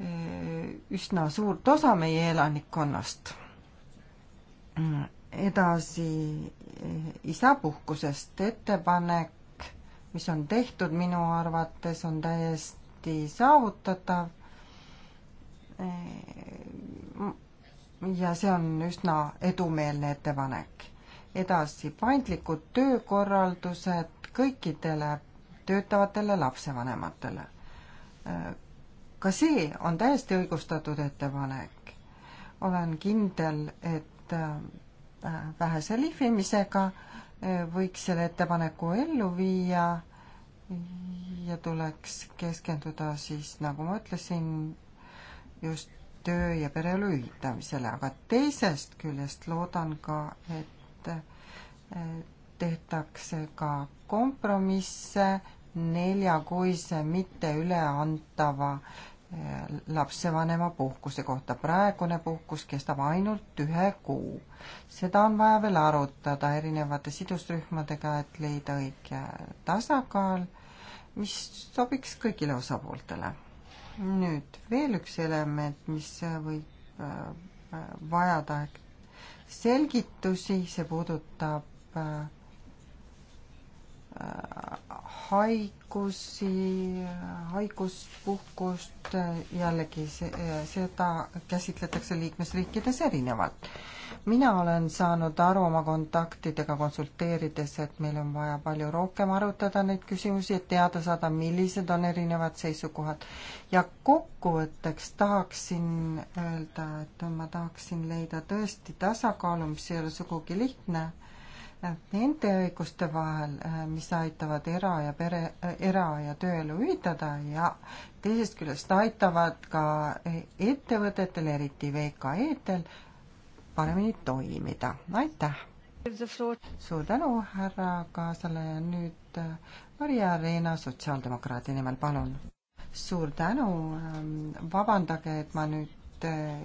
eh, üsna suurt osa meie elanikkonnast. edasi eh, isapuhkusest ettepanek, mis on tehtud minu arvates, on täiesti alati saavutatav. ja see on üsna edumeelne ettepanek. edasi paindlikud töökorraldused kõikidele töötavatele lapsevanematele. ka see on täiesti õigustatud ettepanek. olen kindel, et äh, vähese lihvimisega äh, võiks selle ettepaneku ellu viia ja tuleks keskenduda siis, nagu ma ütlesin, just töö ja pereelu ühitamisele, aga teisest küljest loodan ka, et tehtakse ka kompromisse neljakuise mitte üleantava eh, lapsevanema puhkuse kohta. praegune puhkus kestab ainult ühe kuu. seda on vaja veel arutada erinevate sidusrühmadega, et leida õige tasakaal mis sobiks kõigile osapooltele. nüüd veel üks element, mis võib äh, äh, vajada selgitusi, see puudutab äh, haigusi, haiguspuhkust, jällegi see, seda käsitletakse liikmesriikides erinevalt. mina olen saanud aru oma kontaktidega konsulteerides, et meil on vaja palju rohkem arutada neid küsimusi, et teada saada, millised on erinevad seisukohad. ja kokkuvõtteks tahaksin öelda, et ma tahaksin leida tõesti tasakaalu, mis ei ole sugugi lihtne nende õiguste vahel, äh, mis aitavad era- ja pere, äh, era- ja tööelu ühitada ja teisest küljest aitavad ka ettevõtetel, eriti VKE-del, paremini toimida. aitäh! suur tänu, härra Kaasale ja nüüd äh, Maria Reena sotsiaaldemokraadi nimel, palun! suur tänu, ähm, vabandage, et ma nüüd Eh,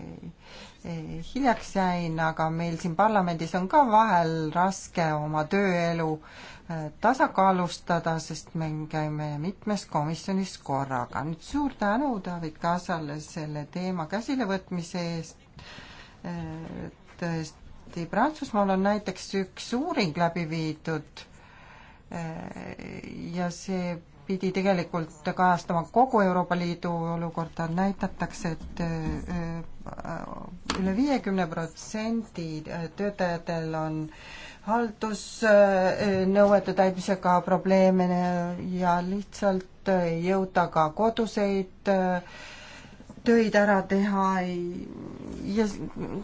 eh, hiljaks jäin, aga meil siin parlamendis on ka vahel raske oma tööelu eh, tasakaalustada, sest me käime mitmes komisjonis korraga. nüüd suur tänu David Kaasale selle teema käsilevõtmise eest. tõesti, Prantsusmaal on näiteks üks uuring läbi viidud ja see pidi tegelikult kajastama kogu Euroopa Liidu olukorda, näidatakse, et äh, üle viiekümne protsendi äh, töötajatel on haldusnõuete täitmisega probleeme ja lihtsalt ei jõuta ka koduseid äh, töid ära teha ja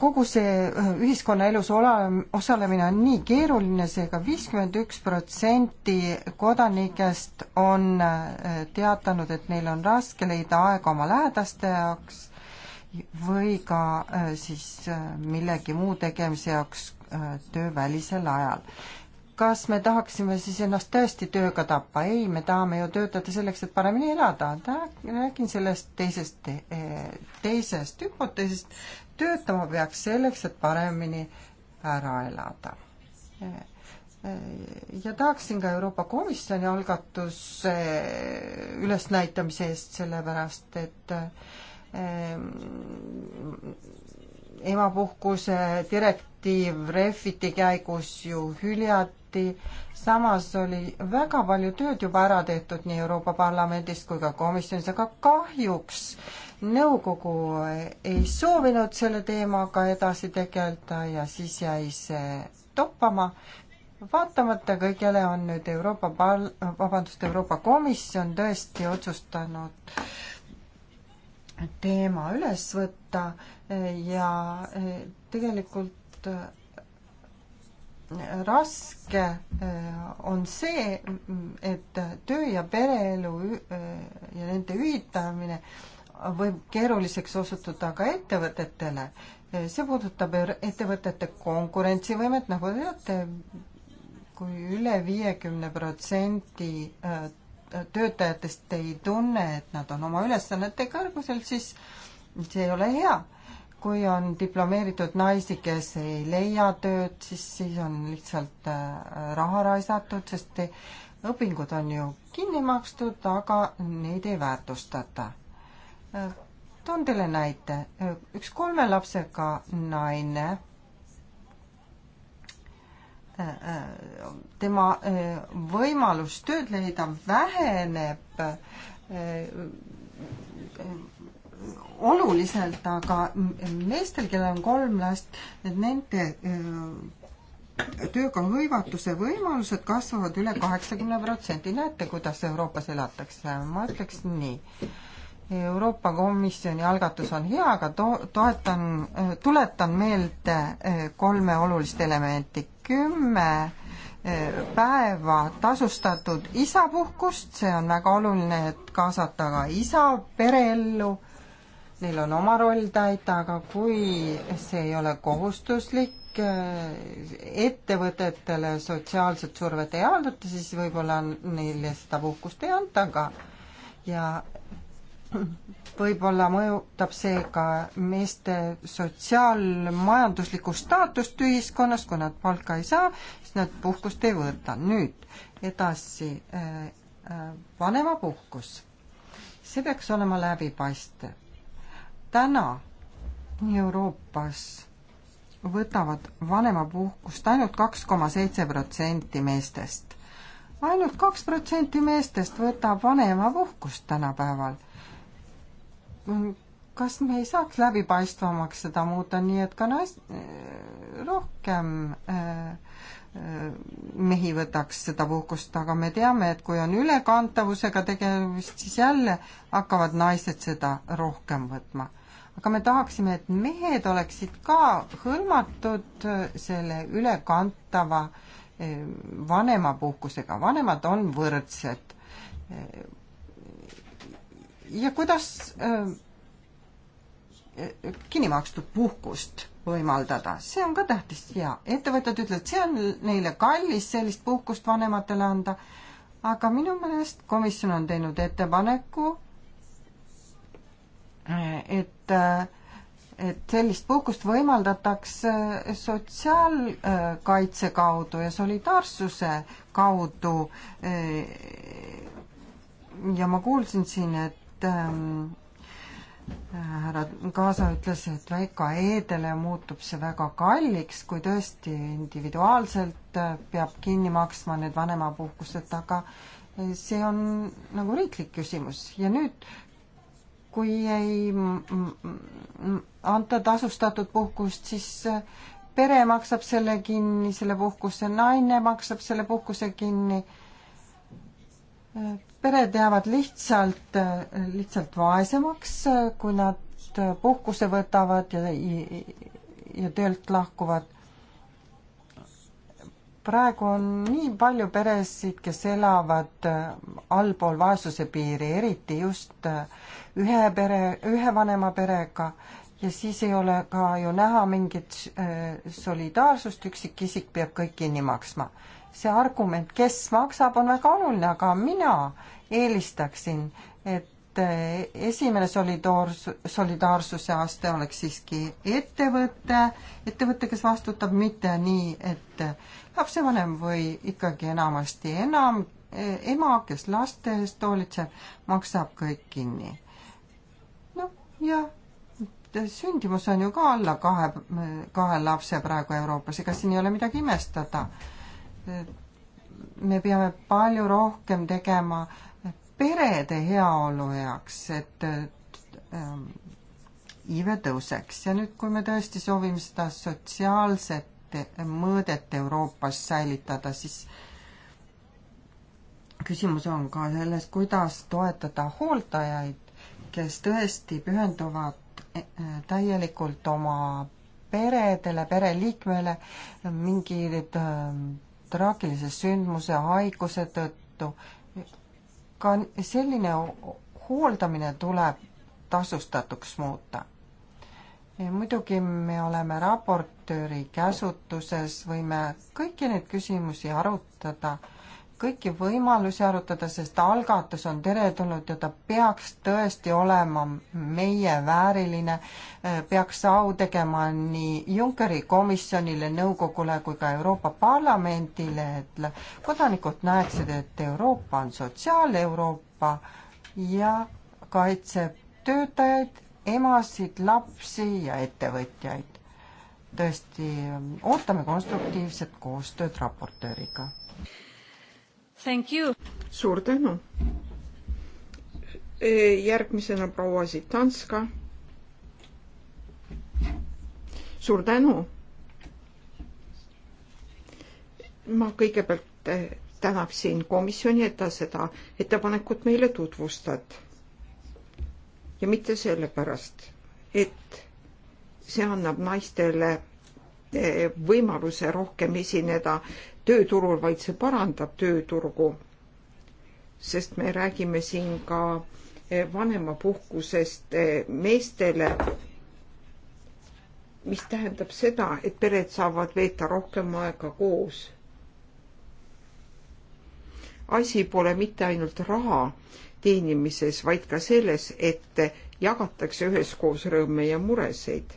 kogu see äh, ühiskonnaelus osalemine on nii keeruline seega, seega viiskümmend üks protsenti kodanikest on äh, teatanud, et neil on raske leida aega oma lähedaste jaoks või ka äh, siis millegi muu tegemise jaoks töövälisel ajal kas me tahaksime siis ennast tõesti tööga tappa? ei, me tahame ju töötada selleks, et paremini elada. räägin sellest teisest, teisest hüpoteesist. töötama peaks selleks, et paremini ära elada. ja tahaksin ka Euroopa Komisjoni algatuse ülesnäitamise eest, sellepärast et emapuhkuse direktiiv Refiti käigus ju hüljad, tehti, samas oli väga palju tööd juba ära tehtud nii Euroopa Parlamendis kui ka komisjonis, aga kahjuks nõukogu ei soovinud selle teemaga edasi tegeleda ja siis jäi see toppama. vaatamata kõigele on nüüd Euroopa Pal-, vabandust, Euroopa Komisjon tõesti otsustanud teema üles võtta ja tegelikult raske äh, on see, et töö ja pereelu äh, ja nende ühitamine võib keeruliseks osutuda ka ettevõtetele. Äh, see puudutab ettevõtete konkurentsivõimet, nagu te teate, kui üle viiekümne protsendi töötajatest ei tunne, et nad on oma ülesannete kõrgusel, siis see ei ole hea kui on diplomeeritud naisi, kes ei leia tööd, siis, siis on lihtsalt äh, raha raisatud, sest õpingud on ju kinni makstud, aga neid ei väärtustata. Äh, toon teile näite. Äh, üks kolme lapsega naine, tema võimalus tööd leida väheneb oluliselt, aga meestel, kellel on kolm last, et nende äh, tööga hõivatuse võimalused kasvavad üle kaheksakümne protsendi. näete, kuidas Euroopas elatakse? ma ütleks nii. Euroopa Komisjoni algatus on hea, aga to-, toetan, äh, tuletan meelde äh, kolme olulist elementi. kümme päeva tasustatud isapuhkust, see on väga oluline, et kaasata ka isa pereellu neil on oma roll täita, aga kui see ei ole kohustuslik, eh, ettevõtetele sotsiaalset survet ei avaldata, siis võib-olla neile seda puhkust ei anta ka. ja võib-olla mõjutab see ka meeste sotsiaalmajanduslikku staatust ühiskonnas, kui nad palka ei saa, siis nad puhkust ei võta. nüüd edasi eh, eh, vanemapuhkus. see peaks olema läbipaistev täna Euroopas võtavad vanemapuhkust ainult kaks koma seitse protsenti meestest. ainult kaks protsenti meestest võtab vanemapuhkust tänapäeval. kas me ei saaks läbipaistvamaks seda muuta, nii et ka nais-, rohkem äh, äh mehi võtaks seda puhkust, aga me teame, et kui on ülekantavusega tegemist, siis jälle hakkavad naised seda rohkem võtma aga me tahaksime, et mehed oleksid ka hõlmatud selle ülekantava eh, vanemapuhkusega, vanemad on võrdsed. Eh, ja kuidas eh, kinni makstud puhkust võimaldada, see on ka tähtis ja ettevõtted ütlevad, see on neile kallis sellist puhkust vanematele anda, aga minu meelest komisjon on teinud ettepaneku et, et sellist puhkust võimaldatakse sotsiaalkaitse kaudu ja solidaarsuse kaudu. ja ma kuulsin siin, et ähm, härra Kaasa ütles, et väikaeedele muutub see väga kalliks, kui tõesti individuaalselt äh, peab kinni maksma need vanemapuhkused, aga äh, see on nagu riiklik küsimus ja nüüd kui ei anta tasustatud puhkust, siis äh, pere maksab selle kinni, selle puhkuse naine maksab selle puhkuse kinni. Äh, pered jäävad lihtsalt, äh, lihtsalt vaesemaks, kui nad puhkuse võtavad ja, ja töölt lahkuvad praegu on nii palju peresid, kes elavad äh, allpool vaesuse piiri, eriti just äh, ühe pere, ühe vanema perega ja siis ei ole ka ju näha mingit äh, solidaarsust, üksikisik peab kõik kinni maksma. see argument, kes maksab, on väga oluline, aga mina eelistaksin, et esimene solidaarsus, solidaarsuse aste oleks siiski ettevõte, ettevõte, kes vastutab mitte nii, et lapsevanem või ikkagi enamasti enam e, ema, kes laste eest hoolitseb, maksab kõik kinni. noh, jah, sündimus on ju ka alla kahe, kahe lapse praegu Euroopas, ega siin ei ole midagi imestada. me peame palju rohkem tegema perede heaolu heaks, et, et ähm, iive tõuseks ja nüüd, kui me tõesti soovime seda sotsiaalset mõõdet Euroopas säilitada, siis küsimus on ka selles, kuidas toetada hooldajaid, kes tõesti pühenduvad eh, täielikult oma peredele, pereliikmele mingi ähm, traagilise sündmuse, haiguse tõttu. ka selline hooldamine tuleb tasustatuks muuta muidugi me oleme raportööri käsutuses, võime kõiki neid küsimusi arutada, kõiki võimalusi arutada, sest algatus on teretulnud ja ta peaks tõesti olema meie vääriline, peaks au tegema nii Junckeri komisjonile, nõukogule kui ka Euroopa Parlamendile, et kodanikud näeksid, et Euroopa on sotsiaal-Euroopa ja kaitseb töötajaid emasid, lapsi ja ettevõtjaid. tõesti, ootame konstruktiivset koostööd raportööriga. suur tänu. E, järgmisena proua Zitanska. suur tänu. ma kõigepealt tänaksin komisjoni, et ta seda ettepanekut meile tutvustab ja mitte sellepärast, et see annab naistele eh, võimaluse rohkem esineda tööturul, vaid see parandab tööturgu. sest me räägime siin ka eh, vanemapuhkusest eh, meestele, mis tähendab seda, et pered saavad veeta rohkem aega koos. asi pole mitte ainult raha teenimises, vaid ka selles, et jagatakse üheskoos rõõme ja muresid.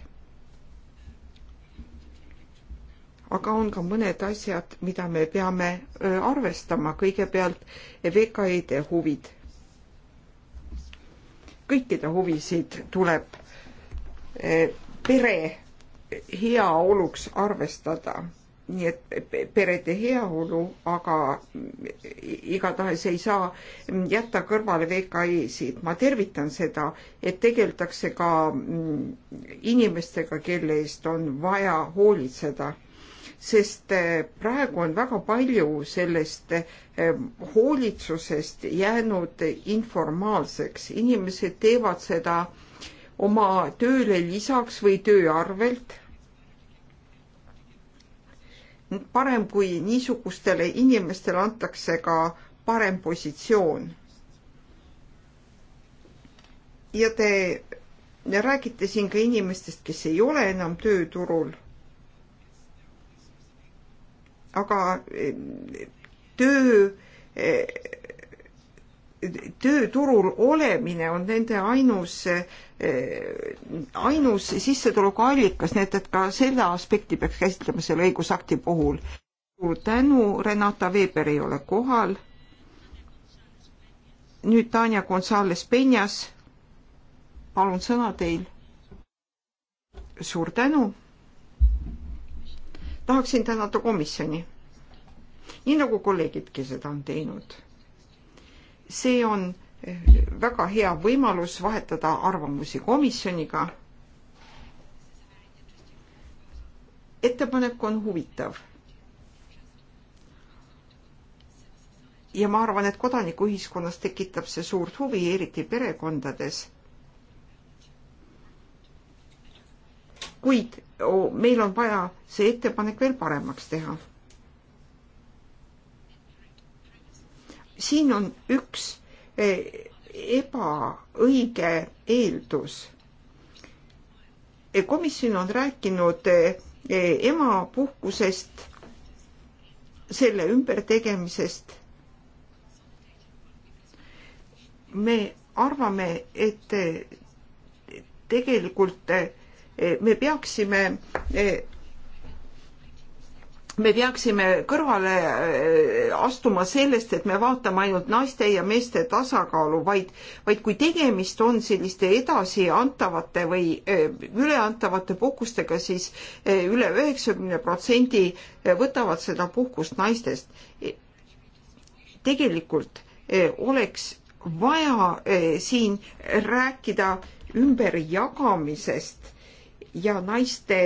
aga on ka mõned asjad, mida me peame arvestama, kõigepealt VKE-de huvid. kõikide huvisid tuleb pere heaoluks arvestada nii et perede heaolu, aga igatahes ei saa jätta kõrvale VKE-sid. ma tervitan seda, et tegeldakse ka mm, inimestega, kelle eest on vaja hoolitseda. sest eh, praegu on väga palju sellest eh, hoolitsusest jäänud informaalseks. inimesed teevad seda oma tööle lisaks või töö arvelt parem, kui niisugustele inimestele antakse ka parem positsioon. ja te ja räägite siin ka inimestest, kes ei ole enam tööturul. aga eh, töö eh, tööturul olemine on nende ainus, eh, ainus sissetulekuallikas, nii et, et ka selle aspekti peaks käsitlema selle õigusakti puhul. suur tänu, Renata Veber ei ole kohal. nüüd Tanja Gonzalez Penjas. palun sõna teil. suur tänu. tahaksin tänada komisjoni, nii nagu kolleegidki seda on teinud see on eh, väga hea võimalus vahetada arvamusi komisjoniga. ettepanek on huvitav. ja ma arvan, et kodanikuühiskonnas tekitab see suurt huvi, eriti perekondades. kuid meil on vaja see ettepanek veel paremaks teha siin on üks eh, ebaõige eeldus. Eh, komisjon on rääkinud eh, emapuhkusest, selle ümbertegemisest. me arvame, et tegelikult me peaksime me peaksime kõrvale äh, astuma sellest, et me vaatame ainult naiste ja meeste tasakaalu, vaid, vaid kui tegemist on selliste edasiantavate või äh, üleantavate puhkustega siis, siis äh, üle üheksakümne protsendi võtavad seda puhkust naistest. tegelikult oleks vaja siin rääkida ümberjagamisest ja naiste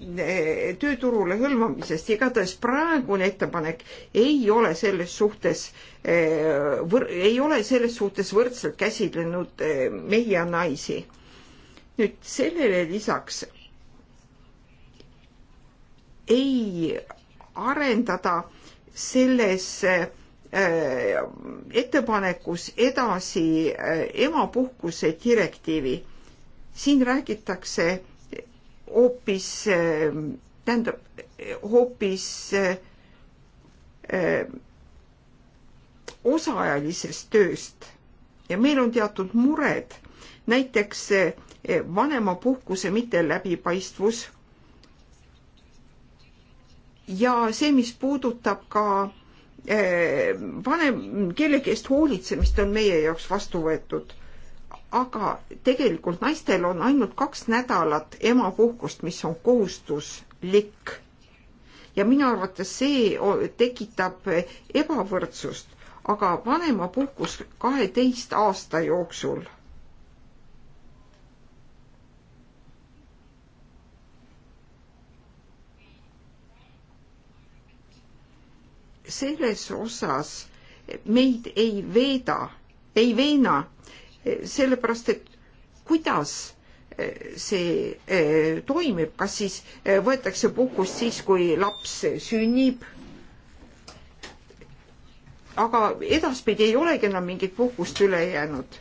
Eh, tööturule hõlmamisest, igatahes praegune ettepanek ei ole selles suhtes, eh, ei ole selles suhtes võrdselt käsitlenud eh, mehi ja naisi. nüüd sellele lisaks ei arendada selles ettepanekus edasi emapuhkuse direktiivi. siin räägitakse hoopis, ehm, tähendab hoopis ehm, osaajalisest tööst ja meil on teatud mured, näiteks eh, vanemapuhkuse mitteläbipaistvus ja see, mis puudutab ka ehm, vanem, kelle eest hoolitsemist on meie jaoks vastu võetud aga tegelikult naistel on ainult kaks nädalat emapuhkust, mis on kohustuslik. ja minu arvates see tekitab ebavõrdsust, aga vanemapuhkus kaheteist aasta jooksul selles osas meid ei veeda, ei veena, sellepärast et kuidas eh, see eh, toimib, kas siis eh, võetakse puhkust siis, kui laps sünnib? aga edaspidi ei olegi enam mingit puhkust üle jäänud.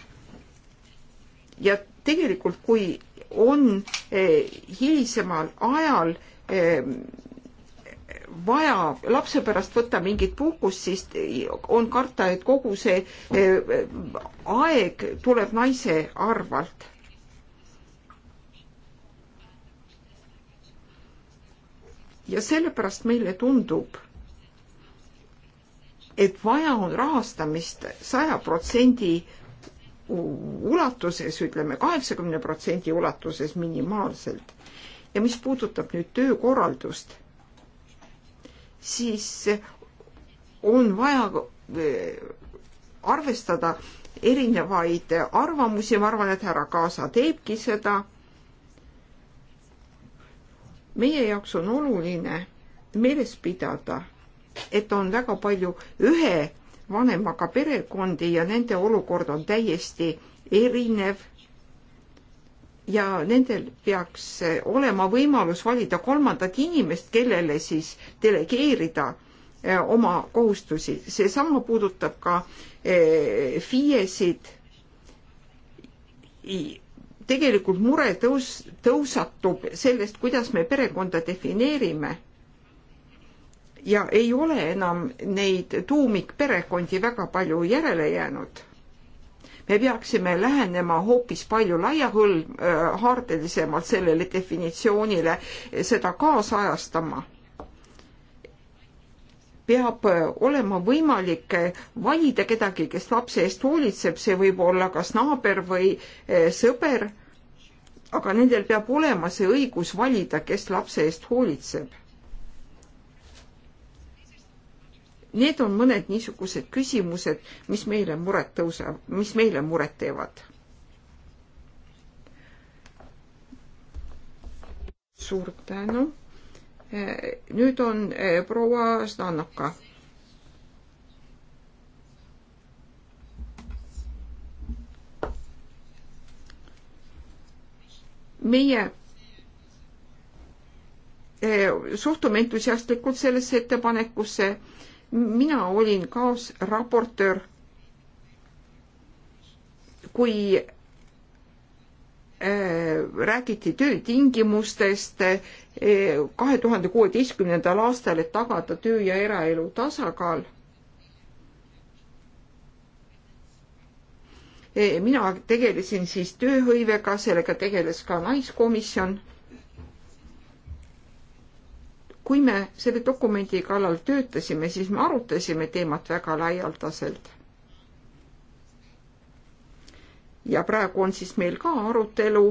ja tegelikult, kui on hilisemal ajal vaja lapse pärast võtta mingit puhkust, siis on karta, et kogu see eh, aeg tuleb naise arvalt. ja sellepärast meile tundub, et vaja on rahastamist saja protsendi ulatuses ütleme, ütleme kaheksakümne protsendi ulatuses minimaalselt. ja mis puudutab nüüd töökorraldust siis on vaja eh, arvestada erinevaid arvamusi, ma arvan, et härra Kaasa teebki seda. meie jaoks on oluline meeles pidada, et on väga palju ühe vanemaga perekondi ja nende olukord on täiesti erinev ja nendel peaks olema võimalus valida kolmandat inimest, kellele siis delegeerida eh, oma kohustusi. seesama puudutab ka eh, FIE-sid. tegelikult mure tõus, tõusatub sellest, kuidas me perekonda defineerime ja ei ole enam neid tuumikperekondi väga palju järele jäänud me peaksime lähenema hoopis palju laiahõlmhaardelisemalt äh, sellele definitsioonile, seda kaasajastama peab äh, olema võimalik äh, valida kedagi, kes lapse eest hoolitseb, see võib olla kas naaber või sõber, aga nendel peab olema see õigus valida, kes lapse eest hoolitseb. Need on mõned niisugused küsimused, mis meile muret tõusevad, mis meile muret teevad. suur tänu. E, nüüd on e, proua Stanoka meie e, suhtume entusiastlikult sellesse ettepanekusse mina olin kaasraportöör, kui äh, räägiti töötingimustest äh, kahe tuhande kuueteistkümnendal aastal, et tagada töö ja eraelu tasakaal. Äh, mina tegelesin siis tööhõivega, sellega tegeles ka naiskomisjon kui me selle dokumendi kallal töötasime, siis me arutasime teemat väga laialdaselt. ja praegu on siis meil ka arutelu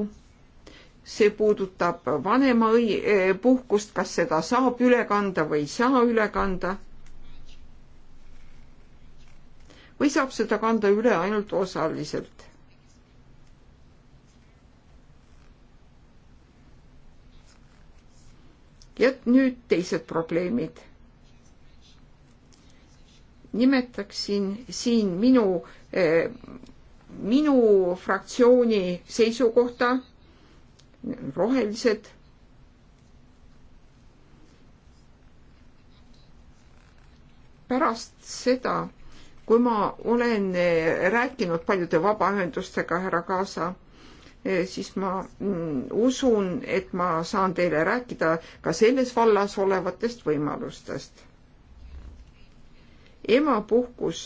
see puudutab vanema eh, puhkust, kas seda saab üle kanda või ei saa üle kanda. või saab seda kanda üle ainult osaliselt. ja nüüd teised probleemid. nimetaksin siin minu, eh, minu fraktsiooni seisukohta, rohelised pärast seda, kui ma olen eh, rääkinud paljude vabaühendustega, härra Kaasa, Eh, siis ma mm, usun, et ma saan teile rääkida ka selles vallas olevatest võimalustest. emapuhkus.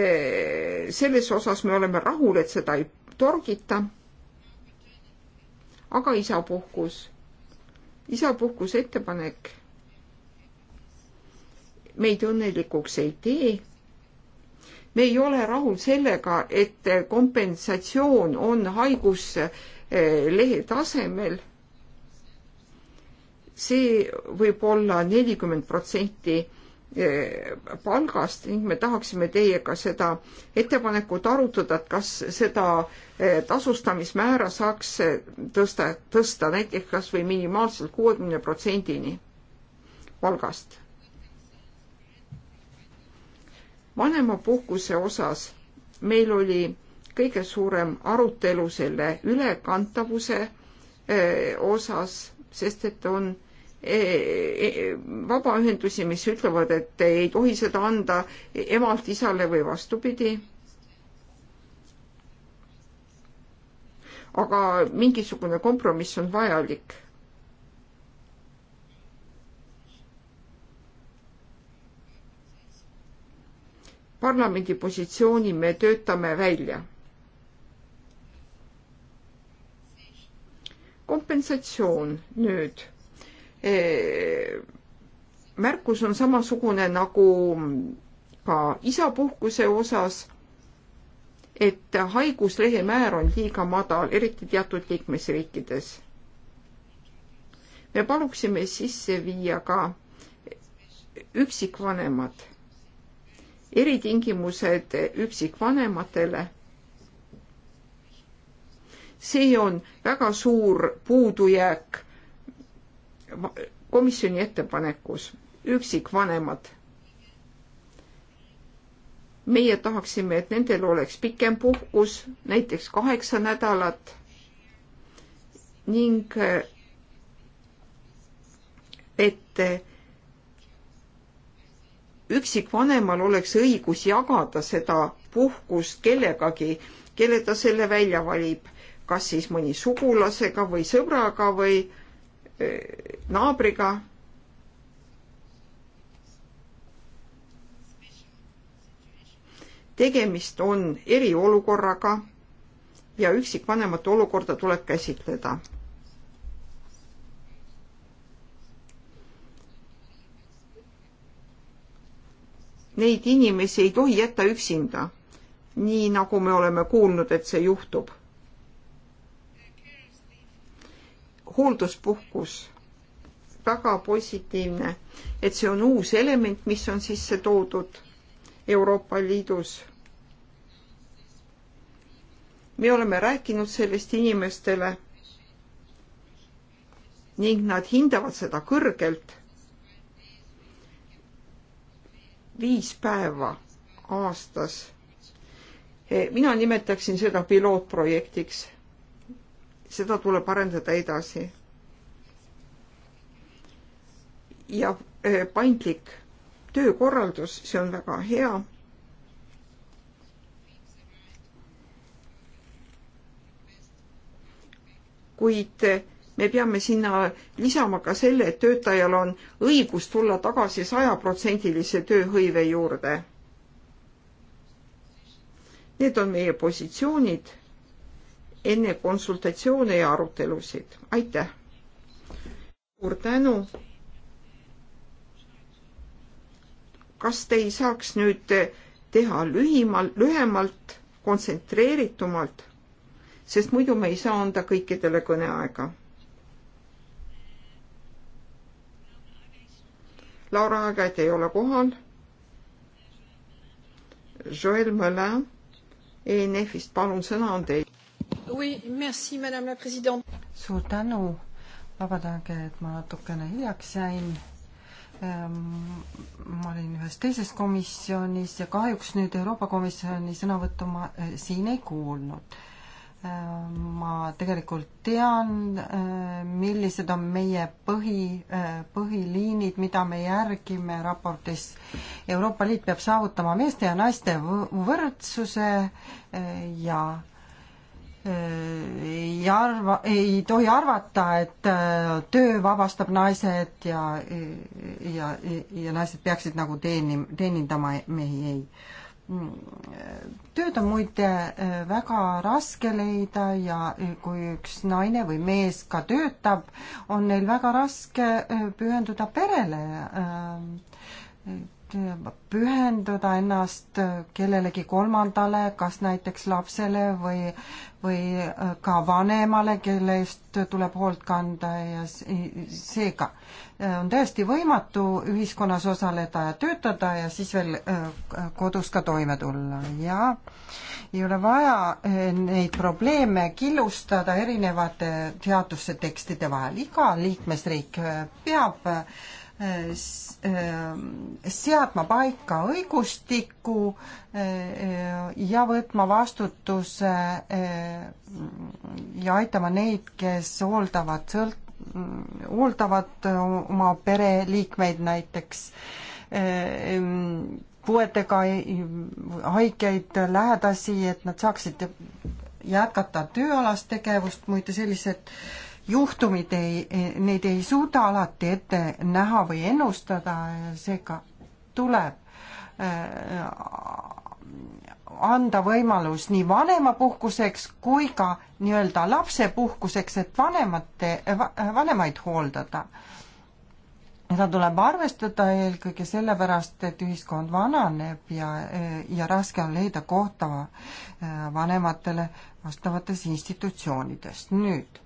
Eh, selles osas me oleme rahul, et seda ei torgita. aga isapuhkus, isapuhkuse ettepanek meid õnnelikuks ei tee me ei ole rahul sellega, et kompensatsioon on haiguslehe tasemel. see võib olla nelikümmend protsenti eh, palgast ning me tahaksime teiega seda ettepanekut arutada, et kas seda eh, tasustamismäära saaks eh, tõsta, tõsta näiteks kas või minimaalselt kuuekümne protsendini palgast vanemapuhkuse osas meil oli kõige suurem arutelu selle ülekantavuse osas, sest et on e, e, vabaühendusi, mis ütlevad, et ei tohi seda anda emalt isale või vastupidi aga mingisugune kompromiss on vajalik. parlamendi positsiooni me töötame välja. kompensatsioon nüüd. E, märkus on samasugune nagu ka isapuhkuse osas, et haiguslehe määr on liiga madal, eriti teatud liikmesriikides. me paluksime sisse viia ka üksikvanemad eritingimused üksikvanematele. see on väga suur puudujääk komisjoni ettepanekus, üksikvanemad. meie tahaksime, et nendel oleks pikem puhkus, näiteks kaheksa nädalat ning et üksikvanemal oleks õigus jagada seda puhkust kellegagi, kelle ta selle välja valib, kas siis mõni sugulasega või sõbraga või naabriga. tegemist on eriolukorraga ja üksikvanemate olukorda tuleb käsitleda neid inimesi ei tohi jätta üksinda, nii nagu me oleme kuulnud, et see juhtub. hoolduspuhkus, väga positiivne, et see on uus element, mis on sisse toodud Euroopa Liidus. me oleme rääkinud sellest inimestele ning nad hindavad seda kõrgelt viis päeva aastas. Eh, mina nimetaksin seda pilootprojektiks. seda tuleb arendada edasi. ja eh, paindlik töökorraldus, see on väga hea. kuid eh, me peame sinna lisama ka selle, et töötajal on õigus tulla tagasi sajaprotsendilise tööhõive juurde. Need on meie positsioonid enne konsultatsioone ja arutelusid. aitäh! suur tänu! kas te ei saaks nüüd teha lühimal, lühemalt, kontsentreeritumalt, sest muidu me ei saa anda kõikidele kõneaega Laura Agat ei ole kohal. Joel Mölin ENF-ist, palun, sõna on teil. Oui, merci, madame la president. suur tänu, vabandage, et ma natukene hiljaks jäin ehm, ma olin ühes teises komisjonis ja kahjuks nüüd Euroopa Komisjoni sõnavõttu ma eh, siin ei kuulnud ma tegelikult tean, äh, millised on meie põhi, äh, põhiliinid, mida me järgime raportis. Euroopa Liit peab saavutama meeste ja naiste võrdsuse äh, ja ei arva, ei tohi arvata, et töö vabastab naised ja, ja, ja naised peaksid nagu teeni-, teenindama mehi, ei tööd on muide äh, väga raske leida ja äh, kui üks naine või mees ka töötab, on neil väga raske äh, pühenduda perele pühenduda ennast kellelegi kolmandale, kas näiteks lapsele või, või äh, ka vanemale, kelle eest tuleb hoolt kanda ja seega äh, on täiesti võimatu ühiskonnas osaleda ja töötada ja siis veel äh, kodus ka toime tulla ja ei ole vaja neid probleeme killustada erinevate teadustekstide vahel, iga liikmesriik peab Äh, äh, seadma paika õigustiku äh, ja võtma vastutuse ja aitama neid, kes hooldavad sõlt-, mm, hooldavad oma pereliikmeid näiteks, ähm, puuetega haigeid, lähedasi, et nad saaksid jätkata tööalast tegevust, muide sellised äh, juhtumid ei, neid ei suuda alati ette näha või ennustada, seega tuleb äh, anda võimalus nii vanemapuhkuseks kui ka nii-öelda lapsepuhkuseks, et vanemate, vanemaid hooldada. seda tuleb arvestada eelkõige sellepärast, et ühiskond vananeb ja, ja raske on leida kohta äh, vanematele vastavates institutsioonides. nüüd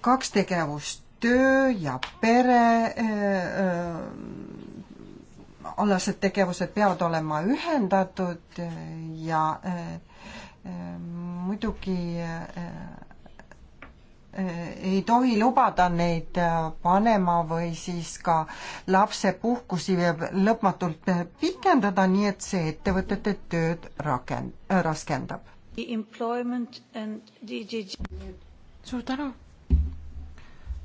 kaks tegevust, töö ja pere äh, äh, alased tegevused peavad olema ühendatud ja äh, muidugi ei tohi lubada neid vanema või siis ka lapsepuhkusi lõpmatult pikendada, nii et see ettevõtete tööd rakend-, raskendab suur tänu.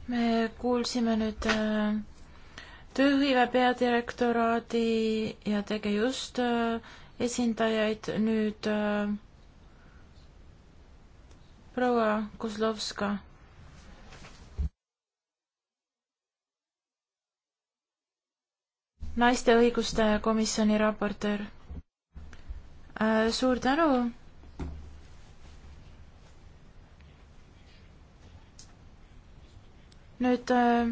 me kuulsime nüüd äh, tööhõive peadirektoraadi ja tege just äh, esindajaid nüüd äh, proua Kozlovska naiste õiguste komisjoni raportöör. suur tänu, nüüd äh,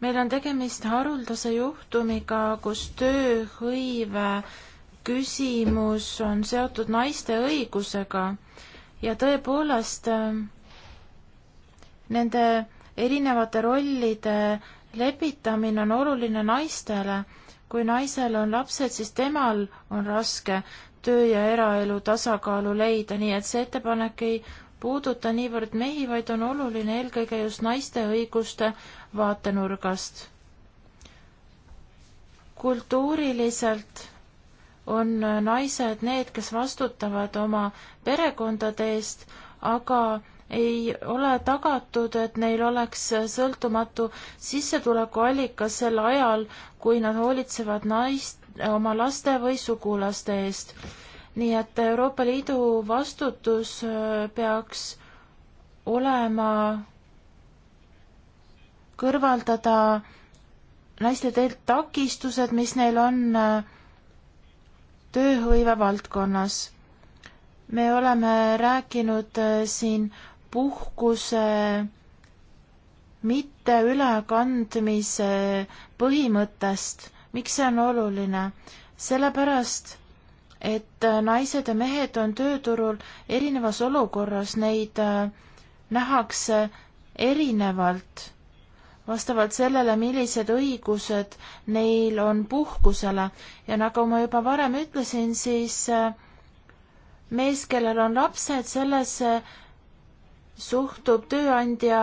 meil on tegemist haruldase juhtumiga, kus tööhõive küsimus on seotud naiste õigusega ja tõepoolest äh, nende erinevate rollide lepitamine on oluline naistele. kui naisel on lapsed, siis temal on raske töö ja eraelu tasakaalu leida, nii et see ettepanek ei puuduta niivõrd mehi, vaid on oluline eelkõige just naiste õiguste vaatenurgast. kultuuriliselt on naised need, kes vastutavad oma perekondade eest, aga ei ole tagatud, et neil oleks sõltumatu sissetulekuallikas sel ajal, kui nad hoolitsevad naist, oma laste või sugulaste eest nii et Euroopa Liidu vastutus äh, peaks olema kõrvaldada naiste teelt takistused, mis neil on äh, tööhõive valdkonnas. me oleme rääkinud äh, siin puhkuse mitte ülekandmise põhimõttest. miks see on oluline? sellepärast et äh, naised ja mehed on tööturul erinevas olukorras, neid äh, nähakse erinevalt vastavalt sellele, millised õigused neil on puhkusele ja nagu ma juba varem ütlesin, siis äh, mees, kellel on lapsed, sellesse suhtub tööandja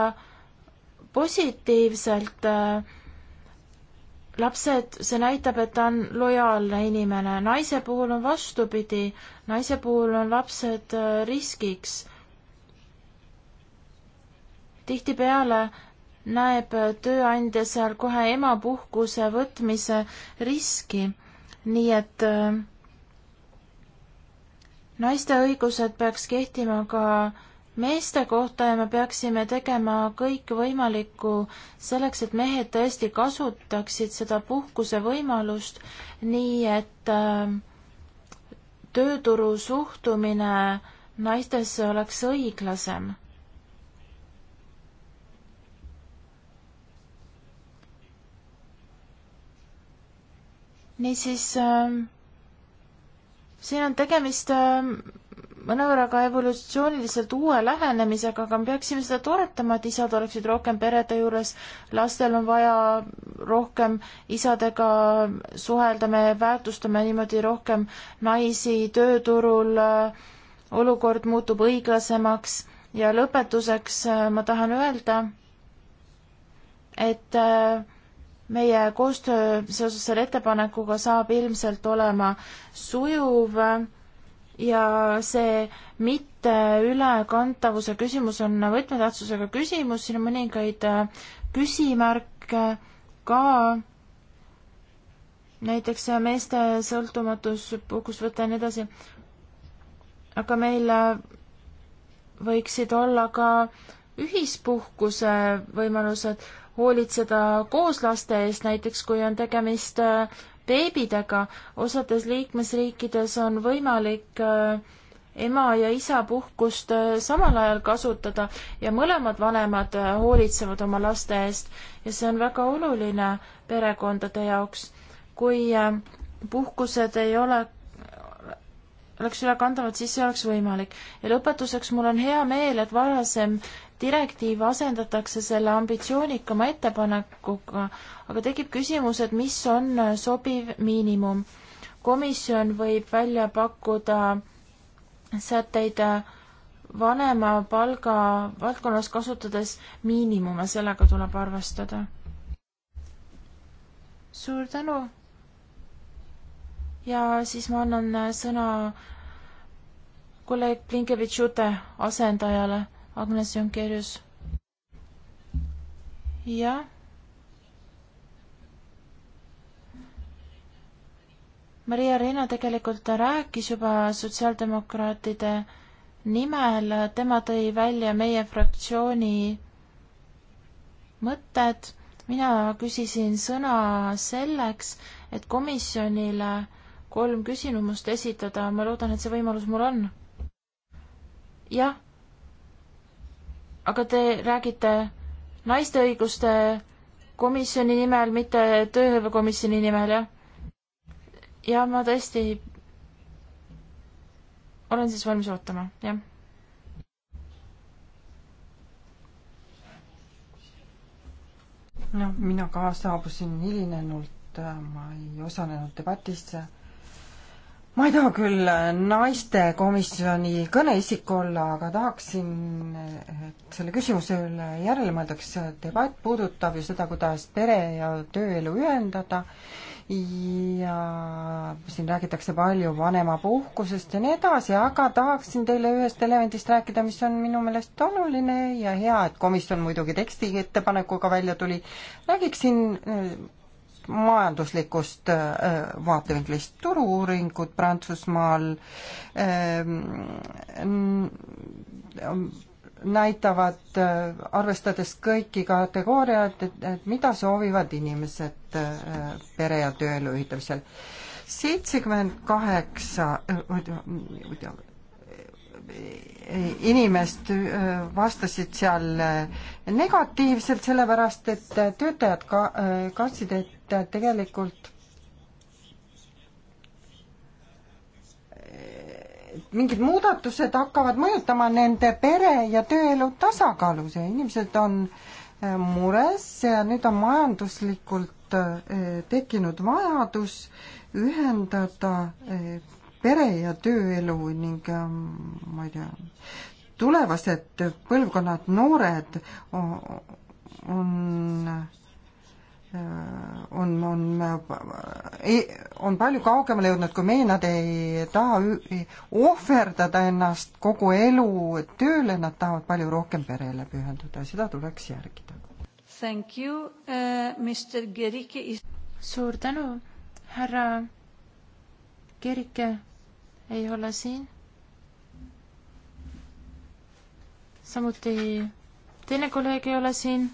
positiivselt äh, lapsed, see näitab, et ta on lojaalne inimene. naise puhul on vastupidi, naise puhul on lapsed äh, riskiks. tihtipeale näeb äh, tööandja seal kohe emapuhkuse võtmise riski, nii et äh, naiste õigused peaks kehtima ka äh, meeste kohta ja me peaksime tegema kõik võimalikku selleks, et mehed tõesti kasutaksid seda puhkusevõimalust nii, et äh, tööturu suhtumine naistesse oleks õiglasem. niisiis äh, siin on tegemist äh, mõnevõrra ka evolutsiooniliselt uue lähenemisega, aga me peaksime seda toetama, et isad oleksid rohkem perede juures, lastel on vaja rohkem isadega suhelda, me väärtustame niimoodi rohkem naisi tööturul, olukord muutub õiglasemaks ja lõpetuseks äh, ma tahan öelda, et äh, meie koostöö seoses selle ettepanekuga saab ilmselt olema sujuv ja see mitteülekantavuse küsimus on võtmetähtsusega küsimus, siin on mõningaid äh, küsimärke ka, näiteks äh, meeste sõltumatus, puhkusvõte ja nii edasi. aga meil äh, võiksid olla ka ühispuhkuse võimalused, hoolitseda koos laste eest, näiteks kui on tegemist äh, beebidega. osades liikmesriikides on võimalik äh, ema ja isa puhkust äh, samal ajal kasutada ja mõlemad vanemad äh, hoolitsevad oma laste eest ja see on väga oluline perekondade jaoks. kui puhkused ei ole, oleks ülekandavad, siis see oleks võimalik. ja lõpetuseks mul on hea meel, et varasem äh, direktiiv asendatakse selle ambitsioonikama ettepanekuga, aga tekib küsimus, et mis on sobiv miinimum. komisjon võib välja pakkuda sätteid vanema palga valdkonnas kasutades miinimume, sellega tuleb arvestada. suur tänu. ja siis ma annan sõna kolleeg Blinkevitš-Jute asendajale Agnes Junkerius. jah. Maria Reina tegelikult rääkis juba sotsiaaldemokraatide nimel, tema tõi välja meie fraktsiooni mõtted. mina küsisin sõna selleks, et komisjonile kolm küsimust esitada, ma loodan, et see võimalus mul on. jah aga te räägite naiste õiguste komisjoni nimel, mitte tööhõivekomisjoni nimel, jah? ja ma tõesti olen siis valmis ootama, jah. no mina ka saabusin hilinenult, ma ei osalenud debatisse ma ei taha küll naistekomisjoni kõneisik olla, aga tahaksin, et selle küsimuse üle järele mõeldaks, debatt puudutab ju seda, kuidas pere ja tööelu ühendada ja siin räägitakse palju vanemapuhkusest ja nii edasi, aga tahaksin teile ühest elemendist rääkida, mis on minu meelest oluline ja hea, et komisjon muidugi teksti ettepanekuga välja tuli. räägiksin just majanduslikust äh, vaatevinklist turu-uuringud Prantsusmaal ähm, näitavad, äh, arvestades kõiki kategooriaid, et, et mida soovivad inimesed äh, pere- ja tööelu ühitamisel. seitsekümmend kaheksa, inimest vastasid seal negatiivselt, sellepärast et töötajad ka kartsid, et tegelikult mingid muudatused hakkavad mõjutama nende pere- ja tööelu tasakaalus ja inimesed on mures ja nüüd on majanduslikult tekkinud vajadus ühendada pere- ja tööelu ning ähm, ma ei tea, tulevased põlvkonnad, noored äh, on on, on, e, on palju kaugemale jõudnud kui meie, nad ei taha ohverdada ennast kogu elu tööle, nad tahavad palju rohkem perele pühenduda ja seda tuleks järgida. Thank you uh,, äh, Mr Gerike is.... suur tänu, härra Gerike ei ole siin. samuti teine kolleeg ei ole siin.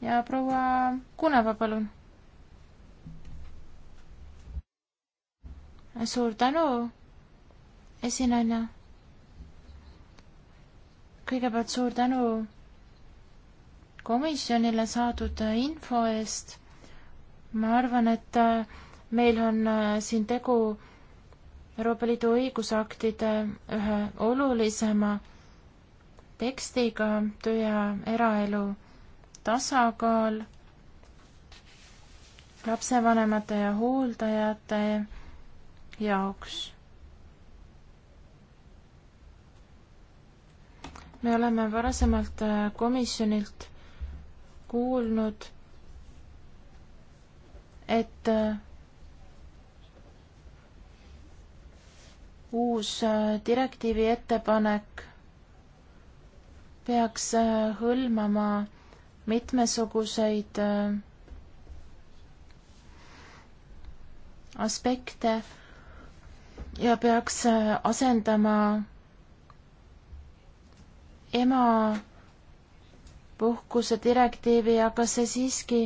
ja proua Kuneva, palun. suur tänu, esinaine. kõigepealt suur tänu komisjonile saadud info eest. ma arvan, et äh, meil on äh, siin tegu Euroopa Liidu õigusaktide ühe olulisema tekstiga töö ja eraelu tasakaal, lapsevanemate ja hooldajate jaoks. me oleme varasemalt äh, komisjonilt kuulnud, et äh, uus äh, direktiivi ettepanek peaks äh, hõlmama mitmesuguseid äh, aspekte ja peaks asendama ema puhkuse direktiivi, aga see siiski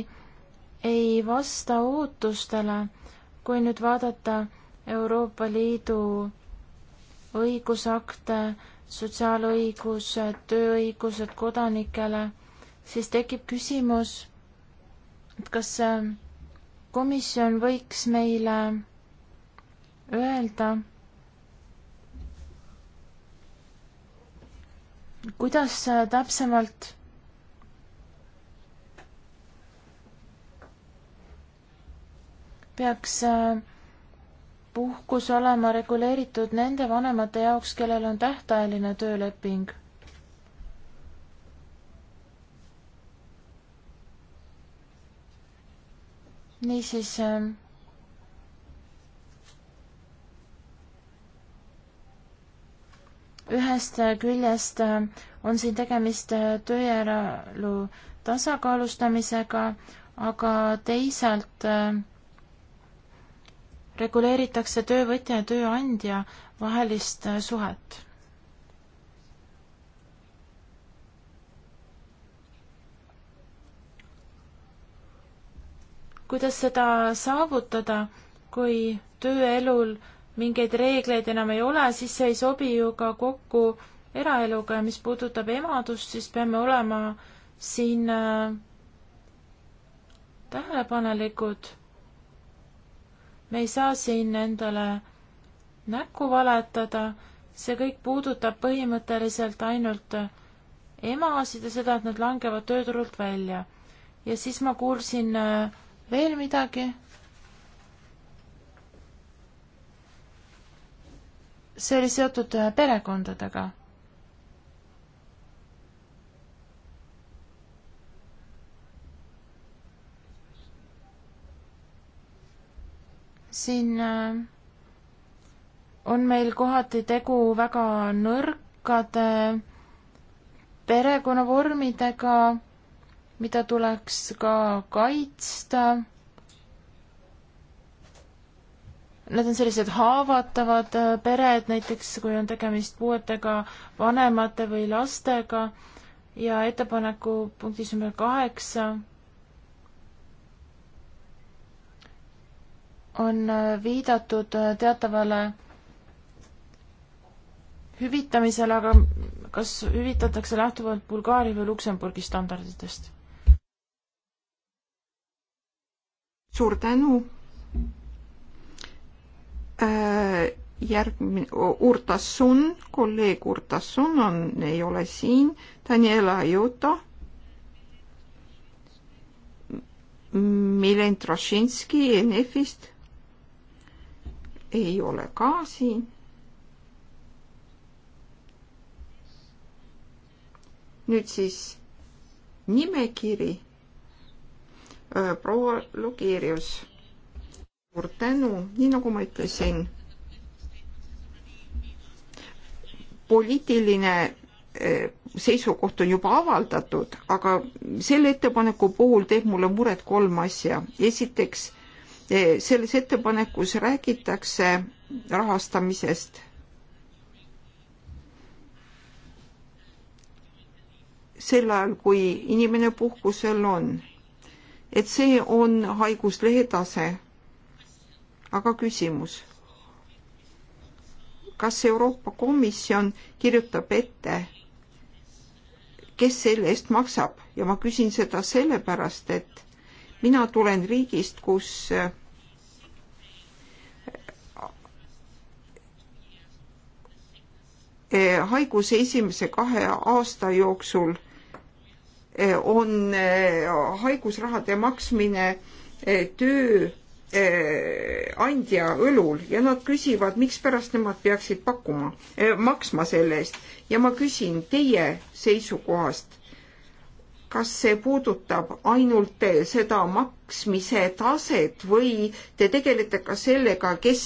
ei vasta ootustele, kui nüüd vaadata Euroopa Liidu õigusakte, sotsiaalõigused, tööõigused kodanikele, siis tekib küsimus, et kas äh, komisjon võiks meile öelda, kuidas äh, täpsemalt peaks äh, puhkus olema reguleeritud nende vanemate jaoks, kellel on tähtajaline tööleping. niisiis äh, ühest küljest äh, on siin tegemist äh, tööjärelu tasakaalustamisega, aga teisalt äh, reguleeritakse töövõtja ja tööandja vahelist äh, suhet. kuidas seda saavutada, kui tööelul mingeid reegleid enam ei ole, siis see ei sobi ju ka kokku eraeluga ja mis puudutab emadust, siis peame olema siin äh, tähelepanelikud me ei saa siin endale näkku valetada, see kõik puudutab põhimõtteliselt ainult emasid ja seda, et nad langevad tööturult välja. ja siis ma kuulsin äh, veel midagi. see oli seotud äh, perekondadega siin äh, on meil kohati tegu väga nõrkade perekonnavormidega, mida tuleks ka kaitsta. Need on sellised haavatavad äh, pered, näiteks kui on tegemist puuetega vanemate või lastega ja ettepaneku punktis number kaheksa on viidatud teatavale hüvitamisele, aga kas hüvitatakse lähtuvalt Bulgaaria või Luksemburgi standarditest? suur tänu äh,. järgmine, Urtasun, kolleeg Urtasun on, ei ole siin, Daniela Juto Milen Trošinski NF-ist ei ole ka siin. nüüd siis nimekiri. proua Lugeerius, suur tänu, nii nagu ma ütlesin, poliitiline seisukoht on juba avaldatud, aga selle ettepaneku puhul teeb mulle muret kolm asja. esiteks Eh, selles ettepanekus räägitakse rahastamisest. sel ajal, kui inimene puhkusel on, et see on haiguslehe tase. aga küsimus, kas Euroopa Komisjon kirjutab ette, kes selle eest maksab ja ma küsin seda sellepärast, et mina tulen riigist, kus eh, haiguse esimese kahe aasta jooksul eh, on eh, haigusrahade maksmine tööandja õlul ja nad küsivad, mikspärast nemad peaksid pakkuma, maksma selle eest ja ma küsin teie seisukohast kas see puudutab ainult seda maksmise taset või te tegelete ka sellega, kes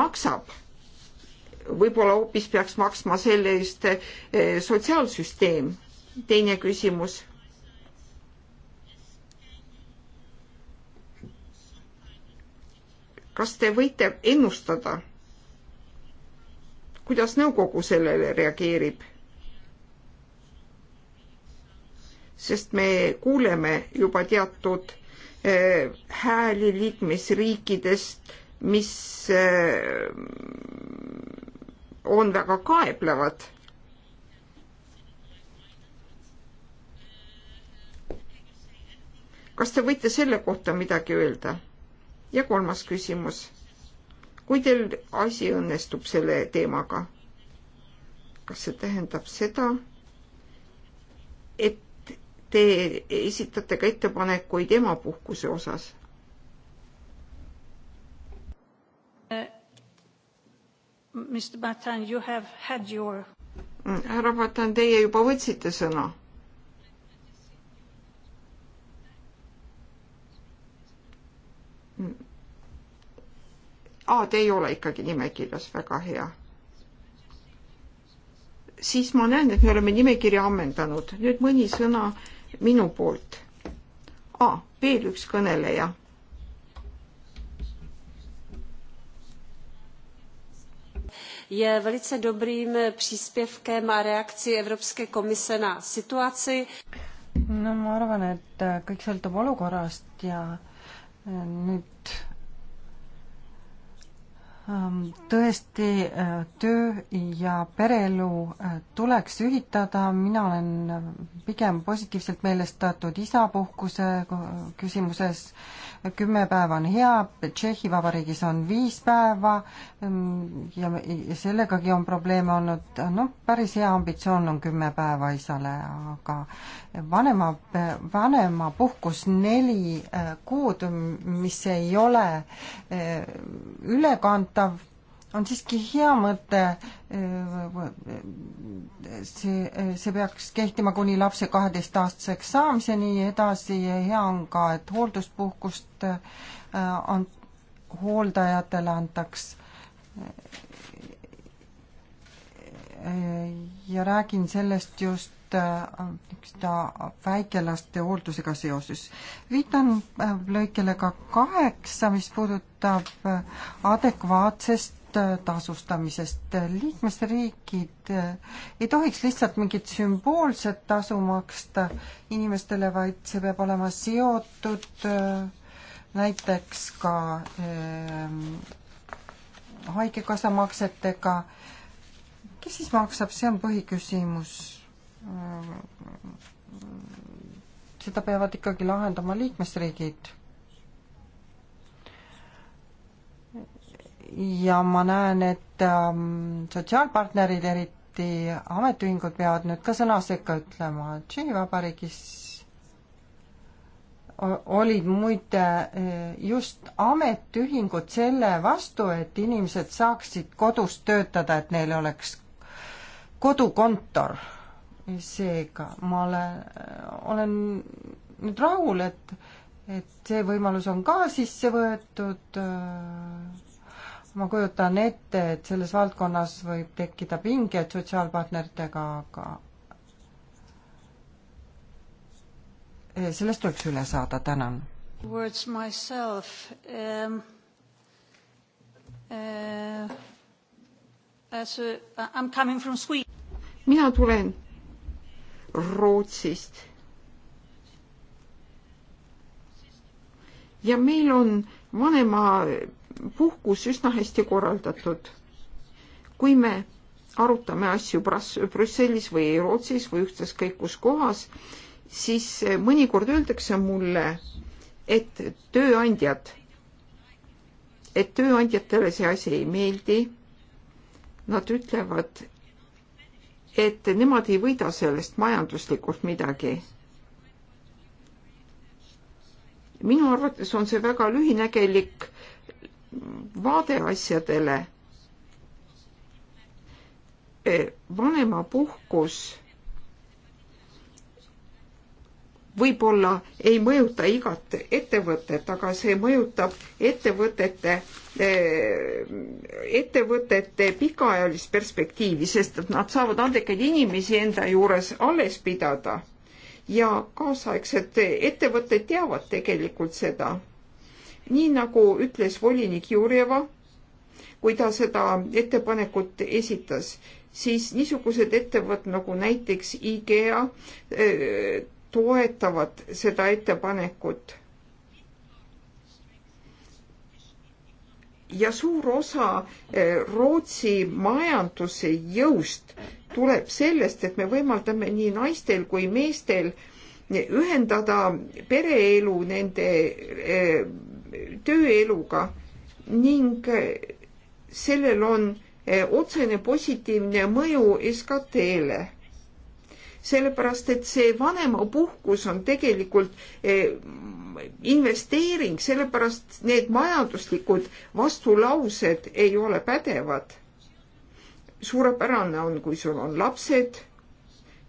maksab? võib-olla hoopis peaks maksma selle eest eh, sotsiaalsüsteem. teine küsimus. kas te võite ennustada, kuidas nõukogu sellele reageerib? sest me kuuleme juba teatud eh, hääli liikmesriikidest, mis eh, on väga kaeblevad. kas te võite selle kohta midagi öelda? ja kolmas küsimus. kui teil asi õnnestub selle teemaga, kas see tähendab seda, et te esitate ka ettepanekuid emapuhkuse osas? Uh, Mr Batan, you have had your mm, härra Batan, teie juba võtsite sõna. Mm. aa, te ei ole ikkagi nimekirjas, väga hea. siis ma näen, et me oleme nimekirja ammendanud, nüüd mõni sõna äh, minu poolt ah,. veel üks kõneleja. je velice dobrým příspěvkem a reakcí Evropské komise na situaci. no ma arvan, et kõik sõltub olukorrast ja nüüd Ähm, tõesti, äh, töö ja pereelu äh, tuleks ühitada, mina olen äh, pigem positiivselt meelestatud isapuhkuse küsimuses, kümme päeva on hea, Tšehhi Vabariigis on viis päeva ähm, ja, ja sellegagi on probleeme olnud, noh, päris hea ambitsioon on kümme päeva isale, aga vanema, vanemapuhkus neli kuud, mis ei ole ülekantav, toetatav, on siiski hea mõte. Äh, äh, see, äh, see peaks kehtima kuni lapse kaheteistaastaseks saamiseni edasi ja hea on ka, et hoolduspuhkust on, hooldajatele antaks. ja räägin sellest just Äh, seda väikelaste hooldusega seoses. viitan äh, lõikele ka kaheksa, mis puudutab äh, adekvaatsest tasustamisest. liikmesriigid ei tohiks lihtsalt mingit sümboolset tasu maksta inimestele, vaid see peab olema seotud näiteks ka haigekassa maksetega. kes siis maksab, see on põhiküsimus seda peavad ikkagi lahendama liikmesriigid. ja ma näen, et ähm, sotsiaalpartnerid, eriti ametiühingud, peavad nüüd ka sõna sekka ütlema. Tšehhi Vabariigis olid muide äh, just ametiühingud selle vastu, et inimesed saaksid kodus töötada, et neil oleks kodukontor seega ma olen, olen nüüd rahul, et, et see võimalus on ka sisse võetud. ma kujutan ette, et selles valdkonnas võib tekkida pinged sotsiaalpartneritega, aga sellest tuleks üle saada, tänan. Words myself um,. Uh, as a, I am coming from Sweden. mina tulen Rootsist. ja meil on vanemapuhkus üsna hästi korraldatud. kui me arutame asju Brüsselis või Rootsis või ükstaskõik kus kohas, siis mõnikord öeldakse mulle, et tööandjad, et tööandjatele see asi ei meeldi. Nad ütlevad, et nemad ei võida sellest majanduslikult midagi. minu arvates on see väga lühinägelik vaade asjadele. vanemapuhkus võib-olla ei mõjuta igat ettevõtet, aga see mõjutab ettevõtete, eh, ettevõtete pikaajalist perspektiivi, sest et nad saavad andekaid inimesi enda juures alles pidada. ja kaasaegsed ettevõtted teavad tegelikult seda. nii nagu ütles volinik Jurjeva, kui ta seda ettepanekut esitas, siis niisugused ettevõtted nagu näiteks IKEA toetavad seda ettepanekut. ja suur osa eh, Rootsi majanduse jõust tuleb sellest, et me võimaldame nii naistel kui meestel ühendada pereelu nende eh, tööeluga ning eh, sellel on otsene positiivne mõju SKT-le sellepärast et see vanemapuhkus on tegelikult eh, investeering, sellepärast need majanduslikud vastulaused ei ole pädevad. suurepärane on, kui sul on lapsed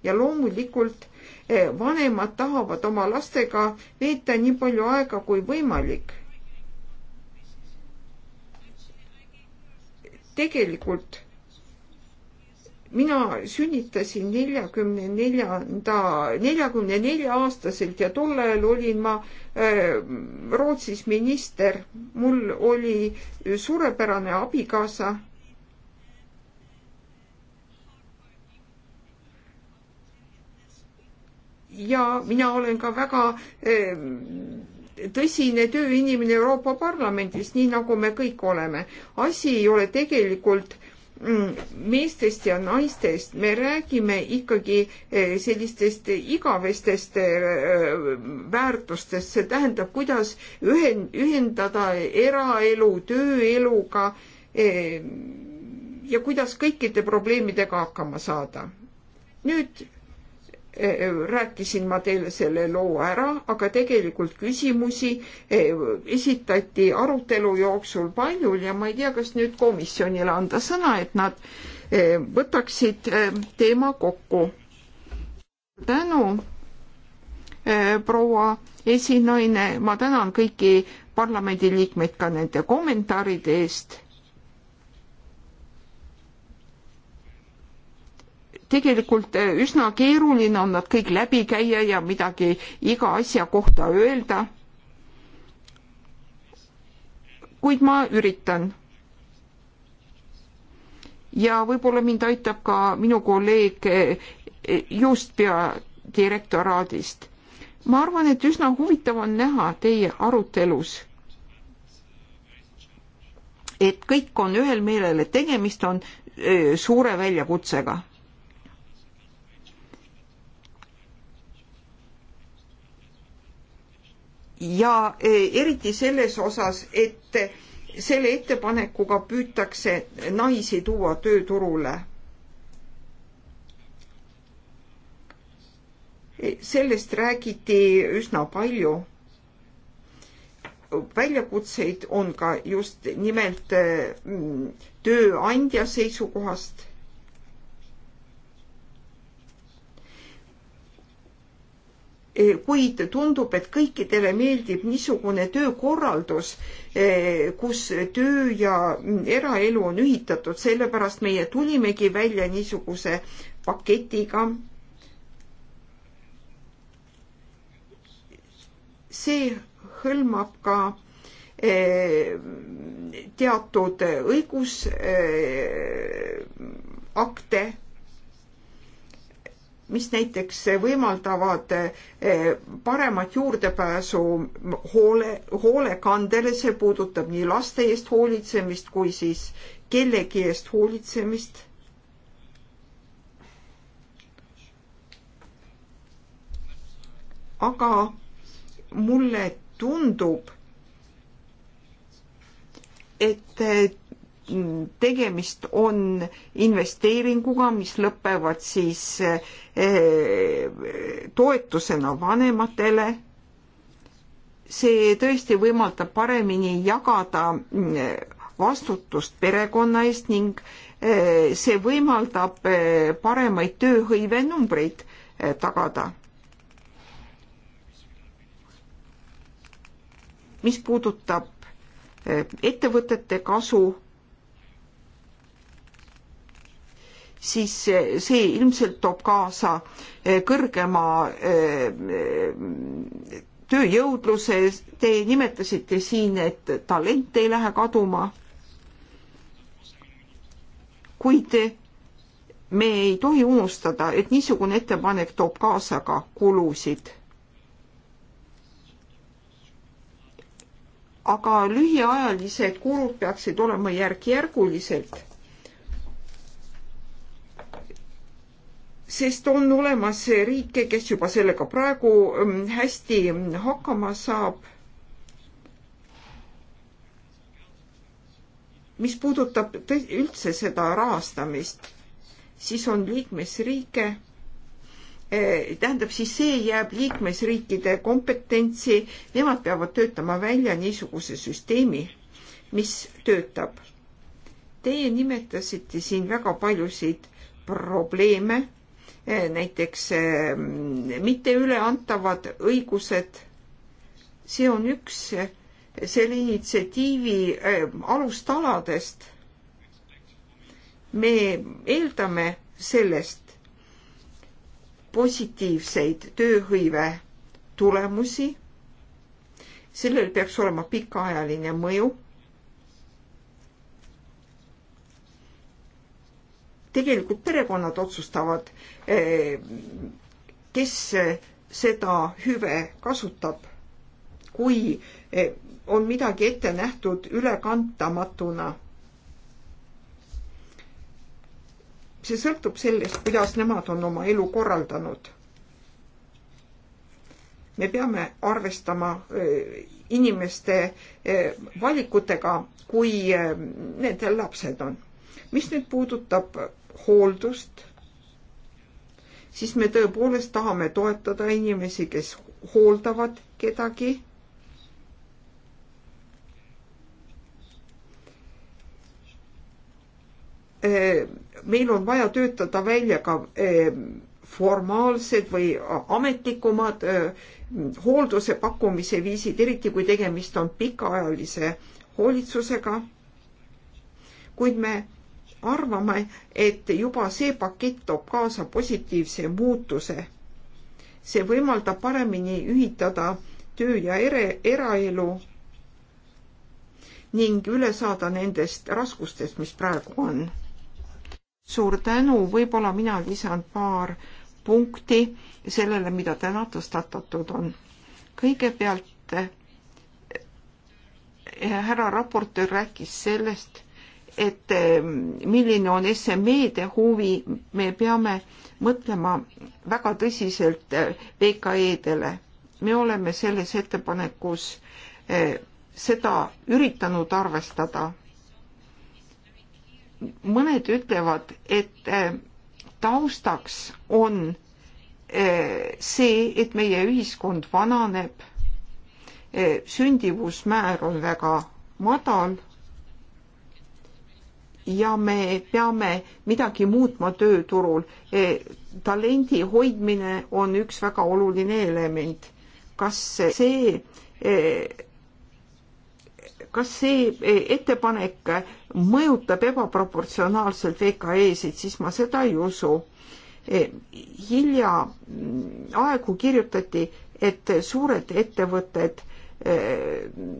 ja loomulikult eh, vanemad tahavad oma lastega veeta nii palju aega kui võimalik. tegelikult mina sünnitasin neljakümne neljanda, neljakümne nelja aastaselt ja tol ajal olin ma äh, Rootsis minister. mul oli suurepärane abikaasa. ja mina olen ka väga äh, tõsine tööinimene Euroopa Parlamendis, nii nagu me kõik oleme. asi ei ole tegelikult äh, Mm, meestest ja naistest, me räägime ikkagi eh, sellistest igavestest eh, väärtustest, see tähendab, kuidas ühen-, ühendada eraelu tööeluga eh, ja kuidas kõikide probleemidega hakkama saada. nüüd rääkisin ma teile selle loo ära, aga tegelikult küsimusi eh, esitati arutelu jooksul palju ja ma ei tea, kas nüüd komisjonile anda sõna, et nad eh, võtaksid eh, teema kokku. tänu, proua esinaine, ma tänan kõiki parlamendiliikmeid ka nende kommentaaride eest tegelikult eh, üsna keeruline on nad kõik läbi käia ja midagi iga asja kohta öelda. kuid ma üritan. ja võib-olla mind aitab ka minu kolleeg eh, just peadirektoraadist. ma arvan, et üsna huvitav on näha teie arutelus et kõik on ühel meelel, et tegemist on eh, suure väljakutsega. ja e, eriti selles osas, et selle ettepanekuga püütakse naisi tuua tööturule. E, sellest räägiti üsna palju. väljakutseid on ka just nimelt e, tööandja seisukohast Eh, kuid tundub, et kõikidele meeldib niisugune töökorraldus, eh, kus töö ja eraelu on ühitatud, sellepärast meie tulimegi välja niisuguse paketiga. see hõlmab ka eh, teatud õigusakte mis näiteks võimaldavad eh, paremat juurdepääsu hoole, hoolekandele, see puudutab nii laste eest hoolitsemist kui siis kellegi eest hoolitsemist. aga mulle tundub, et tegemist on investeeringuga, mis lõpevad siis eh, toetusena vanematele. see tõesti võimaldab paremini jagada mm, vastutust perekonna eest ning eh, see võimaldab eh, paremaid tööhõivenumbreid tagada. mis puudutab ettevõtete kasu siis see ilmselt toob kaasa eh, kõrgema eh, tööjõudluse. Te nimetasite siin, et talent ei lähe kaduma. kuid me ei tohi unustada, et niisugune ettepanek toob kaasa ka kulusid. aga lühiajalised kulud peaksid olema järk-järgulised sest on olemas riike, kes juba sellega praegu mm, hästi mm, hakkama saab. mis puudutab üldse seda rahastamist, siis on liikmesriike, eh, tähendab siis see jääb liikmesriikide kompetentsi, nemad peavad töötama välja niisuguse süsteemi, mis töötab. Teie nimetasite siin väga paljusid probleeme Eh, näiteks ehm, mitte üleantavad õigused. see on üks eh, selle initsiatiivi ehm, alustaladest. me eeldame sellest positiivseid tööhõive tulemusi. sellel peaks olema pikaajaline mõju tegelikult perekonnad otsustavad, eh, kes eh, seda hüve kasutab, kui eh, on midagi ette nähtud ülekantamatuna. see sõltub sellest, kuidas nemad on oma elu korraldanud. me peame arvestama inimeste valikutega, kui nendel lapsed on. mis nüüd puudutab hooldust, siis me tõepoolest tahame toetada inimesi, kes hooldavad kedagi. meil on vaja töötada välja ka e, formaalsed või ametlikumad e, hoolduse pakkumise viisid, eriti kui tegemist on pikaajalise hoolitsusega. kuid me arvame, et juba see pakett toob kaasa positiivse muutuse. see võimaldab paremini ühitada töö ja ere, eraelu ning üle saada nendest raskustest, mis praegu on. suur tänu, võib-olla mina lisan paar punkti sellele, mida täna tõstatatud on. kõigepealt eh, härra raportöör rääkis sellest, et eh, milline on SME-de huvi, me peame mõtlema väga tõsiselt eh, VKE-dele. me oleme selles ettepanekus eh, seda üritanud arvestada. mõned ütlevad, et taustaks on see, et meie ühiskond vananeb, sündivusmäär on väga madal ja me peame midagi muutma tööturul. E, talendi hoidmine on üks väga oluline element. kas see e, kas see e, ettepanek mõjutab ebaproportsionaalselt VKE-sid, siis ma seda ei usu. hiljaaegu mm, kirjutati, et suured ettevõtted Eh,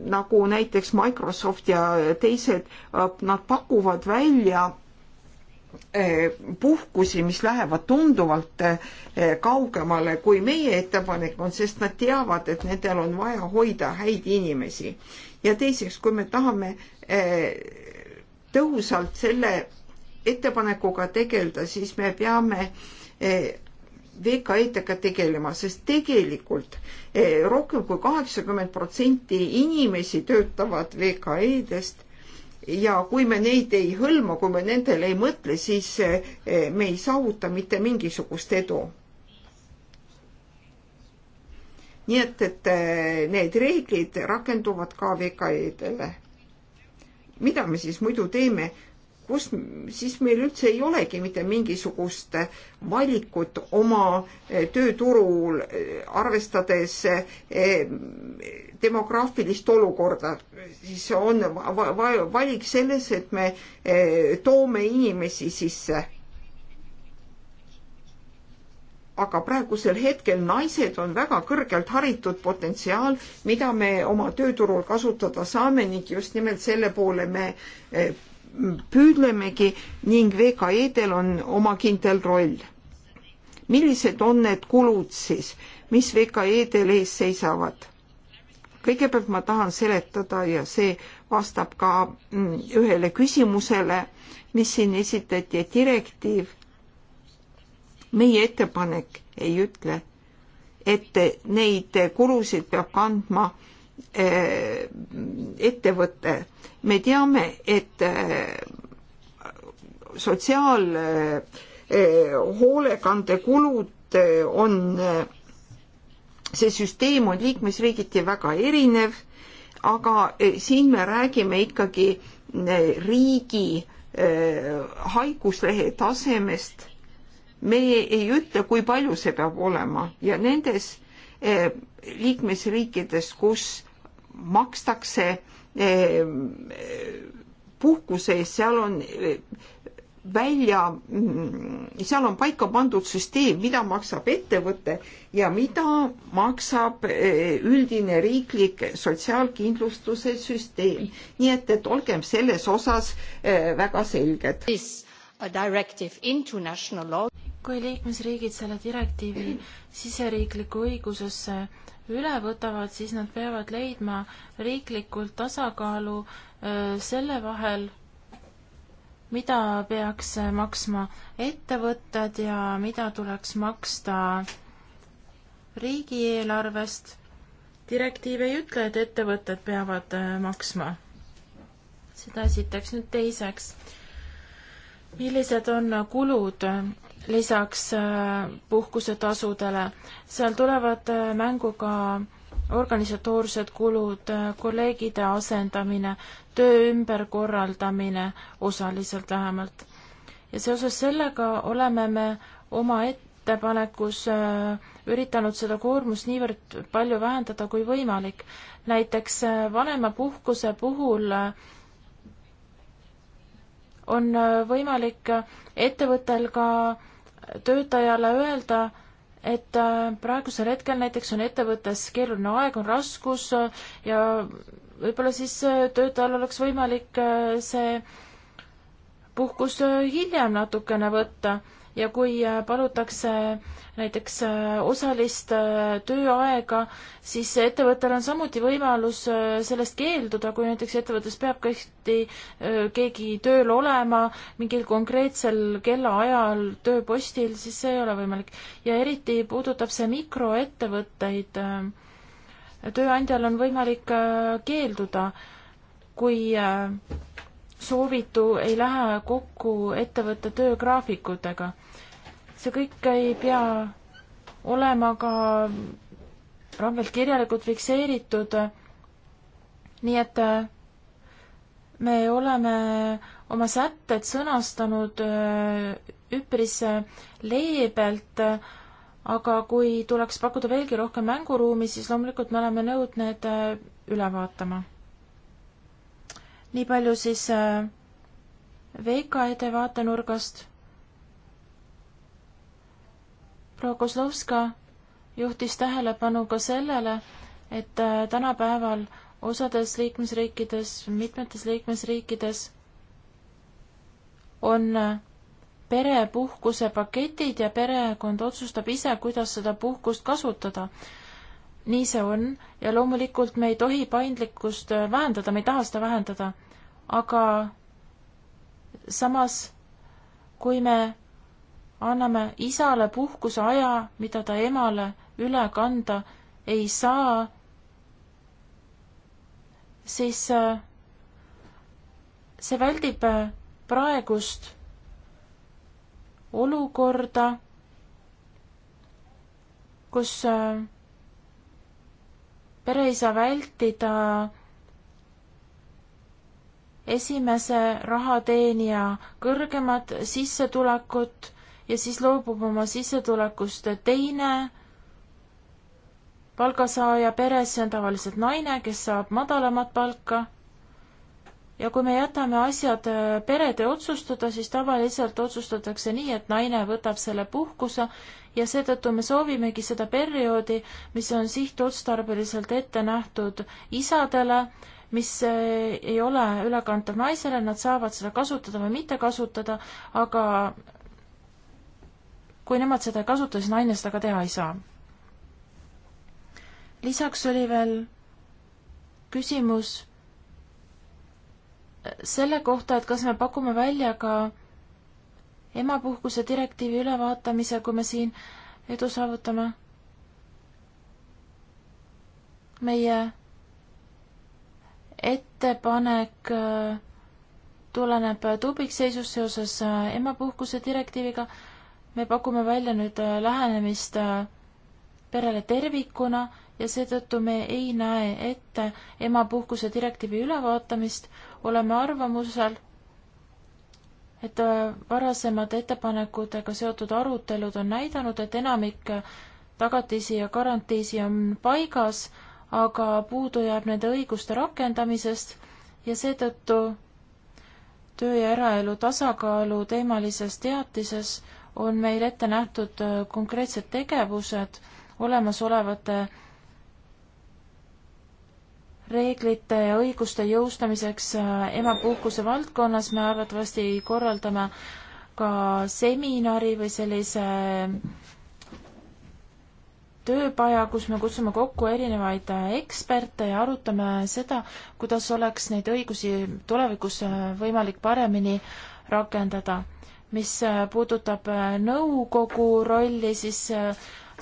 nagu näiteks Microsoft ja teised, eh, nad pakuvad välja eh, puhkusi, mis lähevad tunduvalt kaugemale kui meie ettepanek on, sest nad teavad, et nendel on vaja hoida häid inimesi. ja teiseks, kui me tahame tõhusalt selle ettepanekuga tegeleda, siis me peame VKE-dega tegelema, sest tegelikult eh, rohkem kui kaheksakümmend protsenti inimesi töötavad VKE-dest ja kui me neid ei hõlma, kui me nendele ei mõtle, siis eh, me ei saavuta mitte mingisugust edu. nii et, et eh, need reeglid rakenduvad ka VKE-dele. mida me siis muidu teeme, kus siis meil üldse ei olegi mitte mingisugust valikut oma eh, tööturul, eh, arvestades eh, demograafilist olukorda, siis on valik selles, et me toome inimesi sisse aga praegusel hetkel naised on väga kõrgelt haritud potentsiaal, mida me oma tööturul kasutada saame ning just nimelt selle poole me püüdlemegi ning VKE-del on oma kindel roll. millised on need kulud siis, mis VKE-del ees seisavad? kõigepealt ma tahan seletada ja see vastab ka mm, ühele küsimusele, mis siin esitati, et direktiiv, meie ettepanek ei ütle, et neid kulusid peab kandma Äh, ettevõte. me teame, et äh, sotsiaalhoolekandekulud äh, on, see süsteem on liikmesriigiti väga erinev, aga siin me räägime ikkagi riigi haiguslehe tasemest. me ei ütle, kui palju see peab olema ja nendes liikmesriikides, kus makstakse eh, puhkuse eest, seal on eh, välja, mm, seal on paika pandud süsteem, mida maksab ettevõte ja mida maksab eh, üldine riiklik sotsiaalkindlustuse süsteem. nii et, et olgem selles osas väga selged kui liikmesriigid selle direktiivi siseriiklikku õigusesse üle võtavad, siis nad peavad leidma riiklikult tasakaalu selle vahel, mida peaks maksma ettevõtted ja mida tuleks maksta riigieelarvest. direktiiv ei ütle, et ettevõtted peavad maksma. seda esiteks, nüüd teiseks millised on kulud lisaks äh, puhkusetasudele. seal tulevad äh, mängu ka organisatoorsed kulud, äh, kolleegide asendamine, töö ümberkorraldamine osaliselt vähemalt. ja seoses sellega oleme me oma ettepanekus üritanud seda koormust niivõrd palju vähendada kui võimalik. näiteks vanemapuhkuse puhul on võimalik ettevõttel ka töötajale öelda, et äh, praegusel hetkel näiteks on ettevõttes keeruline aeg, on raskus äh, ja võib-olla siis äh, töötajal oleks võimalik see puhkus hiljem natukene võtta ja kui äh, palutakse äh, näiteks äh, osalist tööaega, siis ettevõttel on samuti võimalus sellest keelduda, kui näiteks ettevõttes peab kõhti keegi tööl olema mingil konkreetsel kellaajal tööpostil, siis see ei ole võimalik. ja eriti puudutab see mikroettevõtteid. tööandjal on võimalik keelduda, kui soovitu ei lähe kokku ettevõtte töögraafikutega. see kõik ei pea olema ka rangelt kirjalikult fikseeritud. nii et äh, me oleme oma sätted sõnastanud äh, üpris äh, leebelt, aga kui tuleks pakkuda veelgi rohkem mänguruumi, siis loomulikult me oleme nõud need üle vaatama nii palju siis äh, VKD vaatenurgast. proua Kozlovska juhtis tähelepanu ka sellele, et äh, tänapäeval osades liikmesriikides, mitmetes liikmesriikides on äh, perepuhkuse paketid ja perekond otsustab ise, kuidas seda puhkust kasutada nii see on ja loomulikult me ei tohi paindlikkust äh, vähendada, me ei taha seda vähendada, aga samas, kui me anname isale puhkuse aja, mida ta emale üle kanda ei saa, siis äh, see väldib äh, praegust olukorda, kus äh, pere ei saa vältida esimese rahateenija kõrgemat sissetulekut ja siis loobub oma sissetulekust teine palgasaaja peres, see on tavaliselt naine, kes saab madalamat palka. ja kui me jätame asjad äh, perede otsustada, siis tavaliselt otsustatakse nii, et naine võtab selle puhkuse ja seetõttu me soovimegi seda perioodi, mis on sihtotstarbeliselt ette nähtud isadele, mis eh, ei ole ülekantav naisele, nad saavad seda kasutada või mitte kasutada, aga kui nemad seda ei kasuta, siis naine seda ka teha ei saa. lisaks oli veel küsimus selle kohta, et kas me pakume välja ka emapuhkuse direktiivi ülevaatamise, kui me siin edu saavutame. meie ettepanek äh, tuleneb tubikseisust seoses äh, emapuhkuse direktiiviga. me pakume välja nüüd äh, lähenemist perele tervikuna ja seetõttu me ei näe ette emapuhkuse direktiivi ülevaatamist. oleme arvamusel et äh, varasemad ettepanekutega seotud arutelud on näidanud, et enamik tagatisi ja garantiisi on paigas, aga puudu jääb nende õiguste rakendamisest ja seetõttu töö ja eraelu tasakaalu teemalises teatises on meil ette nähtud äh, konkreetsed tegevused olemasolevate reeglite ja õiguste jõustamiseks äh, emapuhkuse valdkonnas me arvatavasti korraldame ka seminari või sellise äh, tööpaja, kus me kutsume kokku erinevaid äh, eksperte ja arutame seda, kuidas oleks neid õigusi tulevikus võimalik paremini rakendada. mis puudutab nõukogu rolli, siis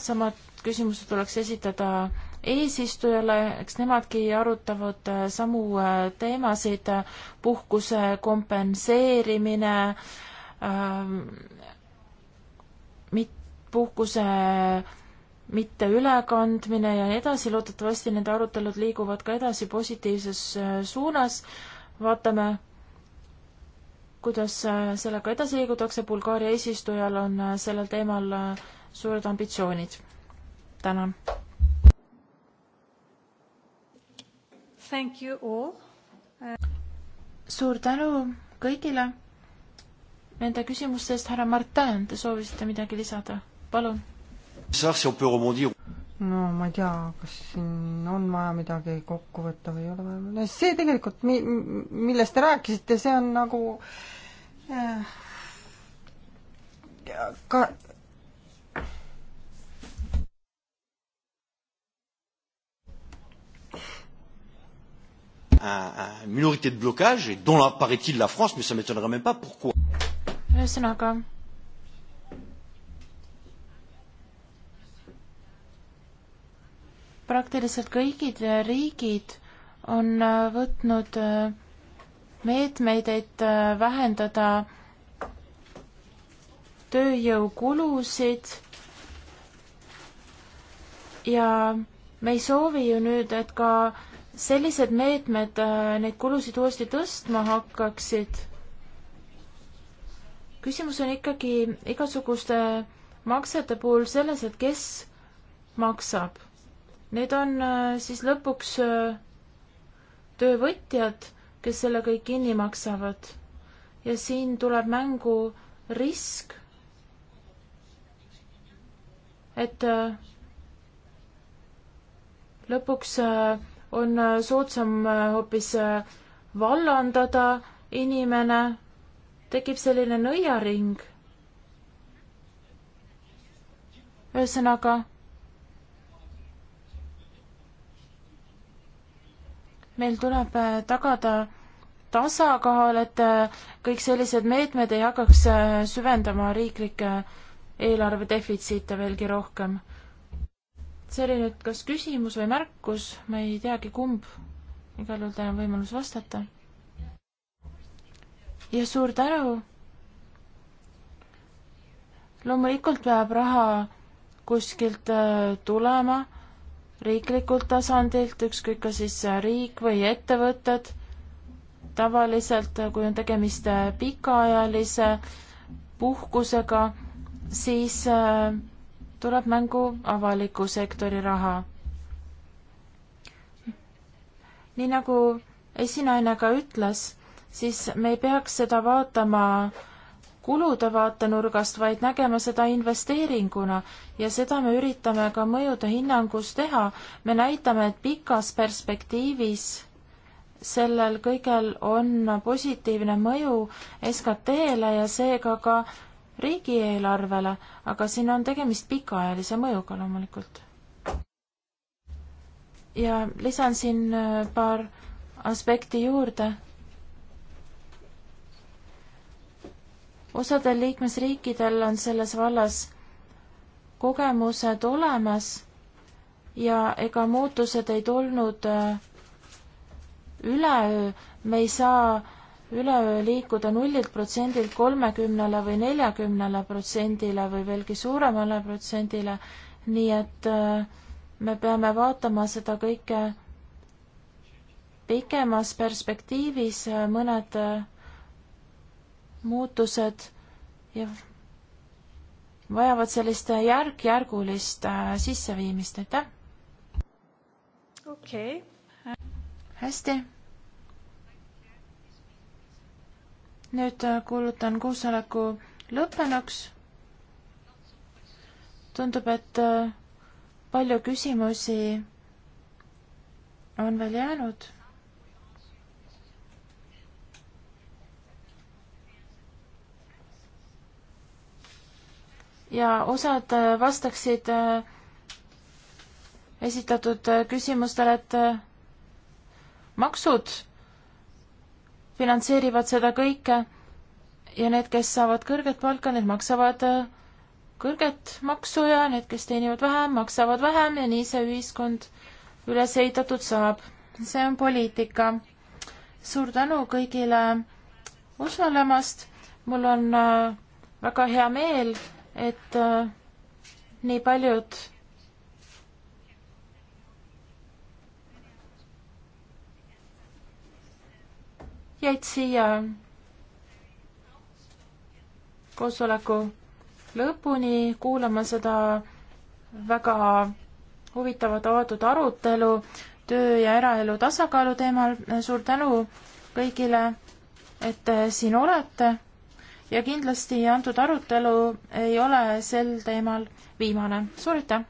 samad küsimused tuleks esitada äh, eesistujale, eks nemadki arutavad äh, samu äh, teemasid, puhkuse kompenseerimine ähm,, mit-, puhkuse mitte ülekandmine ja nii edasi, loodetavasti need arutelud liiguvad ka edasi positiivses äh, suunas, vaatame, kuidas sellega edasi liigutakse, Bulgaaria eesistujal on sellel teemal suured ambitsioonid. tänan! Thank you all. suur tänu kõigile nende küsimuste eest, härra Martin, te soovisite midagi lisada, palun. no ma ei tea, kas siin on vaja midagi kokku võtta või ei ole vaja, no see tegelikult, mi-, millest te rääkisite, see on nagu äh, ka un, un, une minorité de blocage, et dont paraît-il la France, mais ça ne m'étonnerait même pas pourquoi. ühesõnaga. praktiliselt kõigid riigid on äh, võtnud äh, meetmeid, et äh, vähendada tööjõukulusid ja me ei soovi ju nüüd, et ka äh, sellised meetmed äh, neid kulusid uuesti tõstma hakkaksid. küsimus on ikkagi igasuguste maksete puhul selles, et kes maksab. Need on äh, siis lõpuks äh, töövõtjad, kes selle kõik kinni maksavad. ja siin tuleb mängu risk, et lõpuks on äh, soodsam äh, hoopis äh, vallandada inimene, tekib selline nõiaring. ühesõnaga, meil tuleb tagada tasakaal, et kõik sellised meetmed ei hakkaks süvendama riiklikke eelarve defitsiite veelgi rohkem see oli nüüd kas küsimus või märkus, ma ei teagi, kumb. igal juhul teil on võimalus vastata. ja suur tänu. loomulikult peab raha kuskilt äh, tulema riiklikult tasandilt, ükskõik kas siis riik või ettevõtted. tavaliselt, äh, kui on tegemist äh, pikaajalise puhkusega, siis tuleb mängu avaliku sektori raha. nii nagu esinaine ka ütles, siis me ei peaks seda vaatama kulude vaatenurgast, vaid nägema seda investeeringuna ja seda me üritame ka mõjude hinnangus teha. me näitame, et pikas perspektiivis sellel kõigel on positiivne mõju SKT-le ja seega ka riigieelarvele, aga siin on tegemist pikaajalise mõjuga loomulikult. ja lisan siin äh, paar aspekti juurde. osadel liikmesriikidel on selles vallas kogemused olemas ja ega muutused ei tulnud äh, üleöö, me ei saa üleöö liikuda nullilt protsendilt kolmekümnele või neljakümnele protsendile või veelgi suuremale protsendile, nii et äh, me peame vaatama seda kõike pikemas perspektiivis, äh, mõned äh, muutused ja vajavad sellist järk-järgulist sisseviimist, aitäh! okei okay.. hästi nüüd äh, kuulutan koosoleku lõppenuks. tundub, et äh, palju küsimusi on veel jäänud. ja osad äh, vastaksid esitatud küsimustele, et maksud finantseerivad seda kõike ja need, kes saavad kõrget palka, need maksavad äh, kõrget maksu ja need, kes teenivad vähem, maksavad vähem ja nii see ühiskond üles ehitatud saab. see on poliitika. suur tänu kõigile osalemast. mul on äh, väga hea meel, et äh, nii paljud jäid siia koosoleku lõpuni kuulama seda väga huvitavat avatud arutelu töö ja eraelu tasakaalu teemal. suur tänu kõigile, et te siin olete ja kindlasti antud arutelu ei ole sel teemal viimane. suur aitäh!